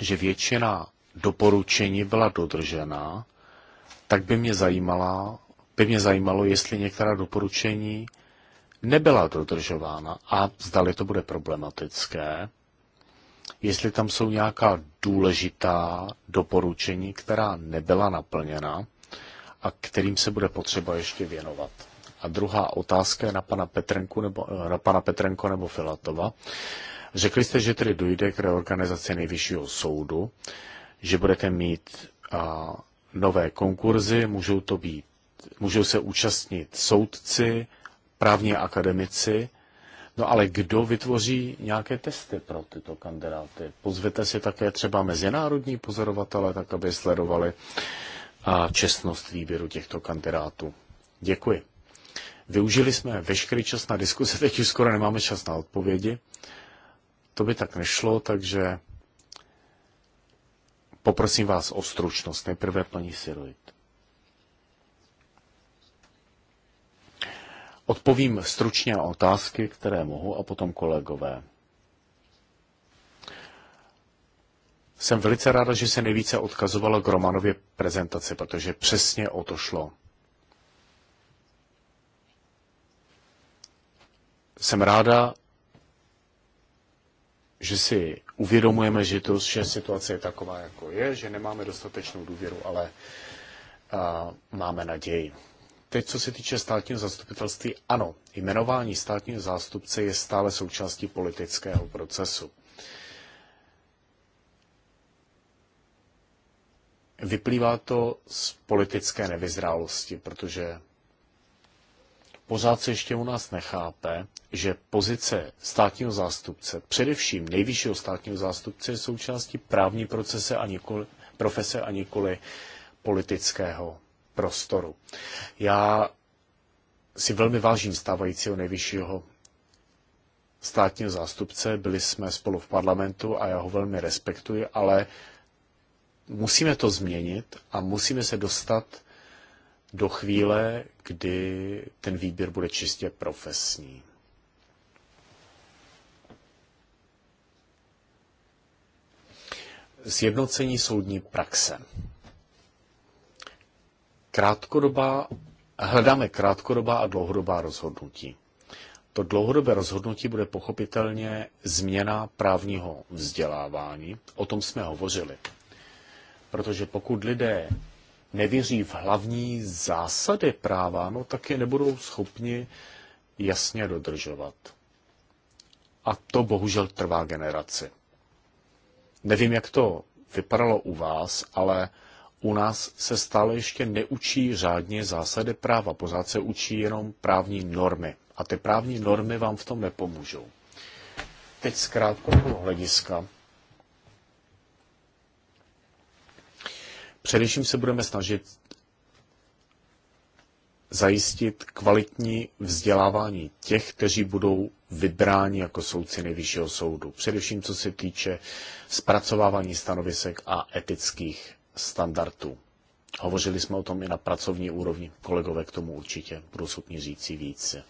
že většina doporučení byla dodržena, tak by mě, zajímala, by mě zajímalo, jestli některá doporučení nebyla dodržována a zdali to bude problematické, jestli tam jsou nějaká důležitá doporučení, která nebyla naplněna a kterým se bude potřeba ještě věnovat. A druhá otázka je na pana, Petrenku nebo, eh, na pana Petrenko nebo Filatova. Řekli jste, že tedy dojde k reorganizaci nejvyššího soudu, že budete mít a, nové konkurzy, můžou to být, můžou se účastnit soudci, právní akademici No ale kdo vytvoří nějaké testy pro tyto kandidáty? Pozvěte si také třeba mezinárodní pozorovatele, tak aby sledovali a čestnost výběru těchto kandidátů. Děkuji. Využili jsme veškerý čas na diskuse, teď už skoro nemáme čas na odpovědi. To by tak nešlo, takže poprosím vás o stručnost. Nejprve paní Siroid. Odpovím stručně na otázky, které mohu, a potom kolegové. Jsem velice ráda, že se nejvíce odkazovalo k Romanově prezentaci, protože přesně o to šlo. Jsem ráda, že si uvědomujeme, že, to, že situace je taková, jako je, že nemáme dostatečnou důvěru, ale a, máme naději. Teď, co se týče státního zastupitelství, ano, jmenování státního zástupce je stále součástí politického procesu. Vyplývá to z politické nevyzrálosti, protože pořád se ještě u nás nechápe, že pozice státního zástupce, především nejvyššího státního zástupce, je součástí právní procese a nikoli, profese a nikoli politického prostoru. Já si velmi vážím stávajícího nejvyššího státního zástupce, byli jsme spolu v parlamentu a já ho velmi respektuji, ale musíme to změnit a musíme se dostat do chvíle, kdy ten výběr bude čistě profesní. Sjednocení soudní praxe. Krátkodobá, hledáme krátkodobá a dlouhodobá rozhodnutí. To dlouhodobé rozhodnutí bude pochopitelně změna právního vzdělávání. O tom jsme hovořili. Protože pokud lidé nevěří v hlavní zásady práva, no tak je nebudou schopni jasně dodržovat. A to bohužel trvá generaci. Nevím, jak to vypadalo u vás, ale u nás se stále ještě neučí řádně zásady práva. Pořád se učí jenom právní normy. A ty právní normy vám v tom nepomůžou. Teď z krátkodobého hlediska Především se budeme snažit zajistit kvalitní vzdělávání těch, kteří budou vybráni jako soudci nejvyššího soudu. Především co se týče zpracovávání stanovisek a etických standardů. Hovořili jsme o tom i na pracovní úrovni. Kolegové k tomu určitě budou schopni říct více.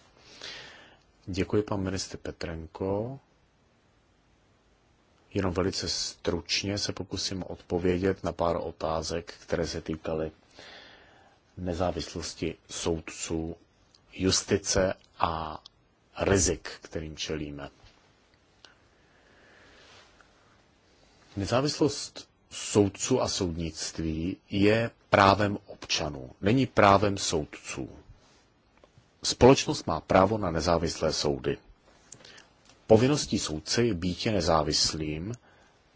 Děkuji, pan ministr Petrenko. Jenom velice stručně se pokusím odpovědět na pár otázek, které se týkaly nezávislosti soudců, justice a rizik, kterým čelíme. Nezávislost soudců a soudnictví je právem občanů, není právem soudců. Společnost má právo na nezávislé soudy. Povinností soudce je být nezávislým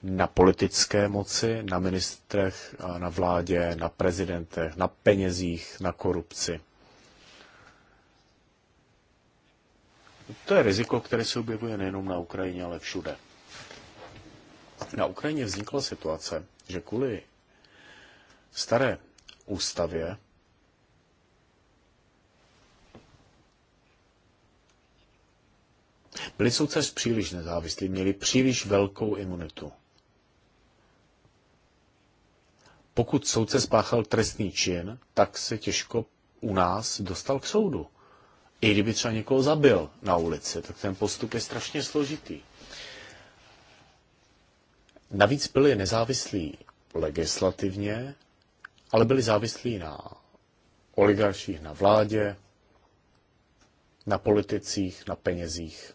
na politické moci, na ministrech, na vládě, na prezidentech, na penězích, na korupci. To je riziko, které se objevuje nejenom na Ukrajině, ale všude. Na Ukrajině vznikla situace, že kvůli staré ústavě byli soudce příliš nezávislí, měli příliš velkou imunitu. Pokud soudce spáchal trestný čin, tak se těžko u nás dostal k soudu. I kdyby třeba někoho zabil na ulici, tak ten postup je strašně složitý. Navíc byli nezávislí legislativně, ale byli závislí na oligarších, na vládě, na politicích, na penězích,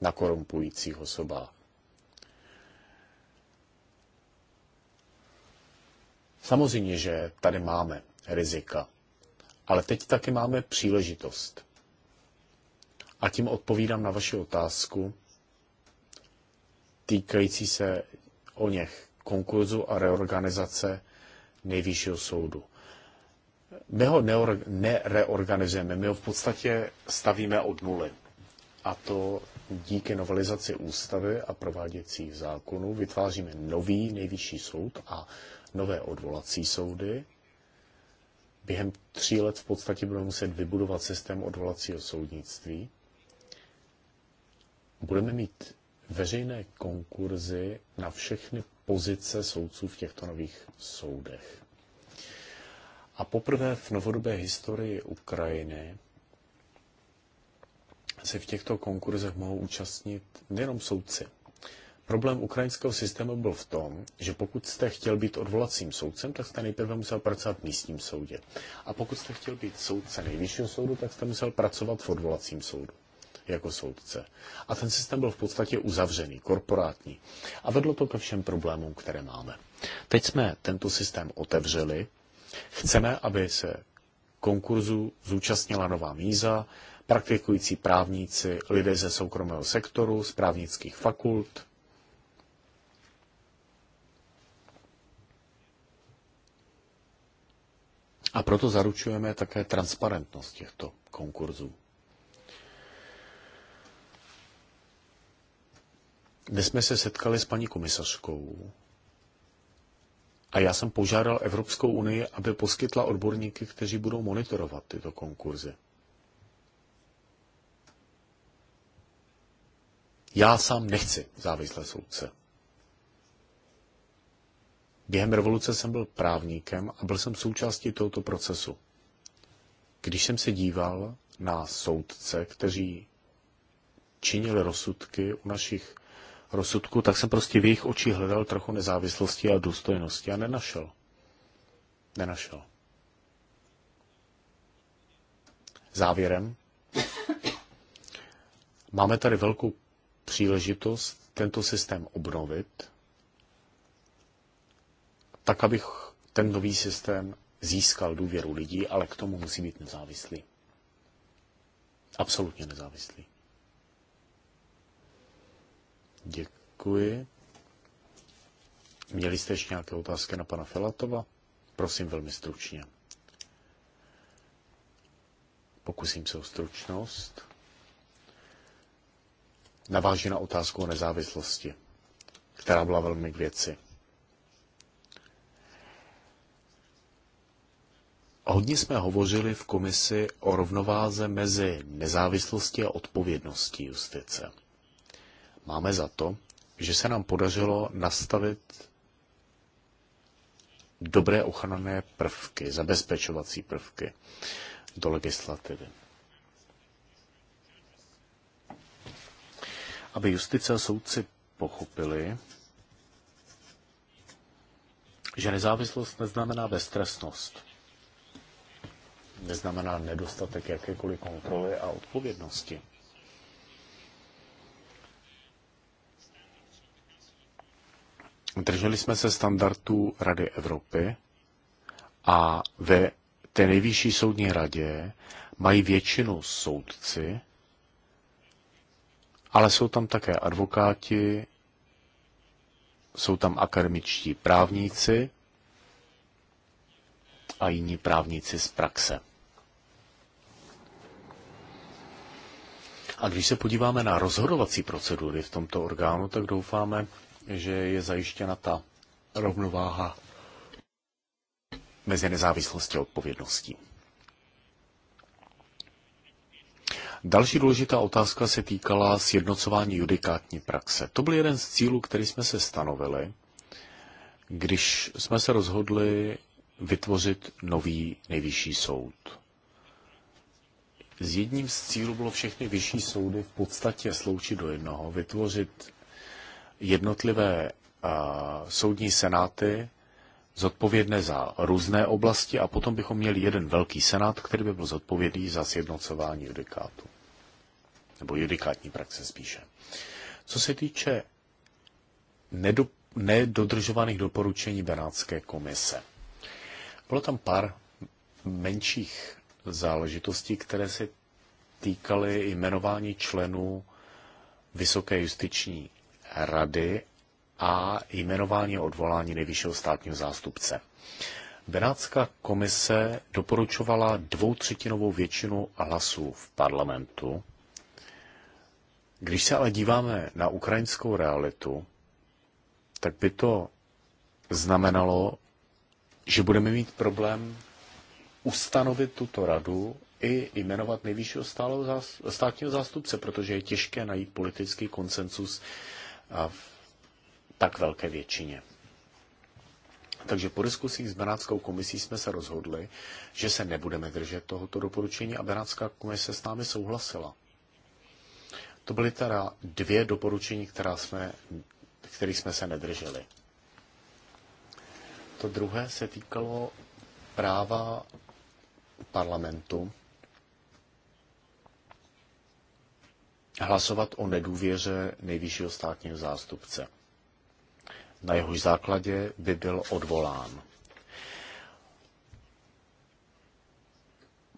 na korumpujících osobách. Samozřejmě, že tady máme rizika, ale teď taky máme příležitost. A tím odpovídám na vaši otázku, týkající se o něch konkurzu a reorganizace nejvyššího soudu. My ho nereorganizujeme, my ho v podstatě stavíme od nuly. A to díky novelizaci ústavy a prováděcích zákonů vytváříme nový nejvyšší soud a nové odvolací soudy. Během tří let v podstatě budeme muset vybudovat systém odvolacího soudnictví. Budeme mít veřejné konkurzy na všechny pozice soudců v těchto nových soudech. A poprvé v novodobé historii Ukrajiny se v těchto konkurzech mohou účastnit nejenom soudci. Problém ukrajinského systému byl v tom, že pokud jste chtěl být odvolacím soudcem, tak jste nejprve musel pracovat v místním soudě. A pokud jste chtěl být soudce nejvyššího soudu, tak jste musel pracovat v odvolacím soudu jako soudce. A ten systém byl v podstatě uzavřený, korporátní. A vedlo to ke všem problémům, které máme. Teď jsme tento systém otevřeli. Chceme, aby se konkurzu zúčastnila nová míza, praktikující právníci, lidé ze soukromého sektoru, z právnických fakult, A proto zaručujeme také transparentnost těchto konkurzů. Dnes jsme se setkali s paní komisařkou a já jsem požádal Evropskou unii, aby poskytla odborníky, kteří budou monitorovat tyto konkurzy. Já sám nechci závislé soudce. Během revoluce jsem byl právníkem a byl jsem součástí tohoto procesu. Když jsem se díval na soudce, kteří činili rozsudky u našich rozsudku, tak jsem prostě v jejich očích hledal trochu nezávislosti a důstojnosti a nenašel. Nenašel. Závěrem. Máme tady velkou příležitost tento systém obnovit, tak, abych ten nový systém získal důvěru lidí, ale k tomu musí být nezávislý. Absolutně nezávislý. Děkuji. Měli jste ještě nějaké otázky na pana Filatova? Prosím velmi stručně. Pokusím se o stručnost. Naváží na otázku o nezávislosti, která byla velmi k věci. Hodně jsme hovořili v komisi o rovnováze mezi nezávislostí a odpovědností justice máme za to, že se nám podařilo nastavit dobré ochranné prvky, zabezpečovací prvky do legislativy. Aby justice a soudci pochopili, že nezávislost neznamená beztrestnost, neznamená nedostatek jakékoliv kontroly a odpovědnosti. drželi jsme se standardů Rady Evropy a ve té nejvyšší soudní radě mají většinu soudci, ale jsou tam také advokáti, jsou tam akademičtí právníci a jiní právníci z praxe. A když se podíváme na rozhodovací procedury v tomto orgánu, tak doufáme, že je zajištěna ta rovnováha mezi nezávislostí a odpovědností. Další důležitá otázka se týkala sjednocování judikátní praxe. To byl jeden z cílů, který jsme se stanovili, když jsme se rozhodli vytvořit nový nejvyšší soud. Z jedním z cílů bylo všechny vyšší soudy v podstatě sloučit do jednoho, vytvořit jednotlivé soudní senáty zodpovědné za různé oblasti a potom bychom měli jeden velký senát, který by byl zodpovědný za sjednocování judikátu. Nebo judikátní praxe spíše. Co se týče nedo, nedodržovaných doporučení Benátské komise. Bylo tam pár menších záležitostí, které se týkaly jmenování členů Vysoké justiční rady a jmenování a odvolání nejvyššího státního zástupce. Benátská komise doporučovala dvoutřetinovou většinu hlasů v parlamentu. Když se ale díváme na ukrajinskou realitu, tak by to znamenalo, že budeme mít problém ustanovit tuto radu i jmenovat nejvyššího státního zástupce, protože je těžké najít politický konsensus v tak velké většině. Takže po diskusích s Benátskou komisí jsme se rozhodli, že se nebudeme držet tohoto doporučení a Benátská komise s námi souhlasila. To byly teda dvě doporučení, která jsme, kterých jsme se nedrželi. To druhé se týkalo práva parlamentu hlasovat o nedůvěře nejvyššího státního zástupce. Na jehož základě by byl odvolán.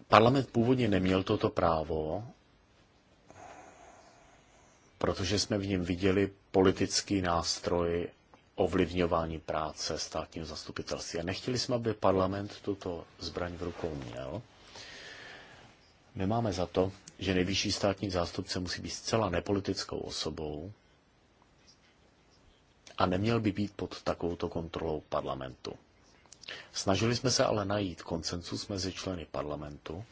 Parlament původně neměl toto právo, protože jsme v něm viděli politický nástroj ovlivňování práce státního zastupitelství. A nechtěli jsme, aby parlament tuto zbraň v rukou měl. My máme za to, že nejvyšší státní zástupce musí být zcela nepolitickou osobou a neměl by být pod takovouto kontrolou parlamentu. Snažili jsme se ale najít konsensus mezi členy parlamentu.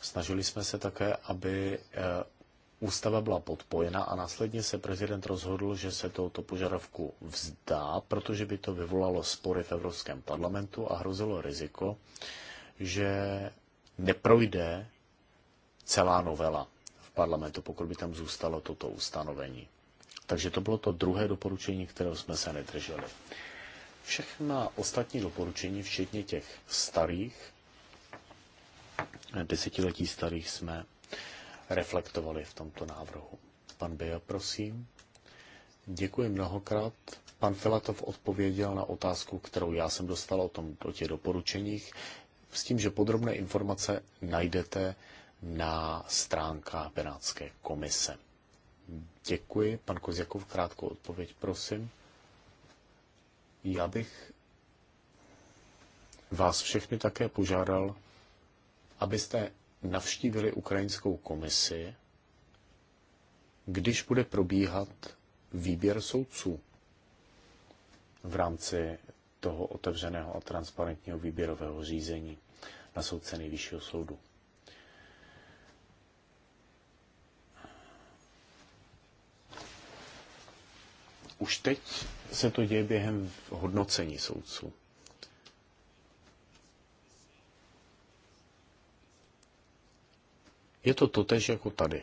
Snažili jsme se také, aby eh, ústava byla podpojena a následně se prezident rozhodl, že se tohoto požadavku vzdá, protože by to vyvolalo spory v Evropském parlamentu a hrozilo riziko, že neprojde celá novela v parlamentu, pokud by tam zůstalo toto ustanovení. Takže to bylo to druhé doporučení, kterého jsme se nedrželi. Všechna ostatní doporučení, včetně těch starých, desetiletí starých, jsme reflektovali v tomto návrhu. Pan Bia, prosím. Děkuji mnohokrát. Pan Filatov odpověděl na otázku, kterou já jsem dostal o, tom, o těch doporučeních, s tím, že podrobné informace najdete na stránkách Benátské komise. Děkuji. Pan Kozjakov, krátkou odpověď, prosím. Já bych vás všechny také požádal, abyste navštívili Ukrajinskou komisi, když bude probíhat výběr soudců v rámci toho otevřeného a transparentního výběrového řízení na soudce nejvyššího soudu. Už teď se to děje během hodnocení soudců. Je to totež jako tady.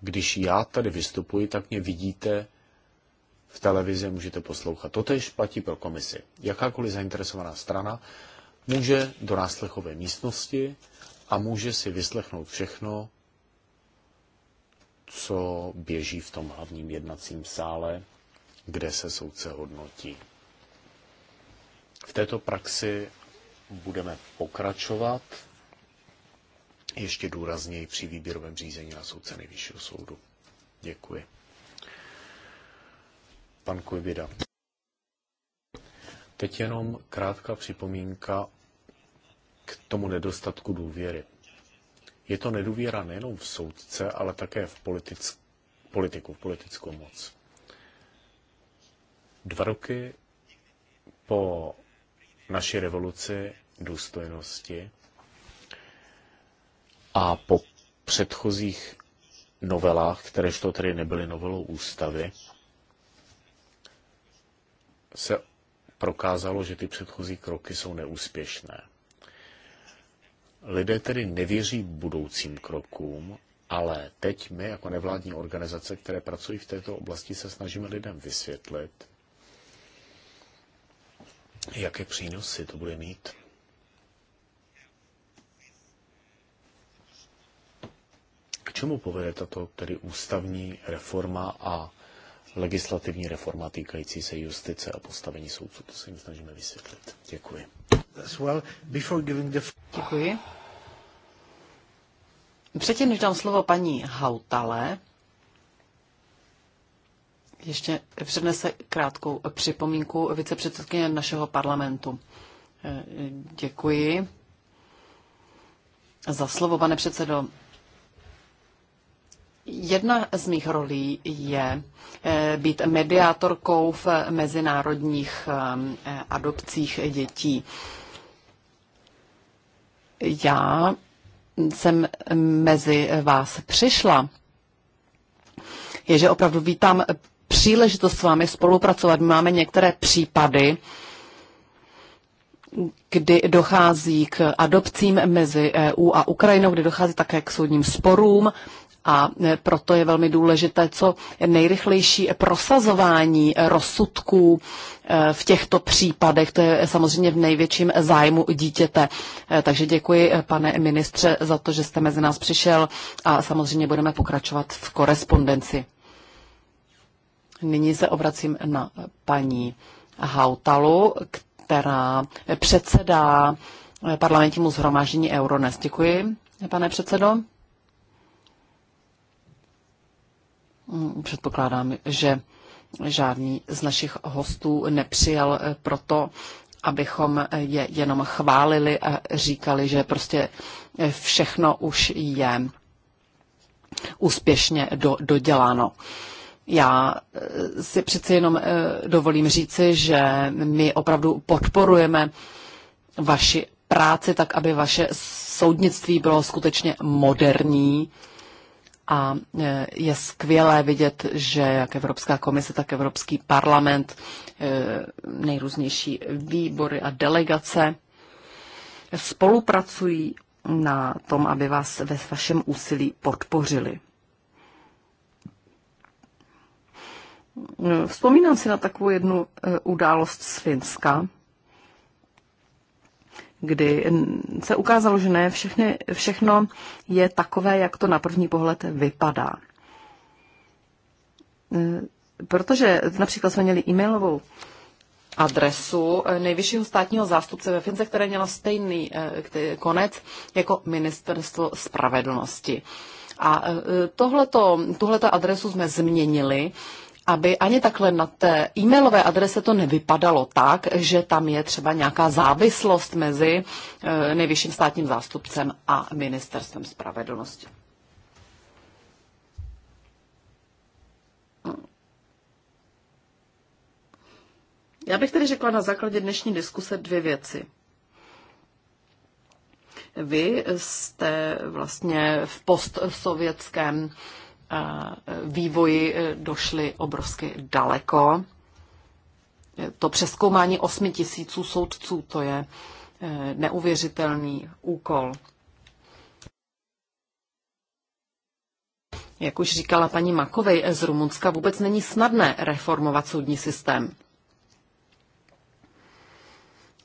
Když já tady vystupuji, tak mě vidíte v televizi, můžete poslouchat. Totež platí pro komisi. Jakákoliv zainteresovaná strana může do náslechové místnosti a může si vyslechnout všechno, co běží v tom hlavním jednacím sále, kde se soudce hodnotí. V této praxi budeme pokračovat ještě důrazněji při výběrovém řízení na soudce nejvyššího soudu. Děkuji. Pan Kujbida. Teď jenom krátká připomínka k tomu nedostatku důvěry. Je to nedůvěra nejenom v soudce, ale také v politick- politiku, v politickou moc. Dva roky po naší revoluci důstojnosti a po předchozích novelách, které to tedy nebyly novelou ústavy, se prokázalo, že ty předchozí kroky jsou neúspěšné. Lidé tedy nevěří budoucím krokům, ale teď my, jako nevládní organizace, které pracují v této oblasti, se snažíme lidem vysvětlit, jaké přínosy to bude mít. K čemu povede tato tedy ústavní reforma a legislativní reforma týkající se justice a postavení soudců. To se jim snažíme vysvětlit. Děkuji. Děkuji. Předtím, než dám slovo paní Hautale, ještě přednese krátkou připomínku vicepředsedkyně našeho parlamentu. Eh, děkuji za slovo, pane předsedo. Jedna z mých rolí je eh, být mediátorkou v mezinárodních eh, adopcích dětí. Já jsem mezi vás přišla, je, že opravdu vítám příležitost s vámi spolupracovat. My máme některé případy, kdy dochází k adopcím mezi EU a Ukrajinou, kdy dochází také k soudním sporům a e, proto je velmi důležité co nejrychlejší prosazování e, rozsudků e, v těchto případech. To je samozřejmě v největším zájmu dítěte. Takže děkuji, pane ministře, za to, že jste mezi nás přišel a samozřejmě budeme pokračovat v korespondenci. Nyní se obracím na paní Hautalu, která předsedá parlamentnímu zhromáždění Euronest. Děkuji, pane předsedo. Mm, předpokládám, že žádný z našich hostů nepřijal eh, proto, abychom eh, je jenom chválili a říkali, že prostě eh, všechno už je úspěšně do, doděláno. Já si přeci jenom dovolím říci, že my opravdu podporujeme vaši práci tak, aby vaše soudnictví bylo skutečně moderní, a e, je skvělé vidět, že jak Evropská komise, tak Evropský parlament, e, nejrůznější výbory a delegace spolupracují na tom, aby vás ve vašem úsilí podpořili. E, vzpomínám si na takovou jednu událost z Finska, kdy se ukázalo, že ne všechny, všechno je takové, jak to na první pohled vypadá. E, protože například jsme měli e-mailovou adresu e, nejvyššího státního zástupce ve Fince, které měla stejný e, konec jako ministerstvo spravedlnosti. A tohleto, tuhleto adresu jsme změnili aby ani takhle na té e-mailové adrese to nevypadalo tak, že tam je třeba nějaká závislost mezi eh, nejvyšším státním zástupcem a ministerstvem spravedlnosti. Hmm. Já bych tedy řekla na základě dnešní diskuse dvě věci. Vy jste vlastně v postsovětském E, vývoji e, došli obrovsky daleko. E, to přeskoumání 8 tisíců soudců, to je neuvěřitelný úkol. Jak už říkala paní Makovej z Rumunska, vůbec není snadné reformovat soudní systém.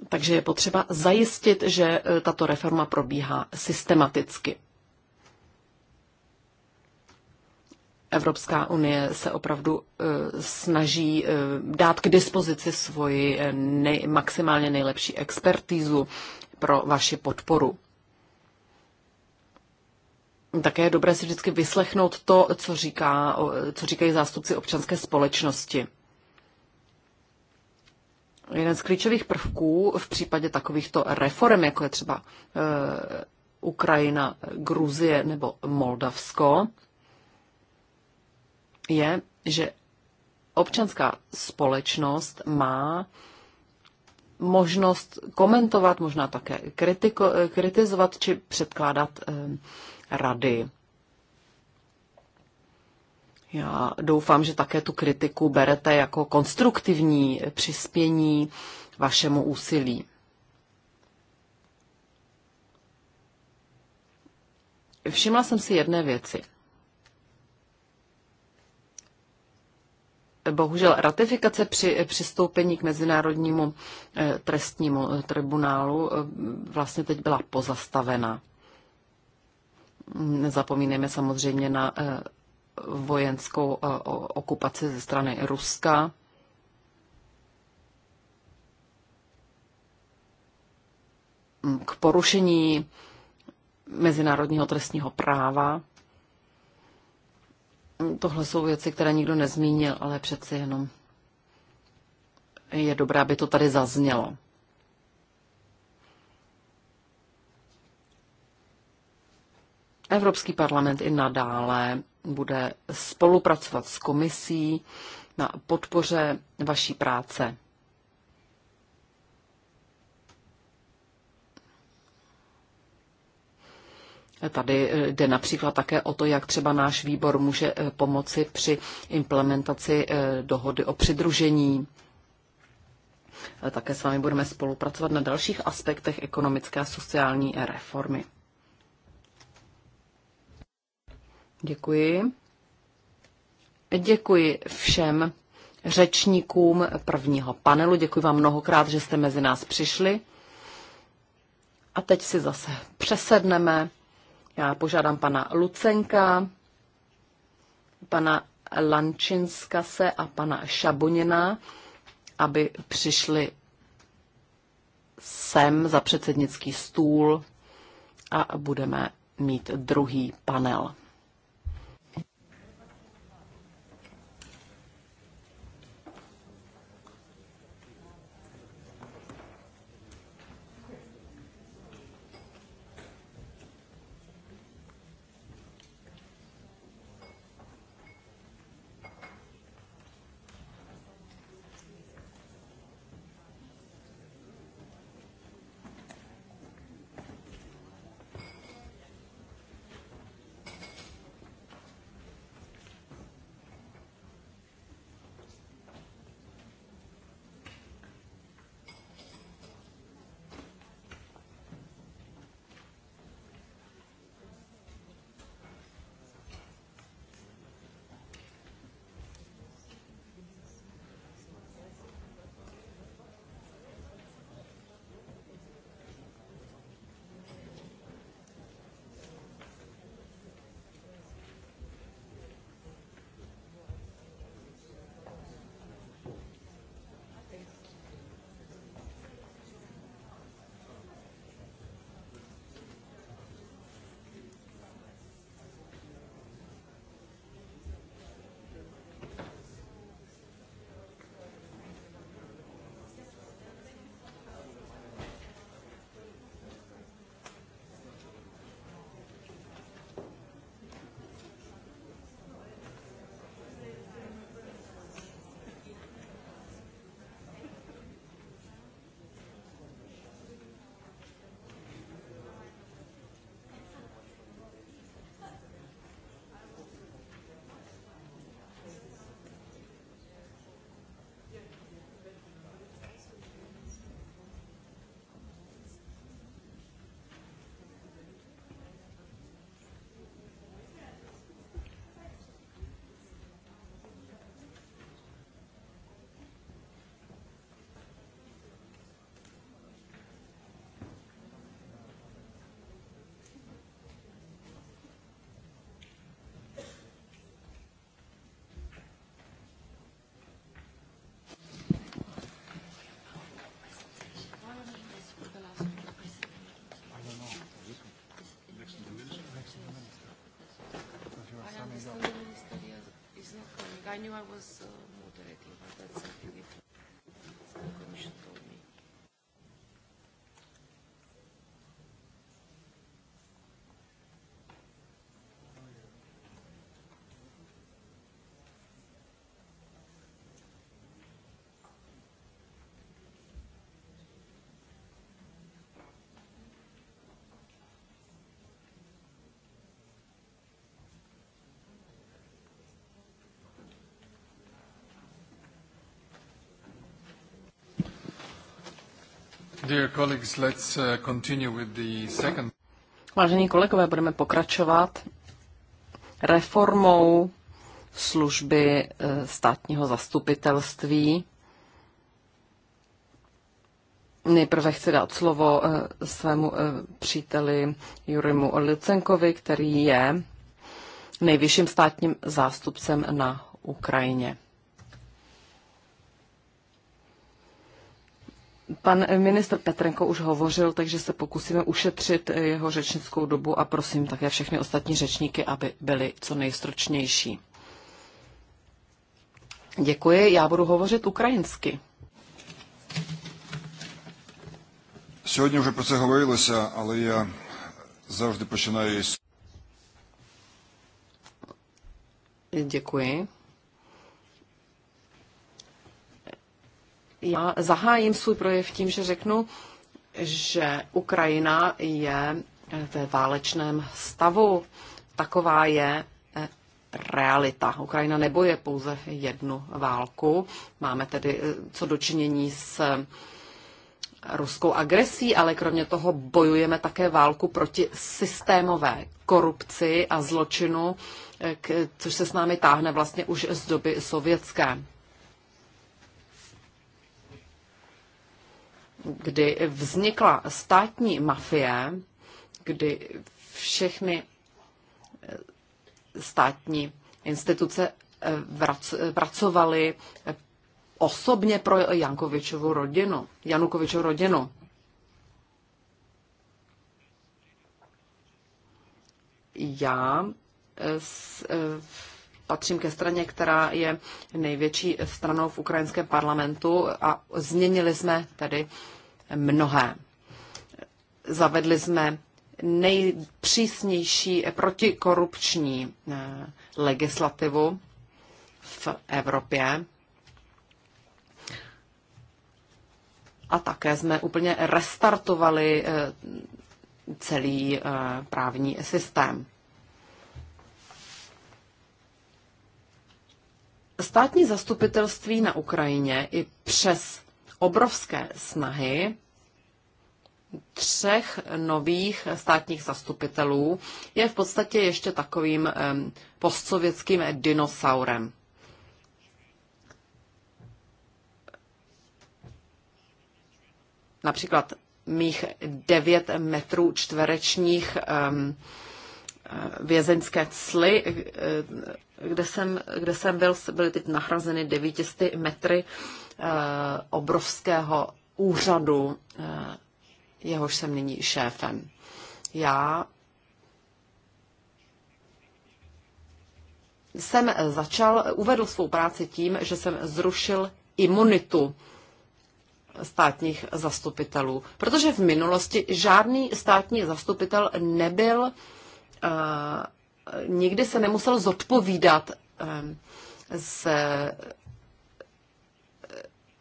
Takže je potřeba zajistit, že tato reforma probíhá systematicky. Evropská unie se opravdu e, snaží e, dát k dispozici svoji e, nej, maximálně nejlepší expertízu pro vaši podporu. Také je dobré si vždycky vyslechnout to, co, říká, co říkají zástupci občanské společnosti. Jeden z klíčových prvků v případě takovýchto reform, jako je třeba e, Ukrajina, Gruzie nebo Moldavsko, je, že občanská společnost má možnost komentovat, možná také kritiko, kritizovat či předkládat ehm, rady. Já doufám, že také tu kritiku berete jako konstruktivní přispění vašemu úsilí. Všimla jsem si jedné věci – bohužel ratifikace při přistoupení k Mezinárodnímu eh, trestnímu eh, tribunálu eh, vlastně teď byla pozastavena. Nezapomínejme samozřejmě na vojenskou okupaci ze strany Ruska. K porušení mezinárodního trestního práva Tohle jsou věci, které nikdo nezmínil, ale přeci jenom je dobré, aby to tady zaznělo. Evropský parlament i nadále bude spolupracovat s komisí na podpoře vaší práce. Tady eh, jde například také o to, jak třeba náš výbor může eh, pomoci při implementaci eh, dohody o přidružení. Také s vámi budeme spolupracovat na dalších aspektech ekonomické a sociální reformy. Děkuji. Děkuji všem řečníkům prvního panelu. Děkuji vám mnohokrát, že jste mezi nás přišli. A teď si zase přesedneme já požádám pana Lucenka, pana se a pana Šabonina, aby přišli sem za předsednický stůl a budeme mít druhý panel. I knew I was uh, Uh, Vážení kolegové, budeme pokračovat reformou služby eh, státního zastupitelství. Nejprve chci dát slovo eh, svému eh, příteli Jurimu Lucenkovi, který je nejvyšším státním zástupcem na Ukrajině. Pan ministr Petrenko už hovořil, takže se pokusíme ušetřit jeho řečnickou dobu a prosím také všechny ostatní řečníky, aby byli co nejstročnější. Děkuji, já budu hovořit ukrajinsky. Сьогодні вже про це говорилося, але я завжди починаю із. Děkuji. já zahájím svůj projev tím, že řeknu, že Ukrajina je ve válečném stavu. Taková je eh, realita. Ukrajina neboje pouze jednu válku. Máme tedy eh, co dočinění s eh, ruskou agresí, ale kromě toho bojujeme také válku proti systémové korupci a zločinu, což se s námi táhne vlastně už z doby sovětské. kdy vznikla státní mafie, kdy všechny eh, státní instituce eh, eh, pracovaly osobně pro Jankovičovu rodinu, Janukovičovu rodinu. Já s, patřím ke straně, která je největší stranou v ukrajinském parlamentu a změnili jsme tedy mnohé. Zavedli jsme nejpřísnější protikorupční eh, legislativu v Evropě. A také jsme úplně restartovali eh, celý eh, právní systém. Státní zastupitelství na Ukrajině i přes obrovské snahy třech nových státních zastupitelů je v podstatě ještě takovým postsovětským dinosaurem. Například mých 9 metrů čtverečních eh, vězeňské cly, eh, kde jsem, kde jsem byl, byly teď nahrazeny 900 metry Eh, obrovského úřadu, eh, jehož jsem nyní šéfem. Já jsem začal, uvedl svou práci tím, že jsem zrušil imunitu státních zastupitelů, protože v minulosti žádný státní zastupitel nebyl, eh, nikdy se nemusel zodpovídat z,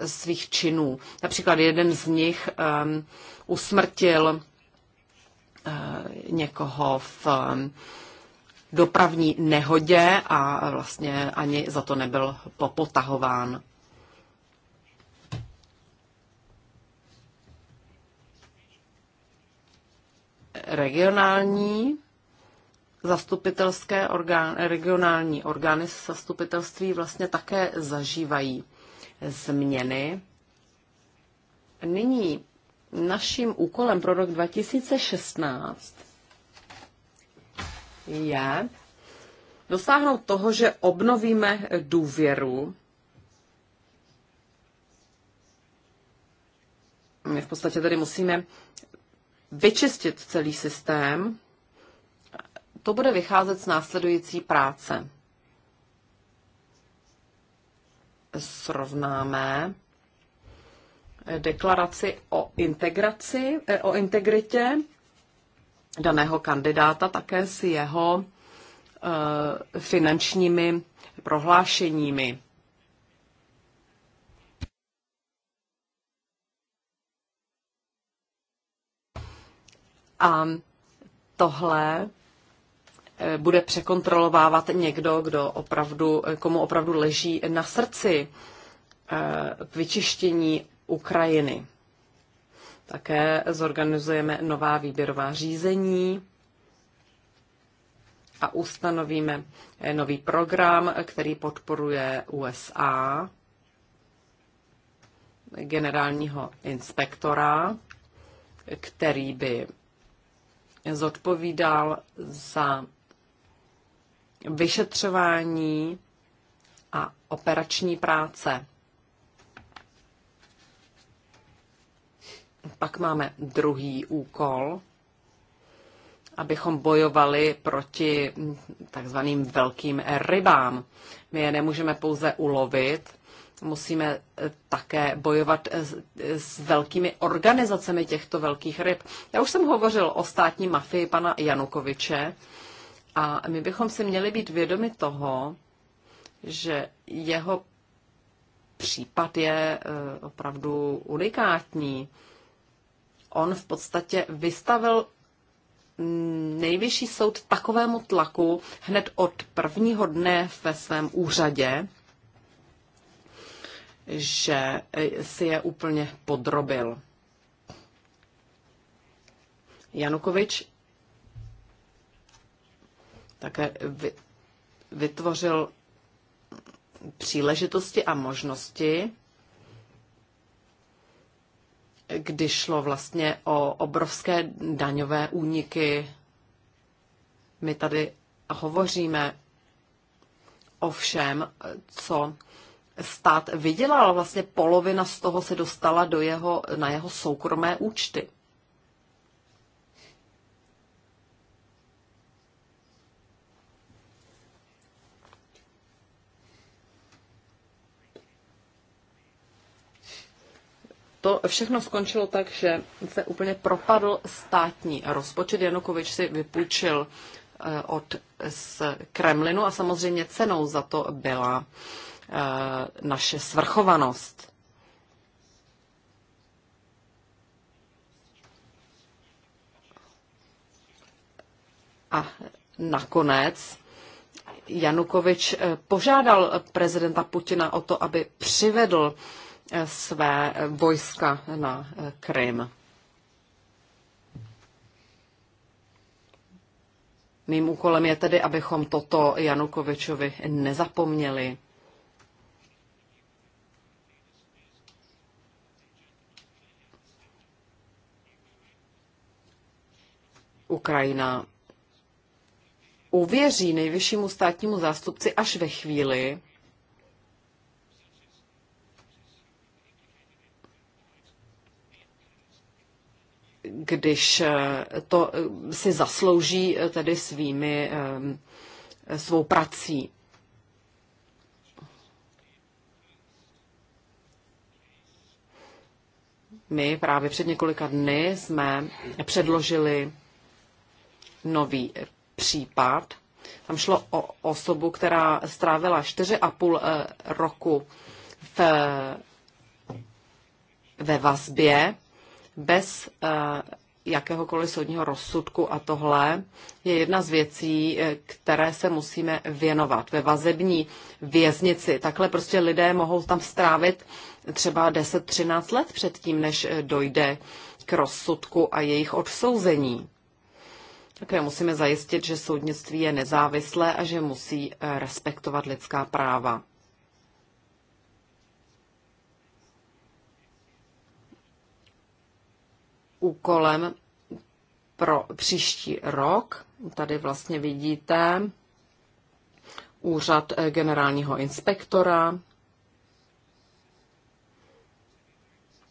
svých činů. Například jeden z nich um, usmrtil uh, někoho v um, dopravní nehodě a vlastně ani za to nebyl popotahován. Regionální zastupitelské orgány, regionální orgány zastupitelství vlastně také zažívají změny. Nyní naším úkolem pro rok 2016 je dosáhnout toho, že obnovíme důvěru my v podstatě tady musíme vyčistit celý systém. To bude vycházet z následující práce. srovnáme deklaraci o integraci, eh, o integritě daného kandidáta také s jeho eh, finančními prohlášeními. A tohle bude překontrolovávat někdo, kdo opravdu, komu opravdu leží na srdci eh, vyčištění Ukrajiny. Také zorganizujeme nová výběrová řízení a ustanovíme eh, nový program, který podporuje USA, generálního inspektora, který by zodpovídal za vyšetřování a operační práce. Pak máme druhý úkol, abychom bojovali proti takzvaným velkým rybám. My je nemůžeme pouze ulovit, musíme také bojovat s, velkými organizacemi těchto velkých ryb. Já už jsem hovořil o státní mafii pana Janukoviče, a my bychom si měli být vědomi toho, že jeho případ je e, opravdu unikátní. On v podstatě vystavil nejvyšší soud takovému tlaku hned od prvního dne ve svém úřadě, že e, si je úplně podrobil. Janukovič také vytvořil příležitosti a možnosti, kdy šlo vlastně o obrovské daňové úniky. My tady hovoříme o všem, co stát vydělal. Vlastně polovina z toho se dostala do jeho, na jeho soukromé účty. to všechno skončilo tak, že se úplně propadl státní rozpočet. Janukovič si vypůjčil eh, od z Kremlinu a samozřejmě cenou za to byla eh, naše svrchovanost. A nakonec Janukovič eh, požádal prezidenta Putina o to, aby přivedl své vojska na eh, Krym. Mým úkolem je tedy, abychom toto Janukovičovi nezapomněli. Ukrajina uvěří nejvyššímu státnímu zástupci až ve chvíli, když eh, to eh, si zaslouží eh, tedy svými, svou prací. My právě před několika dny jsme předložili nový případ. Tam šlo o osobu, která strávila 4,5 roku v, ve vazbě bez eh, jakéhokoliv soudního rozsudku a tohle je jedna z věcí, eh, které se musíme věnovat. Ve vazební věznici takhle prostě lidé mohou tam strávit třeba 10-13 let předtím, než eh, dojde k rozsudku a jejich odsouzení. Také musíme zajistit, že soudnictví je nezávislé a že musí respektovat lidská práva. úkolem pro příští rok. Tady vlastně vidíte úřad eh, generálního inspektora.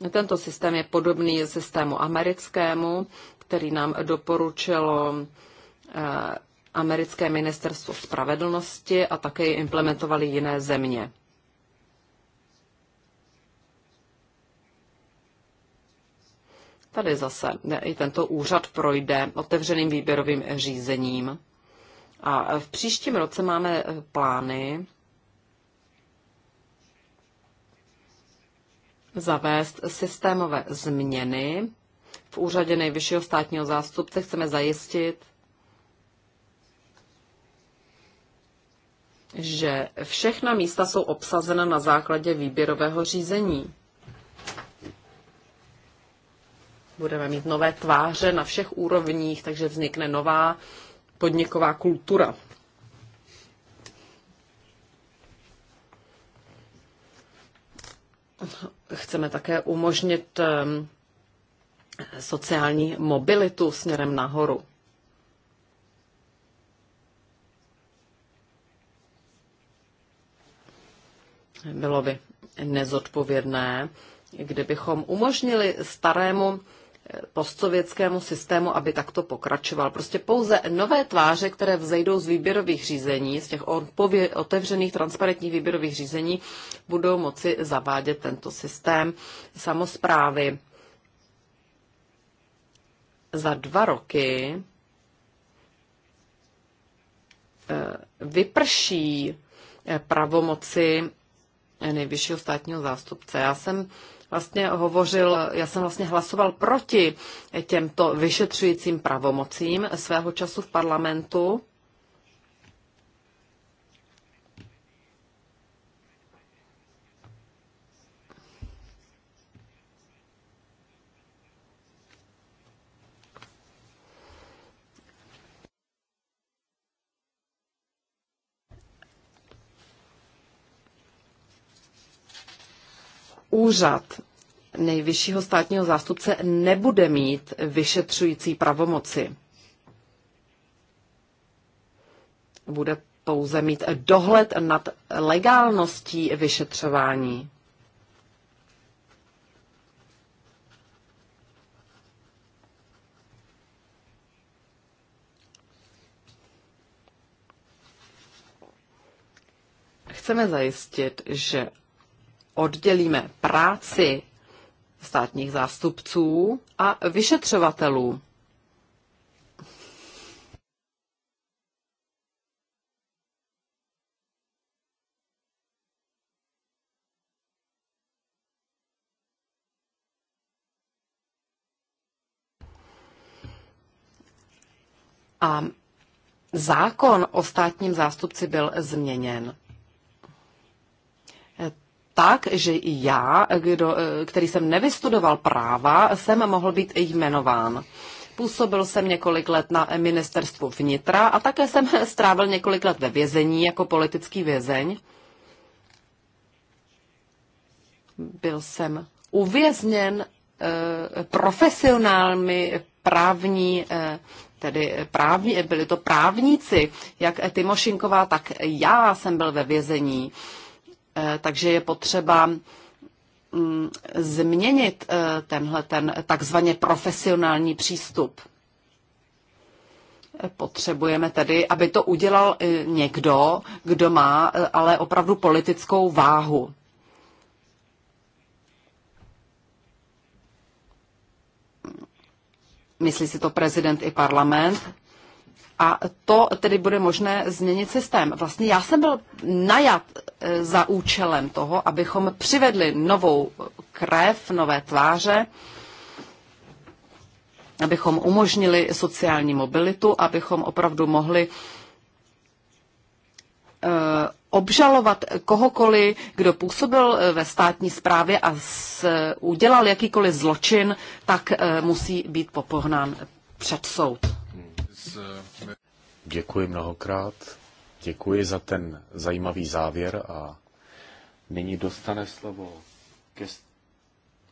Tento systém je podobný systému americkému, který nám doporučilo eh, americké ministerstvo spravedlnosti a také implementovali jiné země. Tady zase i tento úřad projde otevřeným výběrovým řízením. A v příštím roce máme eh, plány zavést systémové změny. V úřadě nejvyššího státního zástupce chceme zajistit, že všechna místa jsou obsazena na základě výběrového řízení. budeme mít nové tváře na všech úrovních, takže vznikne nová podniková kultura. Chceme také umožnit sociální mobilitu směrem nahoru. Bylo by nezodpovědné, kdybychom umožnili starému postsovětskému systému, aby takto pokračoval. Prostě pouze nové tváře, které vzejdou z výběrových řízení, z těch otevřených, transparentních výběrových řízení, budou moci zavádět tento systém samozprávy. Za dva roky eh, vyprší eh, pravomoci eh, nejvyššího státního zástupce. Já jsem vlastně hovořil, já jsem vlastně hlasoval proti těmto vyšetřujícím pravomocím svého času v parlamentu. úřad nejvyššího státního zástupce nebude mít vyšetřující pravomoci. Bude pouze mít dohled nad legálností vyšetřování. Chceme zajistit, že oddělíme práci státních zástupců a vyšetřovatelů. A zákon o státním zástupci byl změněn tak, že i já, kdo, eh, který jsem nevystudoval práva, jsem mohl být jmenován. Působil jsem několik let na ministerstvu vnitra a také jsem strávil několik let ve vězení jako politický vězeň. Byl jsem uvězněn e, profesionálmi právní, e, tedy právní, byli to právníci, jak Timošinková, tak já jsem byl ve vězení. E, Eh, takže je potřeba mm, změnit eh, tenhle ten takzvaně profesionální přístup. Eh, potřebujeme tedy, aby to udělal někdo, kdo má ale opravdu politickou váhu. Myslí si to prezident i parlament? a to tedy bude možné změnit systém. Vlastně já jsem byl najat e, za účelem toho, abychom přivedli novou krev, nové tváře, abychom umožnili sociální mobilitu, abychom opravdu mohli e, obžalovat kohokoliv, kdo působil e, ve státní správě a udělal jakýkoliv zločin, tak musí být popohnán před soud. Děkuji mnohokrát. Děkuji za ten zajímavý závěr a nyní dostane slovo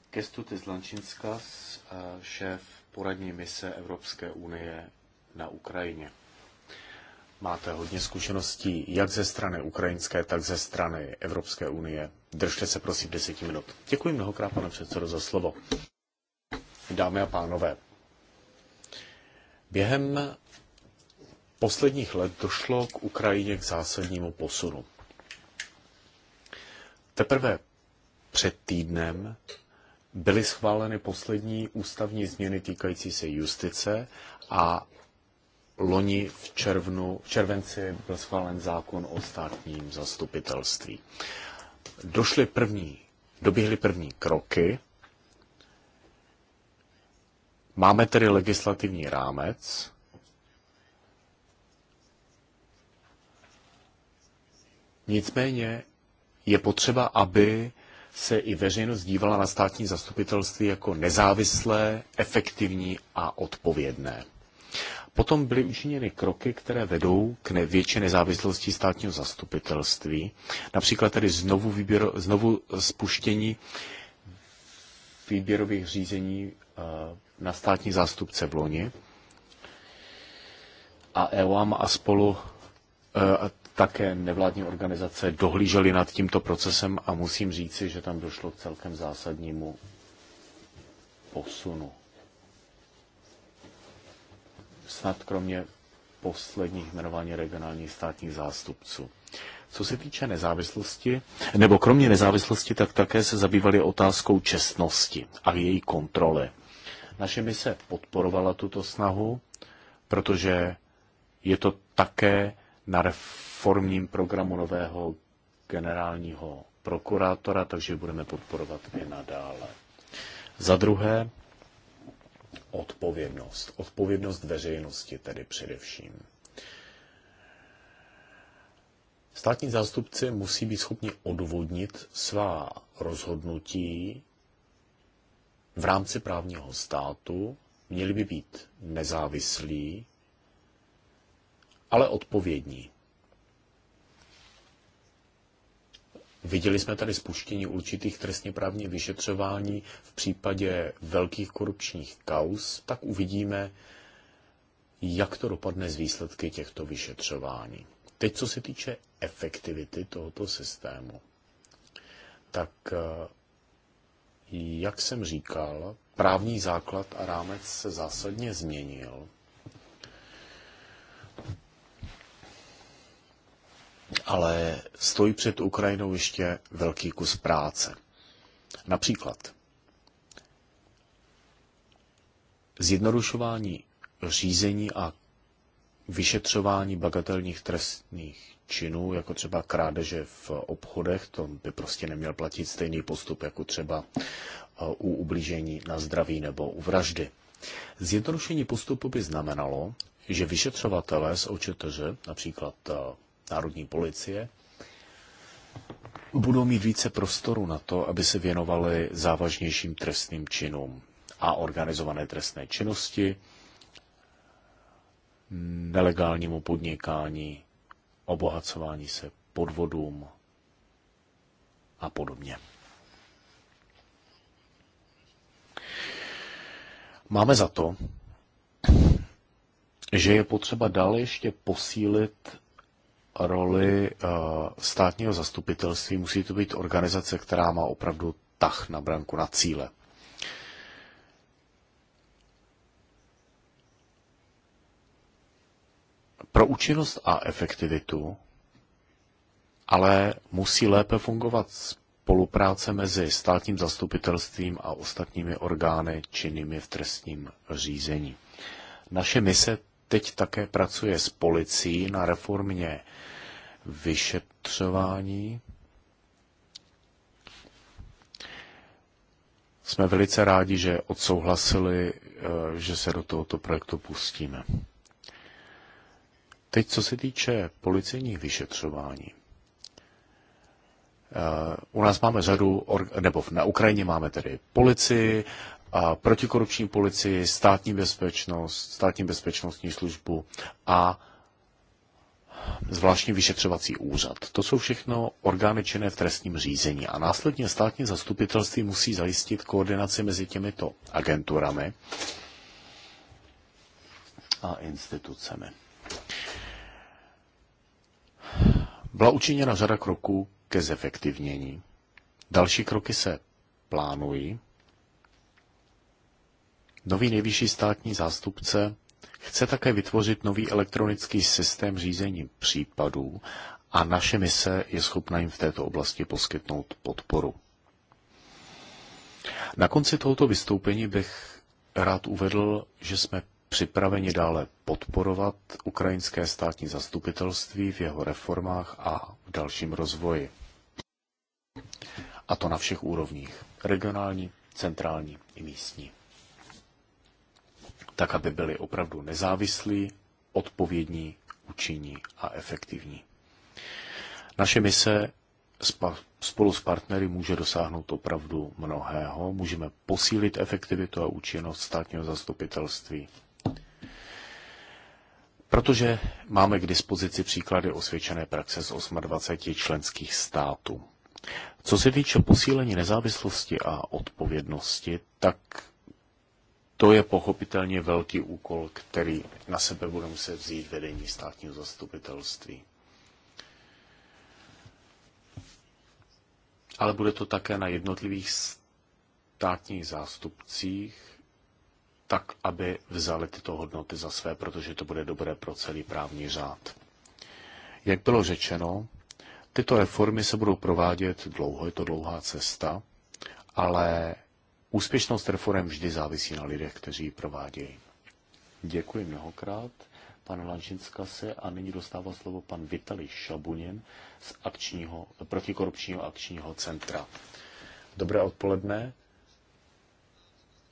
Kestu Tizlančinskas, eh, šéf poradní mise Evropské unie na Ukrajině. Máte hodně zkušeností jak ze strany ukrajinské, tak ze strany Evropské unie. Držte se prosím deseti minut. Děkuji mnohokrát, pane předsedo, za slovo. Dámy a pánové, během posledních let došlo k Ukrajině k zásadnímu posunu. Teprve před týdnem byly schváleny poslední ústavní změny týkající se justice a loni v, červnu, v červenci byl schválen zákon o státním zastupitelství. Došly první, doběhly první kroky. Máme tedy legislativní rámec, Nicméně je potřeba, aby se i veřejnost dívala na státní zastupitelství jako nezávislé, efektivní a odpovědné. Potom byly učiněny kroky, které vedou k větší nezávislosti státního zastupitelství, například tedy znovu, výběro, znovu spuštění výběrových řízení eh, na státní zástupce v Loni. A EOAM a spolu eh, také nevládní organizace dohlížely nad tímto procesem a musím říci, že tam došlo k celkem zásadnímu posunu. Snad kromě posledních jmenování regionálních státních zástupců. Co se týče nezávislosti, nebo kromě nezávislosti, tak také se zabývali otázkou čestnosti a její kontroly. Naše mise podporovala tuto snahu, protože je to také na reformním programu nového generálního prokurátora, takže budeme podporovat i nadále. Za druhé, odpovědnost. Odpovědnost veřejnosti tedy především. Státní zástupci musí být schopni odvodnit svá rozhodnutí v rámci právního státu, měli by být nezávislí ale odpovědní. Viděli jsme tady spuštění určitých trestně právně vyšetřování v případě velkých korupčních kaus, tak uvidíme, jak to dopadne z výsledky těchto vyšetřování. Teď, co se týče efektivity tohoto systému, tak eh, jak jsem říkal, právní základ a rámec se zásadně změnil ale stojí před Ukrajinou ještě velký kus práce. Například zjednodušování řízení a vyšetřování bagatelních trestných činů, jako třeba krádeže v obchodech, to by prostě neměl platit stejný postup jako třeba uh, u ublížení na zdraví nebo u vraždy. Zjednodušení postupu by znamenalo, že vyšetřovatelé z OČTŘ, například uh, národní policie, budou mít více prostoru na to, aby se věnovali závažnějším trestným činům a organizované trestné činnosti, nelegálnímu podnikání, obohacování se podvodům a podobně. Máme za to, že je potřeba dále ještě posílit roli eh, státního zastupitelství. Musí to být organizace, která má opravdu tah na branku, na cíle. Pro účinnost a efektivitu ale musí lépe fungovat spolupráce mezi státním zastupitelstvím a ostatními orgány činnými v trestním řízení. Naše mise teď také pracuje s policií na reformě vyšetřování. Jsme velice rádi, že odsouhlasili, eh, že se do tohoto projektu pustíme. Teď, co se týče policejních vyšetřování. Eh, u nás máme řadu, nebo na Ukrajině máme tedy policii, protikorupční policii, státní bezpečnost, státní bezpečnostní službu a zvláštní vyšetřovací úřad. To jsou všechno orgány činné v trestním řízení a následně státní zastupitelství musí zajistit koordinaci mezi těmito agenturami a institucemi. Byla učiněna řada kroků ke zefektivnění. Další kroky se plánují Nový nejvyšší státní zástupce chce také vytvořit nový elektronický systém řízení případů a naše mise je schopna jim v této oblasti poskytnout podporu. Na konci tohoto vystoupení bych rád uvedl, že jsme připraveni dále podporovat ukrajinské státní zastupitelství v jeho reformách a v dalším rozvoji. A to na všech úrovních. Regionální, centrální i místní tak aby byli opravdu nezávislí, odpovědní, účinní a efektivní. Naše mise spolu s partnery může dosáhnout opravdu mnohého. Můžeme posílit efektivitu a účinnost státního zastupitelství. Protože máme k dispozici příklady osvědčené praxe z 28 členských států. Co se týče posílení nezávislosti a odpovědnosti, tak to je pochopitelně velký úkol, který na sebe bude muset vzít vedení státního zastupitelství. Ale bude to také na jednotlivých státních zástupcích, tak aby vzali tyto hodnoty za své, protože to bude dobré pro celý právní řád. Jak bylo řečeno, tyto reformy se budou provádět dlouho, je to dlouhá cesta, ale Úspěšnost reform vždy závisí na lidech, kteří ji provádějí. Děkuji mnohokrát, pan Lančinska se a nyní dostává slovo pan Vitali Šabunin z akčního, protikorupčního akčního centra. Dobré odpoledne.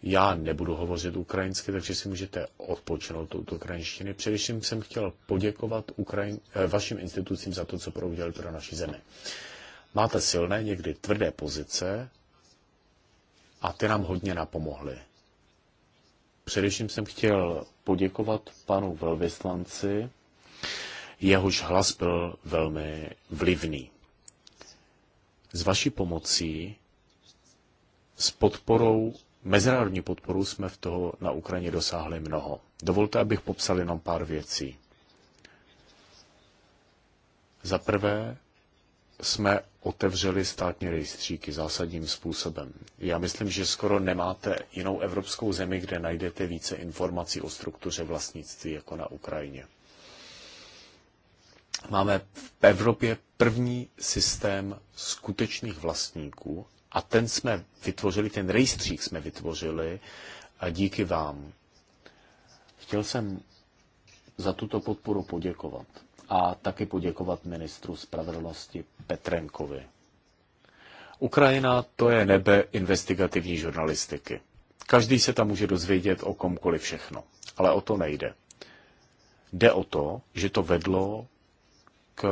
Já nebudu hovořit ukrajinsky, takže si můžete odpočinout od ukrajinštiny. Především jsem chtěl poděkovat Ukrajin, eh, vašim institucím za to, co proudělili pro naši zemi. Máte silné, někdy tvrdé pozice, a ty nám hodně napomohly. Především jsem chtěl poděkovat panu velvyslanci, jehož hlas byl velmi vlivný. S vaší pomocí, s podporou, mezinárodní podporou jsme v toho na Ukrajině dosáhli mnoho. Dovolte, abych popsal jenom pár věcí. Za prvé jsme otevřeli státní rejstříky zásadním způsobem. Já myslím, že skoro nemáte jinou evropskou zemi, kde najdete více informací o struktuře vlastnictví, jako na Ukrajině. Máme v Evropě první systém skutečných vlastníků a ten jsme vytvořili, ten rejstřík jsme vytvořili a díky vám. Chtěl jsem za tuto podporu poděkovat a taky poděkovat ministru spravedlnosti Petrenkovi. Ukrajina to je nebe investigativní žurnalistiky. Každý se tam může dozvědět o komkoliv všechno, ale o to nejde. Jde o to, že to vedlo k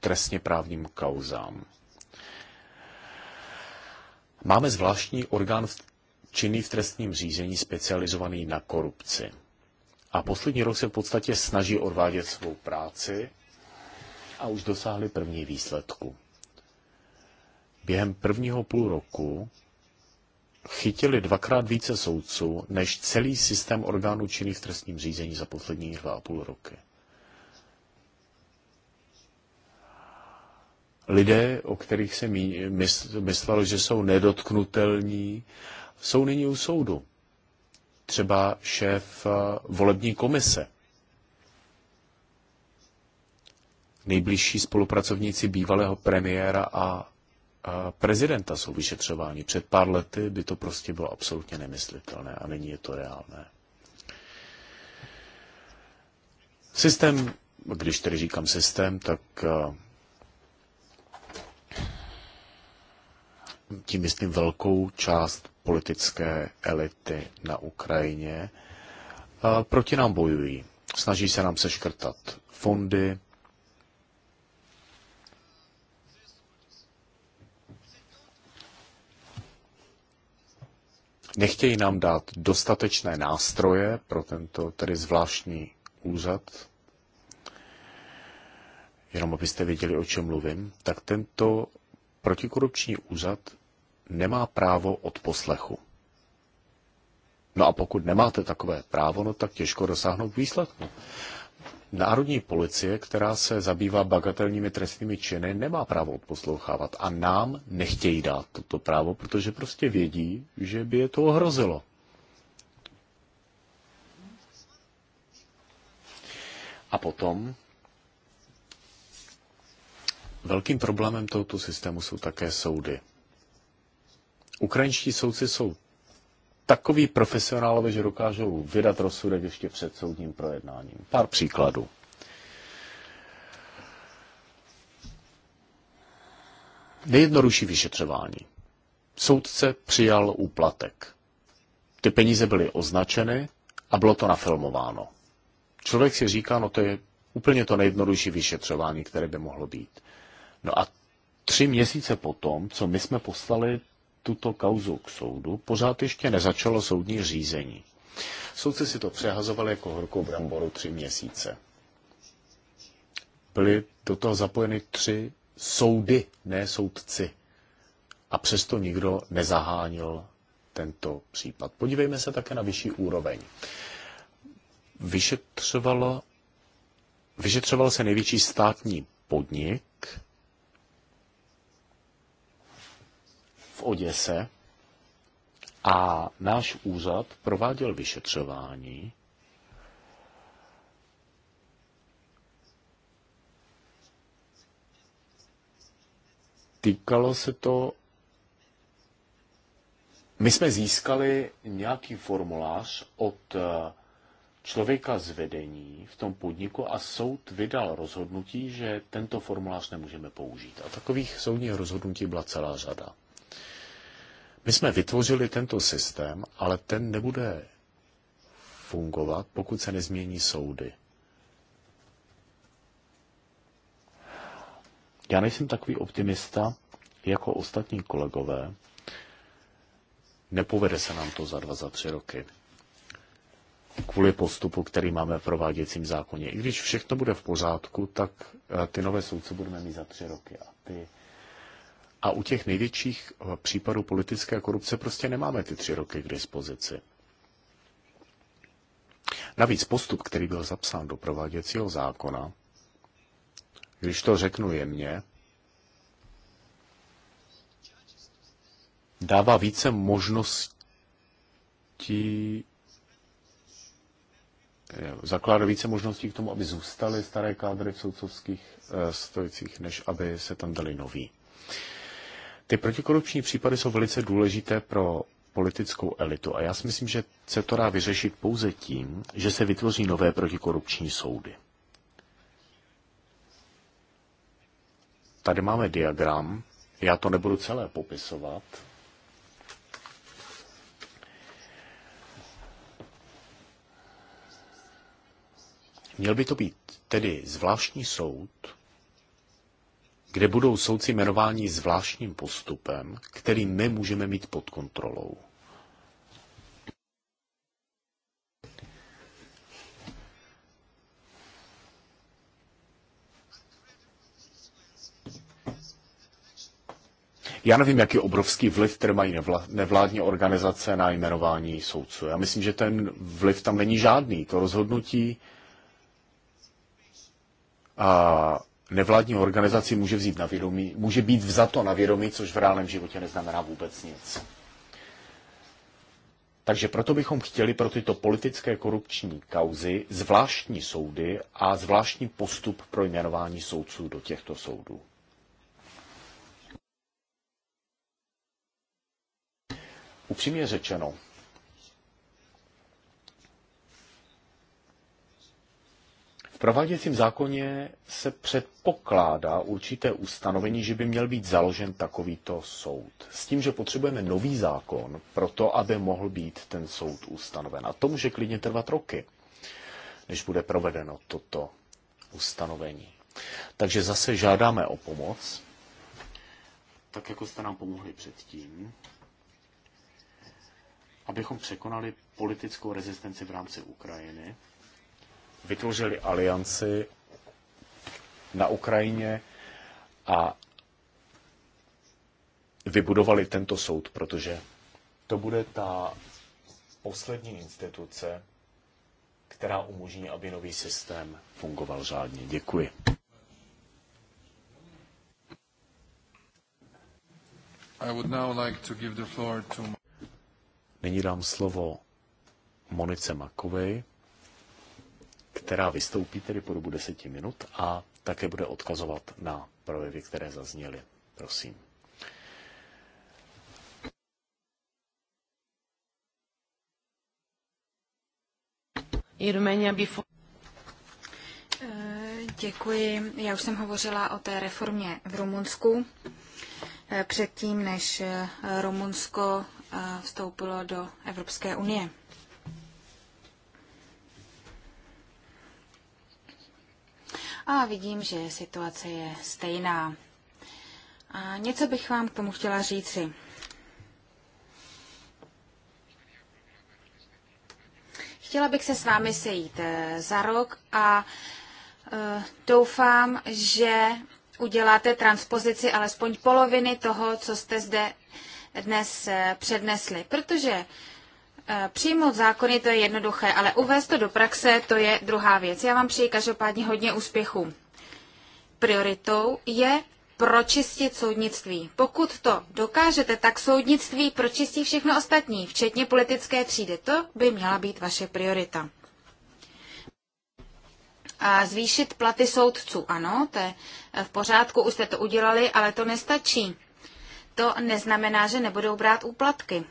trestně právním kauzám. Máme zvláštní orgán činný v trestním řízení specializovaný na korupci. A poslední rok se v podstatě snaží odvádět svou práci a už dosáhli první výsledku. Během prvního půl roku chytili dvakrát více soudců než celý systém orgánů činných v trestním řízení za poslední dva a půl roky. Lidé, o kterých se myslelo, že jsou nedotknutelní, jsou nyní u soudu třeba šéf eh, volební komise. Nejbližší spolupracovníci bývalého premiéra a eh, prezidenta jsou vyšetřováni. Před pár lety by to prostě bylo absolutně nemyslitelné a není je to reálné. Systém, když tedy říkám systém, tak eh, tím myslím velkou část politické elity na Ukrajině proti nám bojují. Snaží se nám seškrtat fondy, Nechtějí nám dát dostatečné nástroje pro tento tedy zvláštní úřad, jenom abyste věděli, o čem mluvím, tak tento protikorupční úřad nemá právo od poslechu. No a pokud nemáte takové právo, no tak těžko dosáhnout výsledku. Národní policie, která se zabývá bagatelními trestnými činy, nemá právo odposlouchávat a nám nechtějí dát toto právo, protože prostě vědí, že by je to ohrozilo. A potom velkým problémem tohoto systému jsou také soudy. Ukrajinští soudci jsou takový profesionálové, že dokážou vydat rozsudek ještě před soudním projednáním. Pár příkladů. Nejjednodušší vyšetřování. Soudce přijal úplatek. Ty peníze byly označeny a bylo to nafilmováno. Člověk si říká, no to je úplně to nejjednodušší vyšetřování, které by mohlo být. No a tři měsíce potom, co my jsme poslali tuto kauzu k soudu, pořád ještě nezačalo soudní řízení. Soudci si to přehazovali jako horkou bramboru tři měsíce. Byly do toho zapojeny tři soudy, ne soudci. A přesto nikdo nezahánil tento případ. Podívejme se také na vyšší úroveň. Vyšetřovalo, vyšetřoval se největší státní podnik, Oděse a náš úřad prováděl vyšetřování týkalo se to. My jsme získali nějaký formulář od eh, člověka z vedení v tom podniku a soud vydal rozhodnutí, že tento formulář nemůžeme použít. A takových soudních rozhodnutí byla celá řada. My jsme vytvořili tento systém, ale ten nebude fungovat, pokud se nezmění soudy. Já nejsem takový optimista jako ostatní kolegové. Nepovede se nám to za dva, za tři roky. Kvůli postupu, který máme v prováděcím zákoně. I když všechno bude v pořádku, tak eh, ty nové soudce budeme mít za tři roky a ty a u těch největších eh, případů politické korupce prostě nemáme ty tři roky k dispozici. Navíc postup, který byl zapsán do prováděcího zákona, když to řeknu jemně, dává více možností eh, zakládá více možností k tomu, aby zůstaly staré kádry v soudcovských eh, stojících, než aby se tam dali noví. Ty protikorupční případy jsou velice důležité pro politickou elitu a já si myslím, že se to dá vyřešit pouze tím, že se vytvoří nové protikorupční soudy. Tady máme diagram, já to nebudu celé popisovat. Měl by to být tedy zvláštní soud, kde budou soudci jmenováni zvláštním postupem, který my můžeme mít pod kontrolou. Já nevím, jaký obrovský vliv, který mají nevládní organizace na jmenování soudců. Já myslím, že ten vliv tam není žádný. To rozhodnutí a nevládní organizaci může, vzít na vědomí, může být vzato na vědomí, což v reálném životě neznamená vůbec nic. Takže proto bychom chtěli pro tyto politické korupční kauzy zvláštní soudy a zvláštní postup pro jmenování soudců do těchto soudů. Upřímně řečeno, prováděcím zákoně se předpokládá určité ustanovení, že by měl být založen takovýto soud. S tím, že potřebujeme nový zákon pro to, aby mohl být ten soud ustanoven. A to může klidně trvat roky, než bude provedeno toto ustanovení. Takže zase žádáme o pomoc, tak jako jste nám pomohli předtím, abychom překonali politickou rezistenci v rámci Ukrajiny vytvořili alianci na Ukrajině a vybudovali tento soud, protože to bude ta poslední instituce, která umožní, aby nový systém fungoval řádně. Děkuji. I would now like to give the floor to... Nyní dám slovo Monice Makovej, která vystoupí tedy po dobu deseti minut a také bude odkazovat na projevy, které zazněly. Prosím. Eh, děkuji. Já už jsem hovořila o té reformě v Rumunsku. Eh, předtím, než eh, Rumunsko vstoupilo do Evropské unie. a vidím, že situace je stejná. A něco bych vám k tomu chtěla říci. Chtěla bych se s vámi sejít eh, za rok a eh, doufám, že uděláte transpozici alespoň poloviny toho, co jste zde dnes eh, přednesli, protože Eh, přijmout zákony to je jednoduché, ale uvést to do praxe to je druhá věc. Já vám přeji každopádně hodně úspěchů. Prioritou je pročistit soudnictví. Pokud to dokážete, tak soudnictví pročistí všechno ostatní, včetně politické třídy. To by měla být vaše priorita. A zvýšit platy soudců, ano, to je eh, v pořádku, už jste to udělali, ale to nestačí. To neznamená, že nebudou brát úplatky.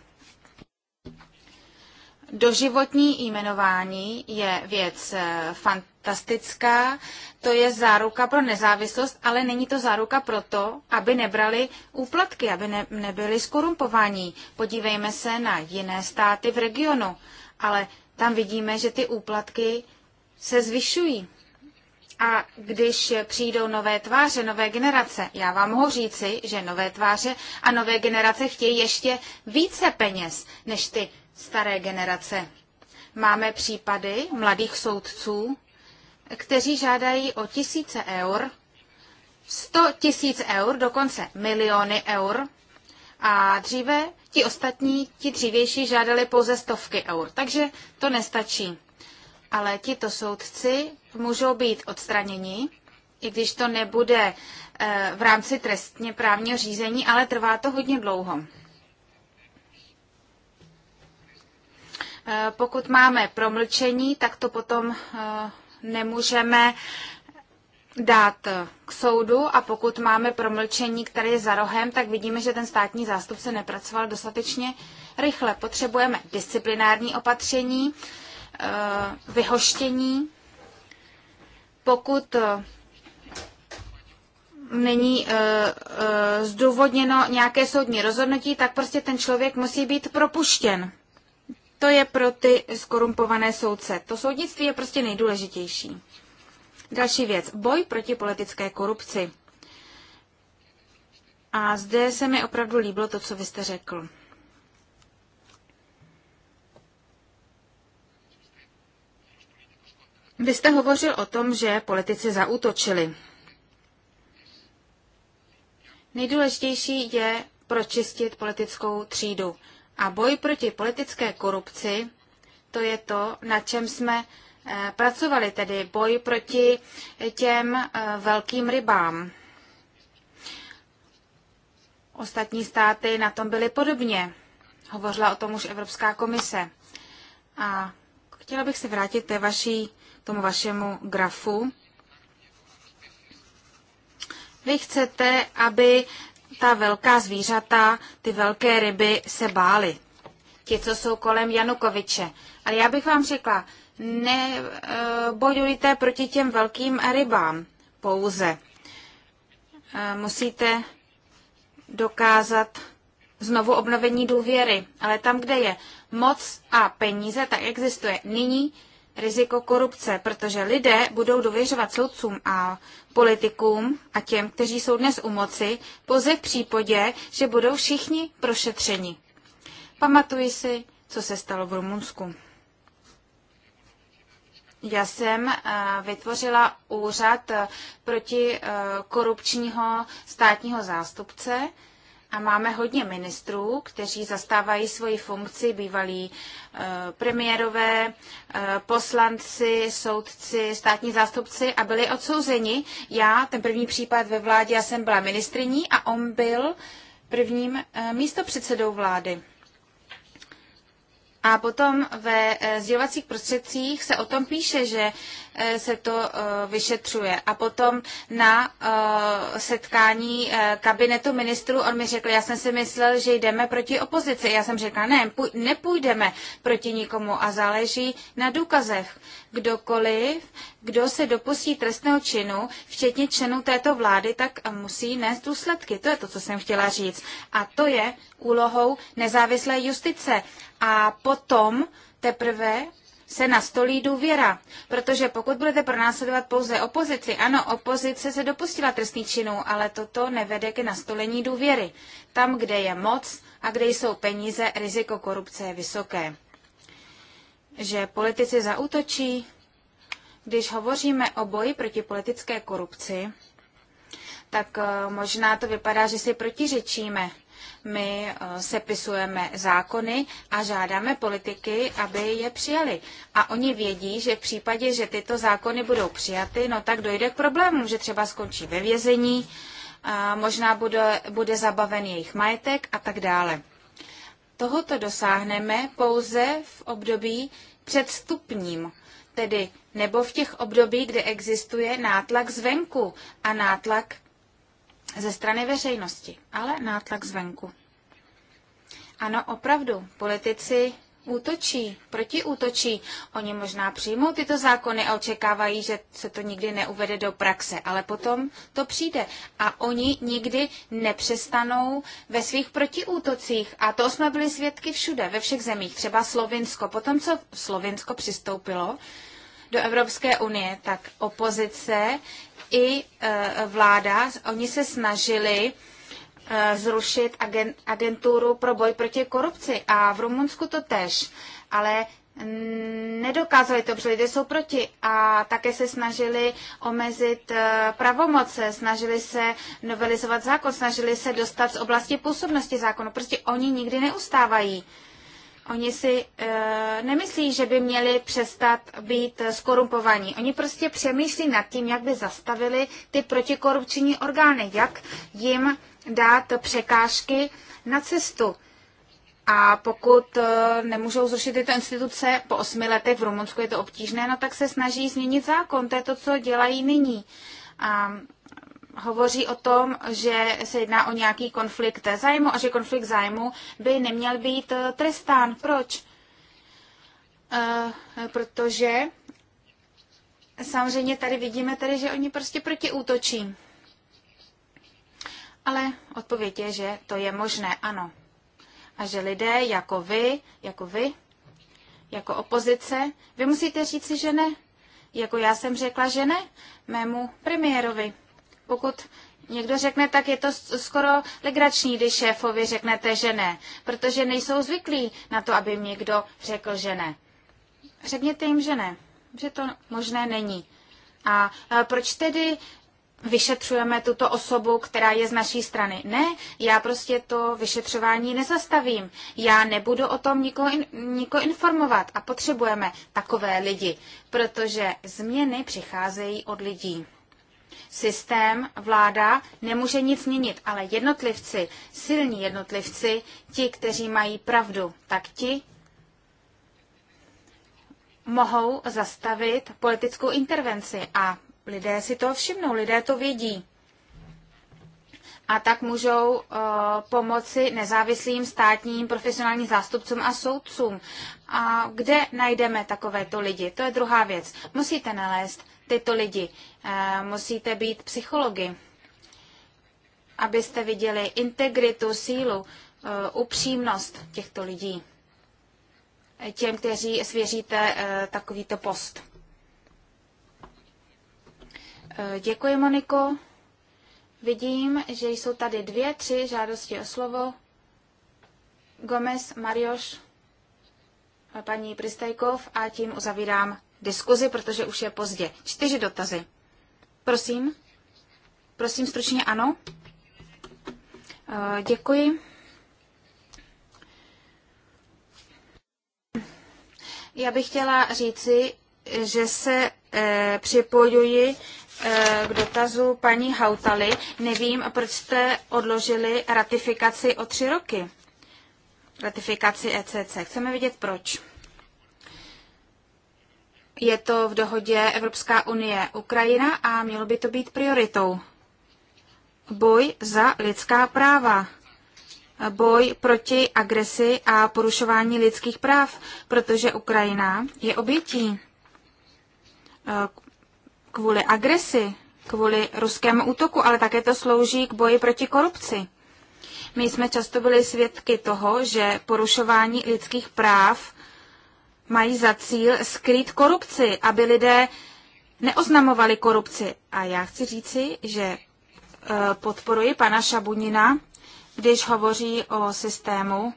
Doživotní jmenování je věc eh, fantastická, to je záruka pro nezávislost, ale není to záruka pro to, aby nebrali úplatky, aby ne, nebyli skorumpováni. Podívejme se na jiné státy v regionu, ale tam vidíme, že ty úplatky se zvyšují. A když přijdou nové tváře, nové generace, já vám mohu říci, že nové tváře a nové generace chtějí ještě více peněz než ty staré generace. Máme případy mladých soudců, kteří žádají o tisíce eur, 100 tisíc eur, dokonce miliony eur. A dříve ti ostatní, ti dřívější žádali pouze stovky eur, takže to nestačí. Ale tito soudci můžou být odstraněni, i když to nebude eh, v rámci trestně právního řízení, ale trvá to hodně dlouho. Eh, pokud máme promlčení, tak to potom eh, nemůžeme dát eh, k soudu a pokud máme promlčení, které je za rohem, tak vidíme, že ten státní zástupce nepracoval dostatečně rychle. Potřebujeme disciplinární opatření, vyhoštění. Pokud není zdůvodněno nějaké soudní rozhodnutí, tak prostě ten člověk musí být propuštěn to je pro ty skorumpované soudce. To soudnictví je prostě nejdůležitější. Další věc. Boj proti politické korupci. A zde se mi opravdu líbilo to, co vy jste řekl. Vy jste hovořil o tom, že politici zaútočili. Nejdůležitější je pročistit politickou třídu. A boj proti politické korupci, to je to, na čem jsme eh, pracovali, tedy boj proti těm eh, velkým rybám. Ostatní státy na tom byly podobně. Hovořila o tom už Evropská komise. A chtěla bych se vrátit té vaší, tomu vašemu grafu. Vy chcete, aby ta velká zvířata, ty velké ryby se bály. Ti, co jsou kolem Janukoviče. Ale já bych vám řekla, nebojujte eh, proti těm velkým rybám pouze. Eh, musíte dokázat znovu obnovení důvěry. Ale tam, kde je moc a peníze, tak existuje nyní riziko korupce, protože lidé budou důvěřovat soudcům a politikům a těm, kteří jsou dnes u moci, pouze v případě, že budou všichni prošetřeni. Pamatuji si, co se stalo v Rumunsku. Já jsem eh, vytvořila úřad eh, proti korupčního státního zástupce, a máme hodně ministrů, kteří zastávají svoji funkci, bývalí e, premiérové, e, poslanci, soudci, státní zástupci a byli odsouzeni. Já, ten první případ ve vládě, já jsem byla ministriní a on byl prvním e, místopředsedou vlády. A potom ve sdělovacích prostředcích se o tom píše, že Eh, se to eh, vyšetřuje. A potom na eh, setkání kabinetu ministrů on mi řekl, já jsem si myslel, že jdeme proti opozici. Já jsem řekla, ne, nepůjdeme proti nikomu a záleží na důkazech. Kdokoliv, kdo se dopustí trestného činu, včetně členů této vlády, tak musí nést důsledky. To je to, co jsem chtěla říct. A to je úlohou nezávislé justice. A potom teprve se nastolí důvěra. Protože pokud budete pronásledovat pouze opozici, ano, opozice se dopustila trestných činů, ale toto nevede k nastolení důvěry. Tam, kde je moc a kde jsou peníze, riziko korupce je vysoké. Že politici zautočí, když hovoříme o boji proti politické korupci, tak eh, možná to vypadá, že si protiřečíme. My eh, sepisujeme zákony a žádáme politiky, aby je přijali. A oni vědí, že v případě, že tyto zákony budou přijaty, no tak dojde k problémům, že třeba skončí ve vězení, a možná bude, bude zabaven jejich majetek a tak dále. Tohoto dosáhneme pouze v období předstupním, tedy nebo v těch období, kde existuje nátlak zvenku a nátlak ze strany veřejnosti, ale nátlak zvenku. Ano, opravdu, politici útočí, protiútočí. Oni možná přijmou tyto zákony a očekávají, že se to nikdy neuvede do praxe, ale potom to přijde. A oni nikdy nepřestanou ve svých protiútocích. A to jsme byli svědky všude, ve všech zemích, třeba Slovinsko. Potom, co Slovinsko přistoupilo do Evropské unie, tak opozice i eh, vláda, oni se snažili eh, zrušit agenturu pro boj proti korupci a v Rumunsku to tež, ale nedokázali to, protože lidé jsou proti a také se snažili omezit eh, pravomoce, snažili se novelizovat zákon, snažili se dostat z oblasti působnosti zákonu. Prostě oni nikdy neustávají. Oni si e, nemyslí, že by měli přestat být skorumpovaní. Oni prostě přemýšlí nad tím, jak by zastavili ty protikorupční orgány, jak jim dát překážky na cestu. A pokud eh, nemůžou zrušit tyto instituce po osmi letech, v Rumunsku je to obtížné, no tak se snaží změnit zákon. To je to, co dělají nyní. A hovoří o tom, že se jedná o nějaký konflikt zájmu a že konflikt zájmu by neměl být eh, trestán. Proč? Eh, protože samozřejmě tady vidíme tady, že oni prostě proti útočí. Ale odpověď je, že to je možné, ano. A že lidé jako vy, jako vy, jako opozice, vy musíte říci, že ne. Jako já jsem řekla, že ne mému premiérovi pokud někdo řekne, tak je to skoro legrační, když šéfovi řeknete, že ne, protože nejsou zvyklí na to, aby jim někdo řekl, že ne. Řekněte jim, že ne, že to možné není. A e, proč tedy vyšetřujeme tuto osobu, která je z naší strany. Ne, já prostě to vyšetřování nezastavím. Já nebudu o tom nikoho, in, nikoho informovat a potřebujeme takové lidi, protože změny přicházejí od lidí systém, vláda nemůže nic měnit, ale jednotlivci, silní jednotlivci, ti, kteří mají pravdu, tak ti mohou zastavit politickou intervenci a lidé si to všimnou, lidé to vědí. A tak můžou uh, pomoci nezávislým státním profesionálním zástupcům a soudcům. A kde najdeme takovéto lidi? To je druhá věc. Musíte nalézt tyto lidi. Eh, musíte být psychologi, abyste viděli integritu, sílu, eh, upřímnost těchto lidí. Eh, těm, kteří svěříte takovýto post. Děkuji, Moniko. Vidím, že jsou tady dvě, tři žádosti o slovo. Gomez, Marioš, paní Pristajkov a tím uzavírám diskuzi, protože už je pozdě. Čtyři dotazy. Prosím. Prosím stručně ano. Eh, děkuji. Já bych chtěla říci, že se e, připojuji e, k dotazu paní Hautaly. Nevím, proč jste odložili ratifikaci o tři roky. Ratifikaci ECC. Chceme vidět proč. Je to v dohodě Evropská unie Ukrajina a mělo by to být prioritou. Boj za lidská práva. Boj proti agresi a porušování lidských práv, protože Ukrajina je obětí eh, kvůli agresi, kvůli ruskému útoku, ale také to slouží k boji proti korupci. My jsme často byli svědky toho, že porušování lidských práv mají za cíl skrýt korupci, aby lidé neoznamovali korupci. A já chci říci, že e, podporuji pana Šabunina, když hovoří o systému,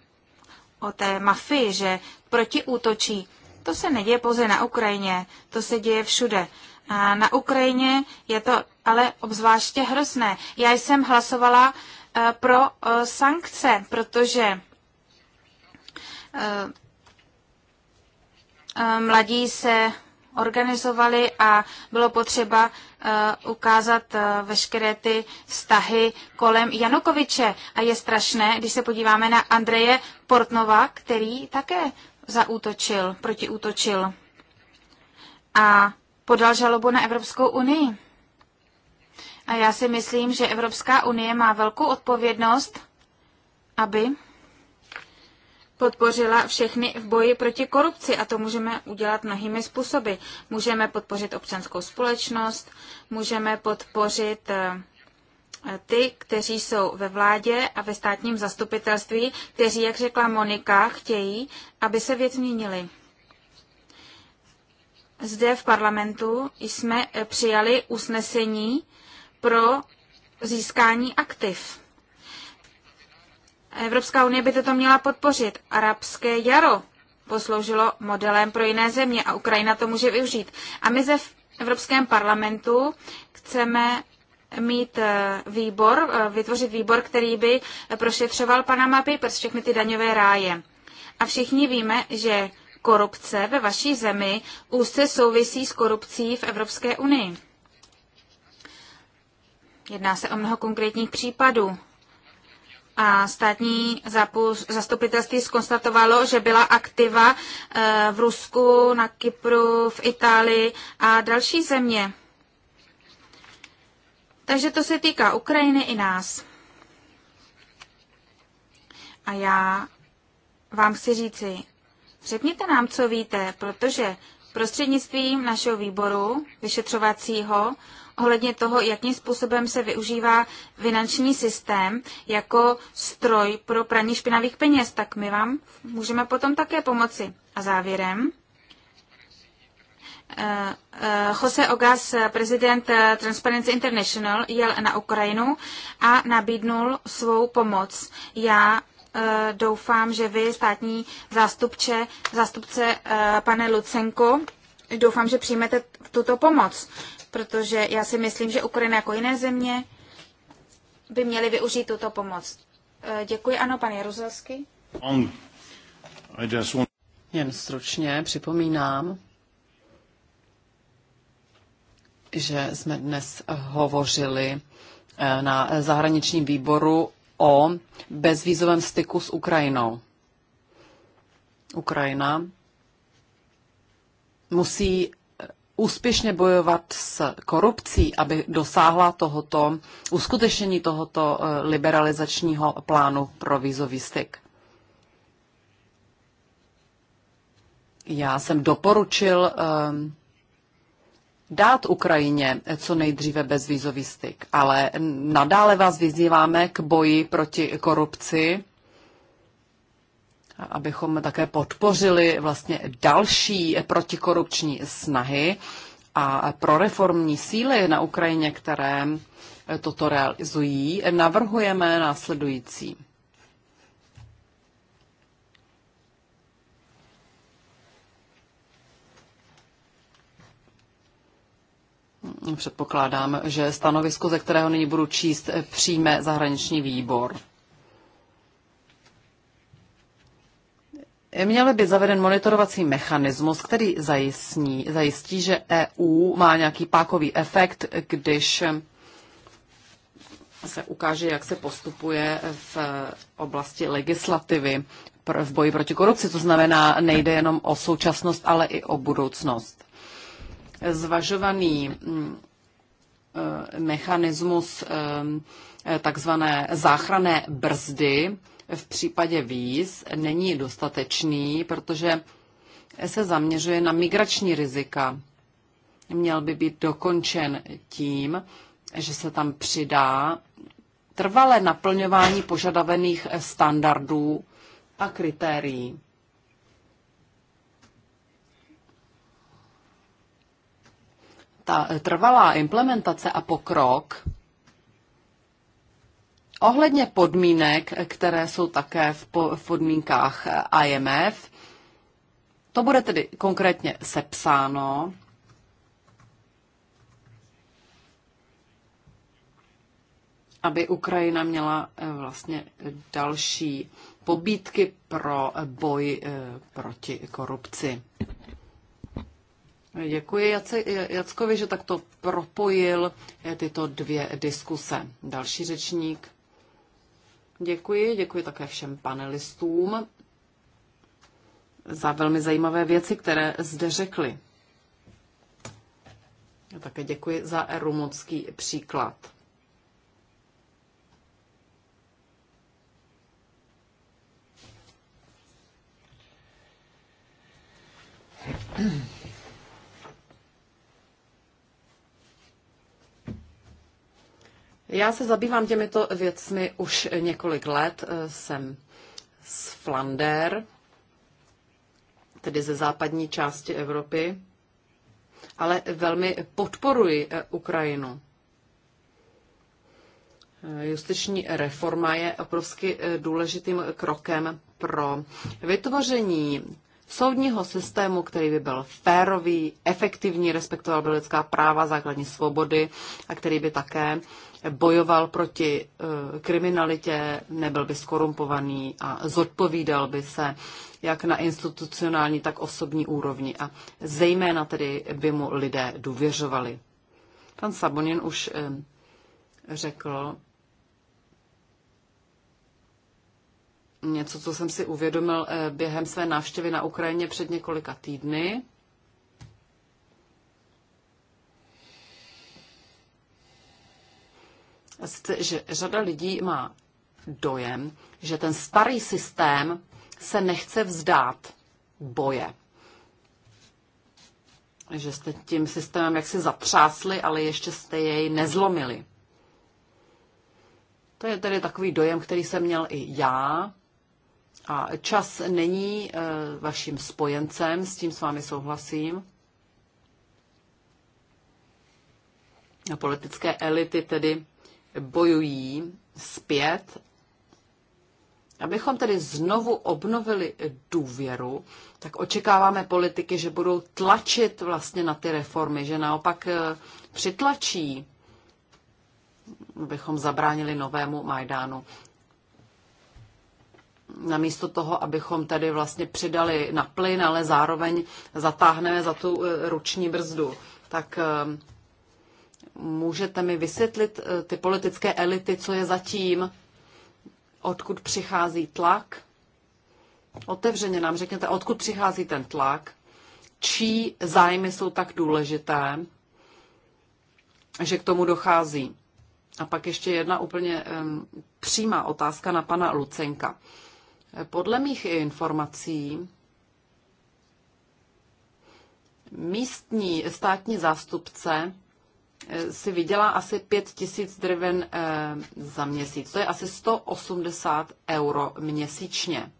o té mafii, že protiútočí. To se neděje pouze na Ukrajině, to se děje všude. A na Ukrajině je to ale obzvláště hrozné. Já jsem hlasovala e, pro e, sankce, protože mladí se organizovali a bylo potřeba e, ukázat e, veškeré ty vztahy kolem Janukoviče. A je strašné, když se podíváme na Andreje Portnova, který také zaútočil, protiútočil a podal žalobu na Evropskou unii. A já si myslím, že Evropská unie má velkou odpovědnost, aby podpořila všechny v boji proti korupci a to můžeme udělat mnohými způsoby. Můžeme podpořit občanskou společnost, můžeme podpořit eh, ty, kteří jsou ve vládě a ve státním zastupitelství, kteří, jak řekla Monika, chtějí, aby se věc měnily. Zde v parlamentu jsme přijali usnesení pro získání aktiv. Evropská unie by toto měla podpořit. Arabské jaro posloužilo modelem pro jiné země a Ukrajina to může využít. A my ze v Evropském parlamentu chceme mít eh, výbor, eh, vytvořit výbor, který by prošetřoval Panama Papers, všechny ty daňové ráje. A všichni víme, že korupce ve vaší zemi úzce souvisí s korupcí v Evropské unii. Jedná se o mnoho konkrétních případů a státní zastupitelství skonstatovalo, že byla aktiva eh, v Rusku, na Kypru, v Itálii a další země. Takže to se týká Ukrajiny i nás. A já vám chci říci, řekněte nám, co víte, protože prostřednictvím našeho výboru vyšetřovacího ohledně toho, jakým způsobem se využívá finanční systém jako stroj pro praní špinavých peněz, tak my vám můžeme potom také pomoci. A závěrem. Eh, eh, Jose Ogas, prezident eh, Transparency International, jel na Ukrajinu a nabídnul svou pomoc. Já doufám, že vy, státní zástupče, zástupce pane Lucenko, doufám, že přijmete tuto pomoc protože já si myslím, že Ukrajina jako jiné země by měly využít tuto pomoc. E, děkuji, ano, pan Jaruzelsky. Um, Jen stručně připomínám, že jsme dnes hovořili e, na zahraničním výboru o bezvízovém styku s Ukrajinou. Ukrajina musí úspěšně bojovat s korupcí, aby dosáhla tohoto uskutečnění tohoto eh, liberalizačního plánu pro vízový styk. Já jsem doporučil um, dát Ukrajině co nejdříve bezvízový styk, ale nadále vás vyzýváme k boji proti korupci abychom také podpořili vlastně další protikorupční snahy a proreformní síly na Ukrajině, které toto realizují, navrhujeme následující. Předpokládám, že stanovisko, ze kterého nyní budu číst, přijme zahraniční výbor. Měl by zaveden monitorovací mechanismus, který zajistí, zajistí, že EU má nějaký pákový efekt, když se ukáže, jak se postupuje v oblasti legislativy v boji proti korupci. To znamená, nejde jenom o současnost, ale i o budoucnost. Zvažovaný mm, e, mechanismus e, takzvané záchranné brzdy v případě víz není dostatečný, protože se zaměřuje na migrační rizika. Měl by být dokončen tím, že se tam přidá trvalé naplňování požadavených standardů a kritérií. Ta trvalá implementace a pokrok Ohledně podmínek, které jsou také v, podmínkách IMF, to bude tedy konkrétně sepsáno. aby Ukrajina měla eh, vlastně další pobídky pro eh, boj eh, proti korupci. Děkuji Jackovi, že takto propojil tyto dvě diskuse. Další řečník. Děkuji, děkuji také všem panelistům za velmi zajímavé věci, které zde řekli. A také děkuji za rumunský příklad. Hmm. Já se zabývám těmito věcmi už několik let. Eh, Jsem z Flander, tedy ze západní části Evropy, ale velmi podporuji eh, Ukrajinu. Eh, justiční reforma je obrovsky důležitým krokem pro vytvoření soudního systému, který by byl férový, efektivní, respektoval by lidská práva, základní svobody a který by také bojoval proti eh, kriminalitě, nebyl by skorumpovaný a zodpovídal by se jak na institucionální, tak osobní úrovni. A zejména tedy by mu lidé důvěřovali. Pan Sabonin už eh, řekl něco, co jsem si uvědomil eh, během své návštěvy na Ukrajině před několika týdny. že řada lidí má dojem, že ten starý systém se nechce vzdát boje. Že jste tím systémem jaksi zatřásli, ale ještě jste jej nezlomili. To je tedy takový dojem, který jsem měl i já. A čas není eh, vaším spojencem, s tím s vámi souhlasím. A politické elity tedy bojují zpět, abychom tedy znovu obnovili důvěru, tak očekáváme politiky, že budou tlačit vlastně na ty reformy, že naopak eh, přitlačí, abychom zabránili novému Majdánu. Namísto toho, abychom tedy vlastně přidali na plyn, ale zároveň zatáhneme za tu eh, ruční brzdu, tak eh, Můžete mi vysvětlit eh, ty politické elity, co je zatím, odkud přichází tlak? Otevřeně nám řekněte, odkud přichází ten tlak, čí zájmy jsou tak důležité, že k tomu dochází. A pak ještě jedna úplně um, přímá otázka na pana Lucenka. Podle mých informací místní státní zástupce Eh, si vydělá asi 5 tisíc driven eh, za měsíc. To je asi 180 euro měsíčně.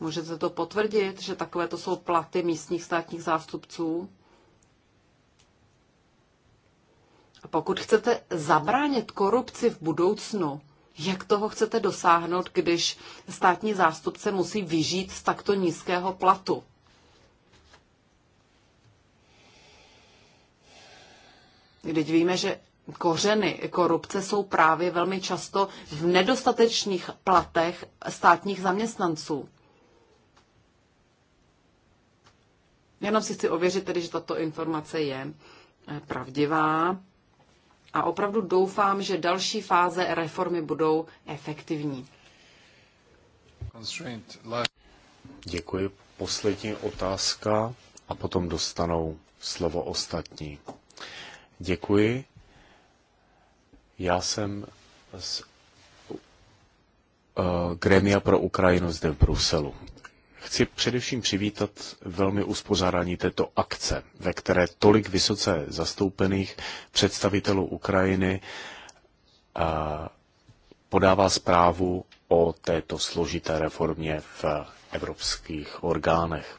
Můžete to potvrdit, že takové to jsou platy místních státních zástupců? A pokud chcete zabránit korupci v budoucnu, jak toho chcete dosáhnout, když státní zástupce musí vyžít z takto nízkého platu? Vždyť víme, že kořeny korupce jsou právě velmi často v nedostatečných platech státních zaměstnanců. Jenom si chci ověřit tedy, že tato informace je eh, pravdivá a opravdu doufám, že další fáze reformy budou efektivní. Děkuji. Poslední otázka a potom dostanou slovo ostatní. Děkuji. Já jsem z eh, Grémia pro Ukrajinu zde v Bruselu. Chci především přivítat velmi uspořádání této akce, ve které tolik vysoce zastoupených představitelů Ukrajiny eh, podává zprávu o této složité reformě v evropských orgánech.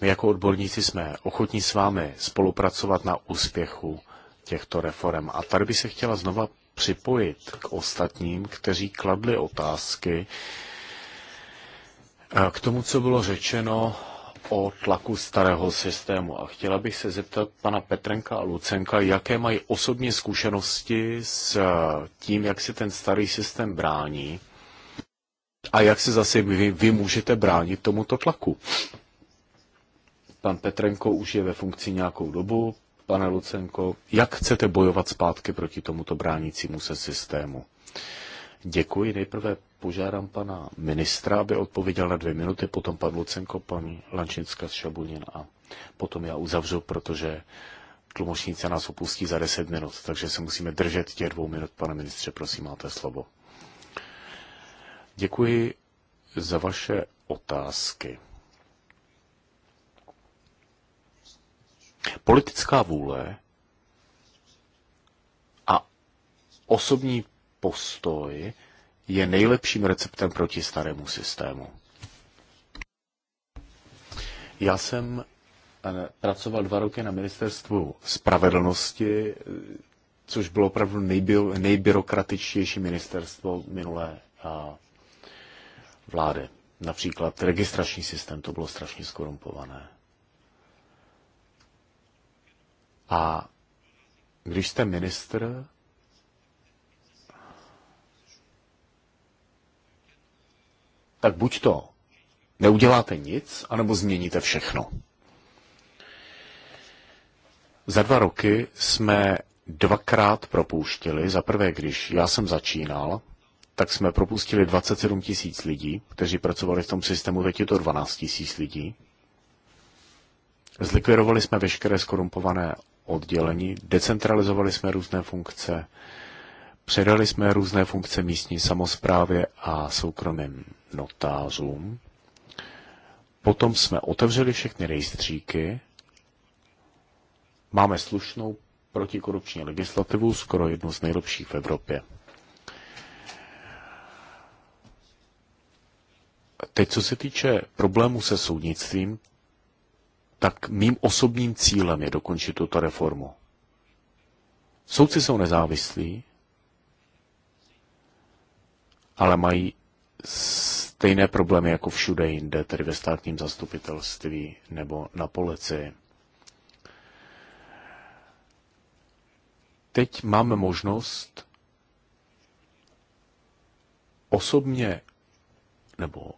My jako odborníci jsme ochotní s vámi spolupracovat na úspěchu těchto reform. A tady by se chtěla znova připojit k ostatním, kteří kladli otázky eh, k tomu, co bylo řečeno o tlaku starého systému. A chtěla bych se zeptat pana Petrenka a Lucenka, jaké mají osobně zkušenosti s eh, tím, jak se ten starý systém brání a jak se zase vy, vy můžete bránit tomuto tlaku. Pan Petrenko už je ve funkci nějakou dobu. Pane Lucenko, jak chcete bojovat zpátky proti tomuto bránícímu se systému? Děkuji. Nejprve požádám pana ministra, aby odpověděl na dvě minuty, potom pan Lucenko, pan Lančinska z Šabunin a potom já uzavřu, protože tlumočnice nás opustí za deset minut, takže se musíme držet těch dvou minut. Pane ministře, prosím, máte slovo. Děkuji za vaše otázky. Politická vůle a osobní postoj je nejlepším receptem proti starému systému. Já jsem eh, pracoval dva roky na ministerstvu spravedlnosti, což bylo opravdu nejby, nejbyrokratičtější ministerstvo minulé a, eh, vlády. Například registrační systém, to bylo strašně skorumpované. A když jste ministr, tak buď to neuděláte nic, anebo změníte všechno. Za dva roky jsme dvakrát propouštili, Za prvé, když já jsem začínal, tak jsme propustili 27 tisíc lidí, kteří pracovali v tom systému, teď je to 12 tisíc lidí. Zlikvidovali jsme veškeré skorumpované odděleni, decentralizovali jsme různé funkce, předali jsme různé funkce místní samozprávě a soukromým notářům. Potom jsme otevřeli všechny rejstříky, máme slušnou protikorupční legislativu, skoro jednu z nejlepších v Evropě. Teď, co se týče problému se soudnictvím, tak mým osobním cílem je dokončit tuto reformu. Soudci jsou nezávislí, ale mají stejné problémy jako všude jinde, tedy ve státním zastupitelství nebo na policii. Teď máme možnost osobně nebo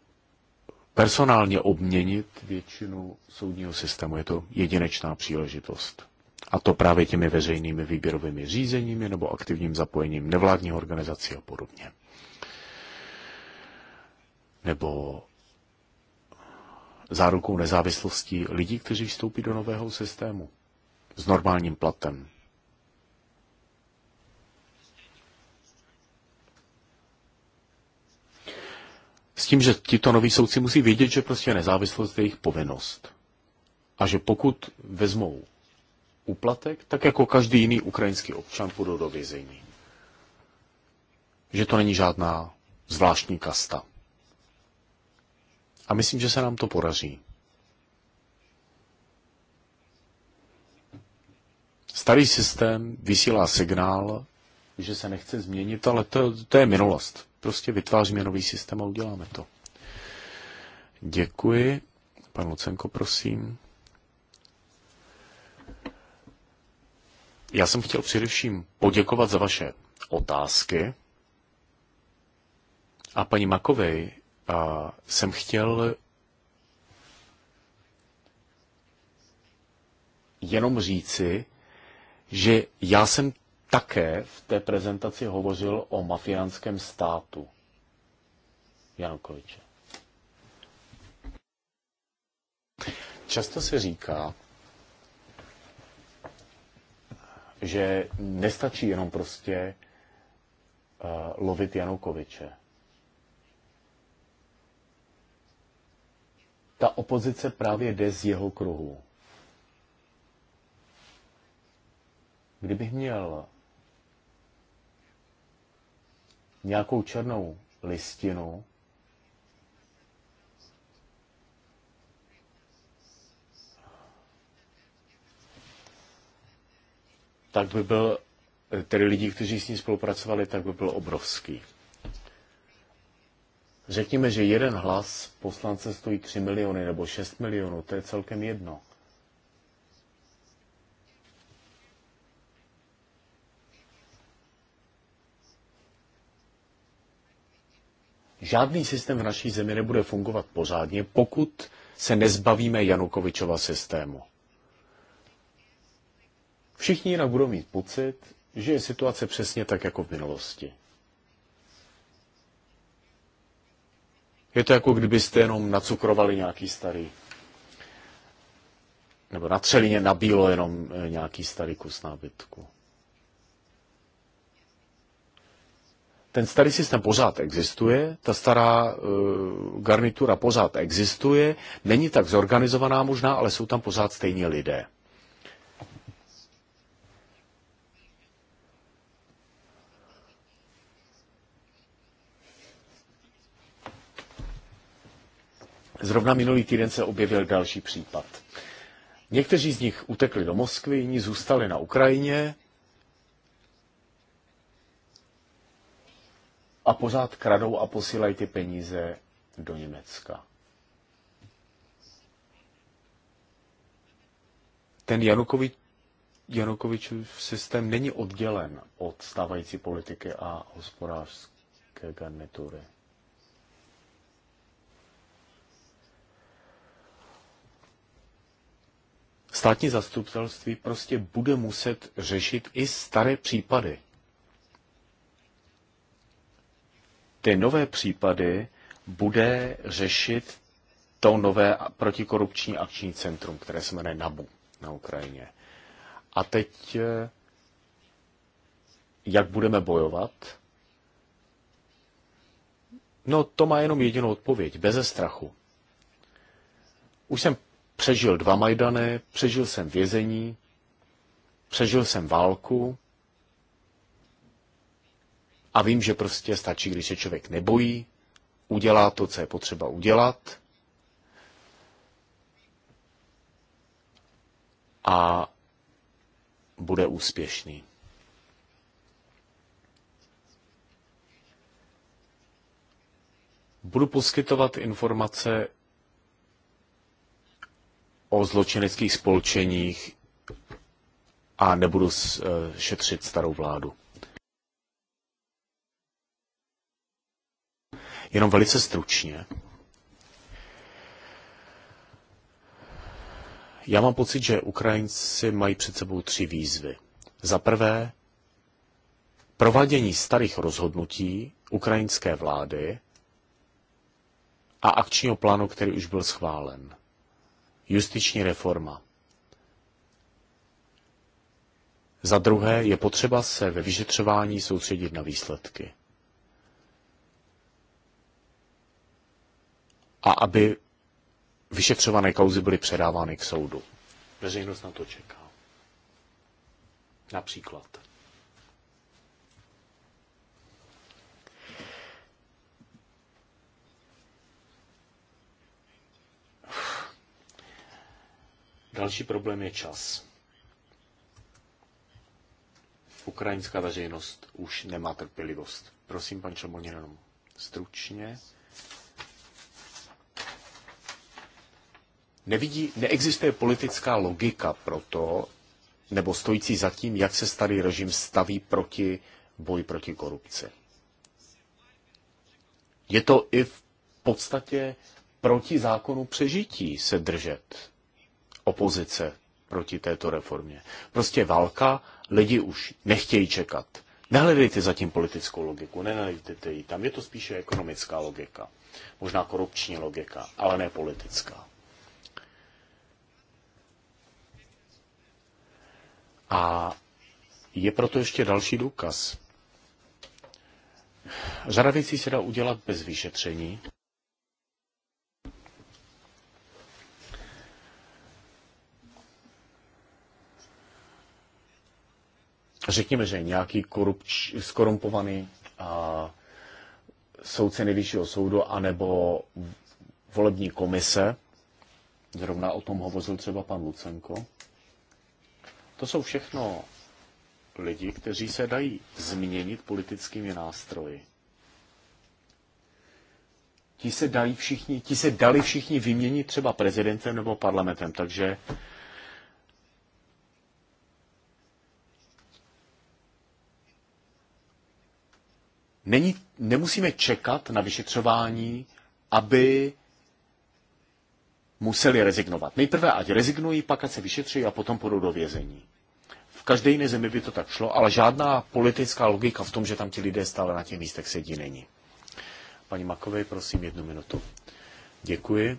personálně obměnit většinu soudního systému. Je to jedinečná příležitost. A to právě těmi veřejnými výběrovými řízeními nebo aktivním zapojením nevládních organizací a podobně. Nebo zárukou nezávislosti lidí, kteří vstoupí do nového systému s normálním platem. S tím, že tito noví soudci musí vědět, že prostě nezávislost je jejich povinnost. A že pokud vezmou úplatek, tak jako každý jiný ukrajinský občan půjdou do vězení. Že to není žádná zvláštní kasta. A myslím, že se nám to podaří. Starý systém vysílá signál, že se nechce změnit, ale to, to je minulost. Prostě vytváříme nový systém a uděláme to. Děkuji. Pan Lucenko, prosím. Já jsem chtěl především poděkovat za vaše otázky. A paní Makovej a jsem chtěl jenom říci, že já jsem také v té prezentaci hovořil o mafiánském státu Janukoviče. Často se říká, že nestačí jenom prostě uh, lovit Janukoviče. Ta opozice právě jde z jeho kruhu. Kdybych měl nějakou černou listinu, tak by byl, tedy lidi, kteří s ní spolupracovali, tak by byl obrovský. Řekněme, že jeden hlas poslance stojí 3 miliony nebo 6 milionů, to je celkem jedno. Žádný systém v naší zemi nebude fungovat pořádně, pokud se nezbavíme Janukovičova systému. Všichni jinak budou mít pocit, že je situace přesně tak jako v minulosti. Je to jako kdybyste jenom nacukrovali nějaký starý, nebo natřeli na bílo jenom eh, nějaký starý kus nábytku. ten starý systém pořád existuje, ta stará uh, garnitura pořád existuje, není tak zorganizovaná možná, ale jsou tam pořád stejní lidé. Zrovna minulý týden se objevil další případ. Někteří z nich utekli do Moskvy, jiní zůstali na Ukrajině, a pořád kradou a posílají ty peníze do Německa. Ten Janukovi, Janukovičův systém není oddělen od stávající politiky a hospodářské garnitury. Státní zastupitelství prostě bude muset řešit i staré případy. ty nové případy bude řešit to nové protikorupční akční centrum, které se jmenuje NABU na Ukrajině. A teď, eh, jak budeme bojovat? No, to má jenom jedinou odpověď, beze strachu. Už jsem přežil dva Majdany, přežil jsem vězení, přežil jsem válku, a vím, že prostě stačí, když se člověk nebojí, udělá to, co je potřeba udělat. A bude úspěšný. Budu poskytovat informace o zločineckých spolčeních a nebudu eh, šetřit starou vládu. Jenom velice stručně. Já mám pocit, že Ukrajinci mají před sebou tři výzvy. Za prvé, provádění starých rozhodnutí ukrajinské vlády a akčního plánu, který už byl schválen. Justiční reforma. Za druhé je potřeba se ve vyšetřování soustředit na výsledky. a aby vyšetřované kauzy byly předávány k soudu. Veřejnost na to čeká. Například. Další problém je čas. Ukrajinská veřejnost už nemá trpělivost. Prosím, pan Čelmoň, jenom stručně. nevidí, neexistuje politická logika pro to, nebo stojící za tím, jak se starý režim staví proti boji proti korupci. Je to i v podstatě proti zákonu přežití se držet opozice proti této reformě. Prostě válka, lidi už nechtějí čekat. Nehledejte zatím politickou logiku, nenalejte ji. Tam je to spíše ekonomická logika, možná korupční logika, ale ne politická. A je proto ještě další důkaz. Řada věcí se dá udělat bez vyšetření. Řekněme, že nějaký korupč, skorumpovaný a, soudce nejvyššího soudu anebo volební komise, zrovna o tom hovořil třeba pan Lucenko, to jsou všechno lidi, kteří se dají změnit politickými nástroji. Ti se, dají všichni, ti se dali všichni vyměnit třeba prezidentem nebo parlamentem, takže Není, nemusíme čekat na vyšetřování, aby museli rezignovat. Nejprve ať rezignují, pak ať se vyšetří a potom půjdou do vězení. V každé jiné zemi by to tak šlo, ale žádná politická logika v tom, že tam ti lidé stále na těch místech sedí, není. Paní Makové, prosím, jednu minutu. Děkuji.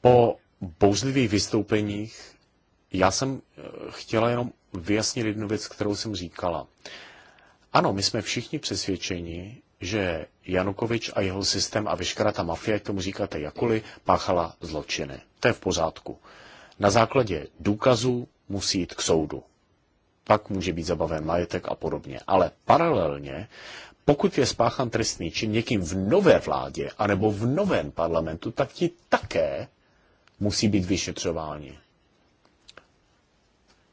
Po bouzlivých vystoupeních já jsem eh, chtěla jenom vyjasnit jednu věc, kterou jsem říkala. Ano, my jsme všichni přesvědčeni, že Janukovič a jeho systém a veškerá ta mafie, jak tomu říkáte jakoli, páchala zločiny. To je v pořádku. Na základě důkazů musí jít k soudu. Pak může být zabaven majetek a podobně. Ale paralelně, pokud je spáchan trestný čin někým v nové vládě anebo v novém parlamentu, tak ti také musí být vyšetřováni.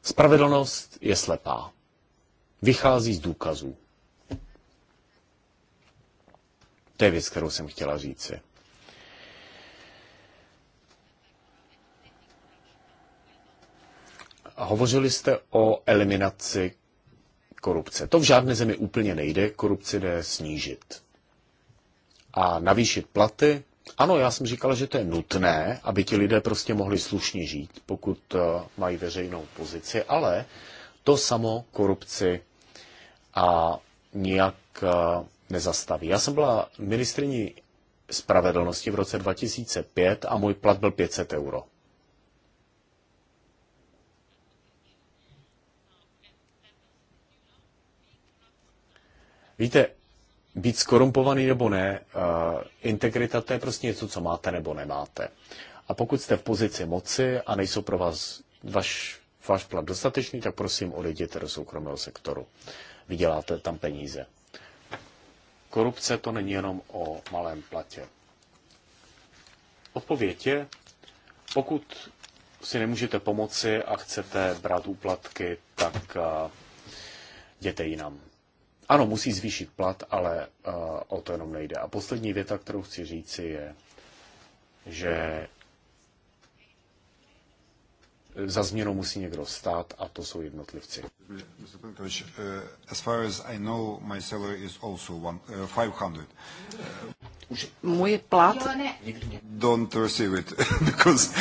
Spravedlnost je slepá. Vychází z důkazů. To je věc, kterou jsem chtěla říci. Hovořili jste o eliminaci korupce. To v žádné zemi úplně nejde, korupci jde snížit. A navýšit platy, ano, já jsem říkal, že to je nutné, aby ti lidé prostě mohli slušně žít, pokud eh, mají veřejnou pozici, ale to samo korupci a nijak eh, nezastaví. Já jsem byla ministriní spravedlnosti v roce 2005 a můj plat byl 500 euro. Víte, být skorumpovaný nebo ne, integrita to je prostě něco, co máte nebo nemáte. A pokud jste v pozici moci a nejsou pro vás vaš, váš plat dostatečný, tak prosím odejděte do soukromého sektoru. Vyděláte tam peníze korupce to není jenom o malém platě. Odpověď je, pokud si nemůžete pomoci a chcete brát úplatky, tak eh, jděte jinam. Ano, musí zvýšit plat, ale eh, o to jenom nejde. A poslední věta, kterou chci říci, je, že za změnu musí někdo stát a to jsou jednotlivci. Můj plat? Don't receive it because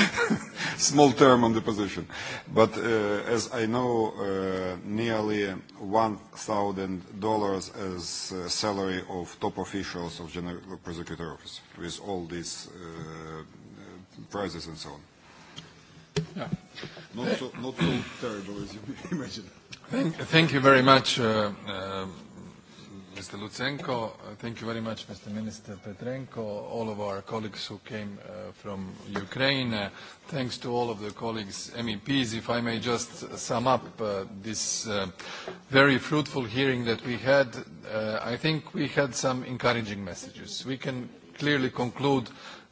small term on the position. But uh, as I know, uh, nearly dollars as eh, salary of top officials of General Prosecutor Office with all these uh, prizes and so on. Yeah. Not so, not so terrible as you may imagine. Thank, thank you very much, uh, uh, Mr. Lutsenko. Uh, thank you very much, Mr. Minister Petrenko, all of our colleagues who came uh, from Ukraine. Uh, thanks to all of the colleagues, MEPs. If I may just sum up uh, this uh, very fruitful hearing that we had, uh, I think we had some encouraging messages. We can clearly conclude uh,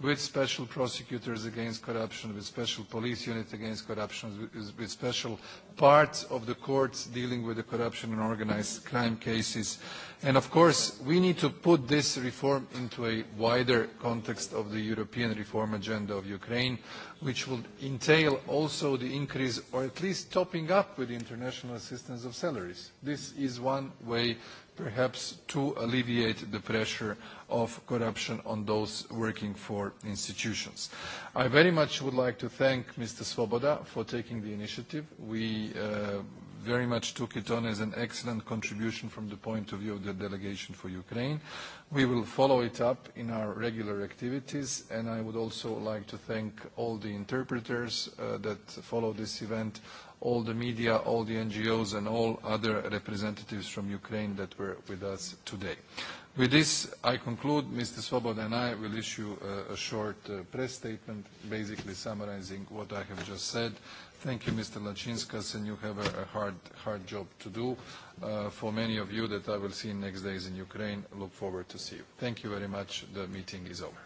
with special prosecutors against corruption, with special police unit against corruption, with, with special parts of the courts dealing with the corruption and organized crime cases. And of course, we need to put this reform into a wider context of the European reform agenda of Ukraine, which will entail also the increase or at least topping up with international assistance of salaries. This is one way perhaps to alleviate the pressure of corruption on those working for institutions. I very much would like to thank Mr. Svoboda for taking the initiative. We uh, very much took it on as an excellent contribution from the point of view of the delegation for Ukraine. We will follow it up in our regular activities, and I would also like to thank all the interpreters uh, that follow this event all the media, all the NGOs, and all other representatives from Ukraine that were with us today. With this, I conclude. Mr. Svoboda and I will issue a, a short uh, press statement, basically summarizing what I have just said. Thank you, Mr. Lachinskas, and you have a, a hard, hard job to do. Uh, for many of you that I will see in next days in Ukraine, look forward to see you. Thank you very much. The meeting is over.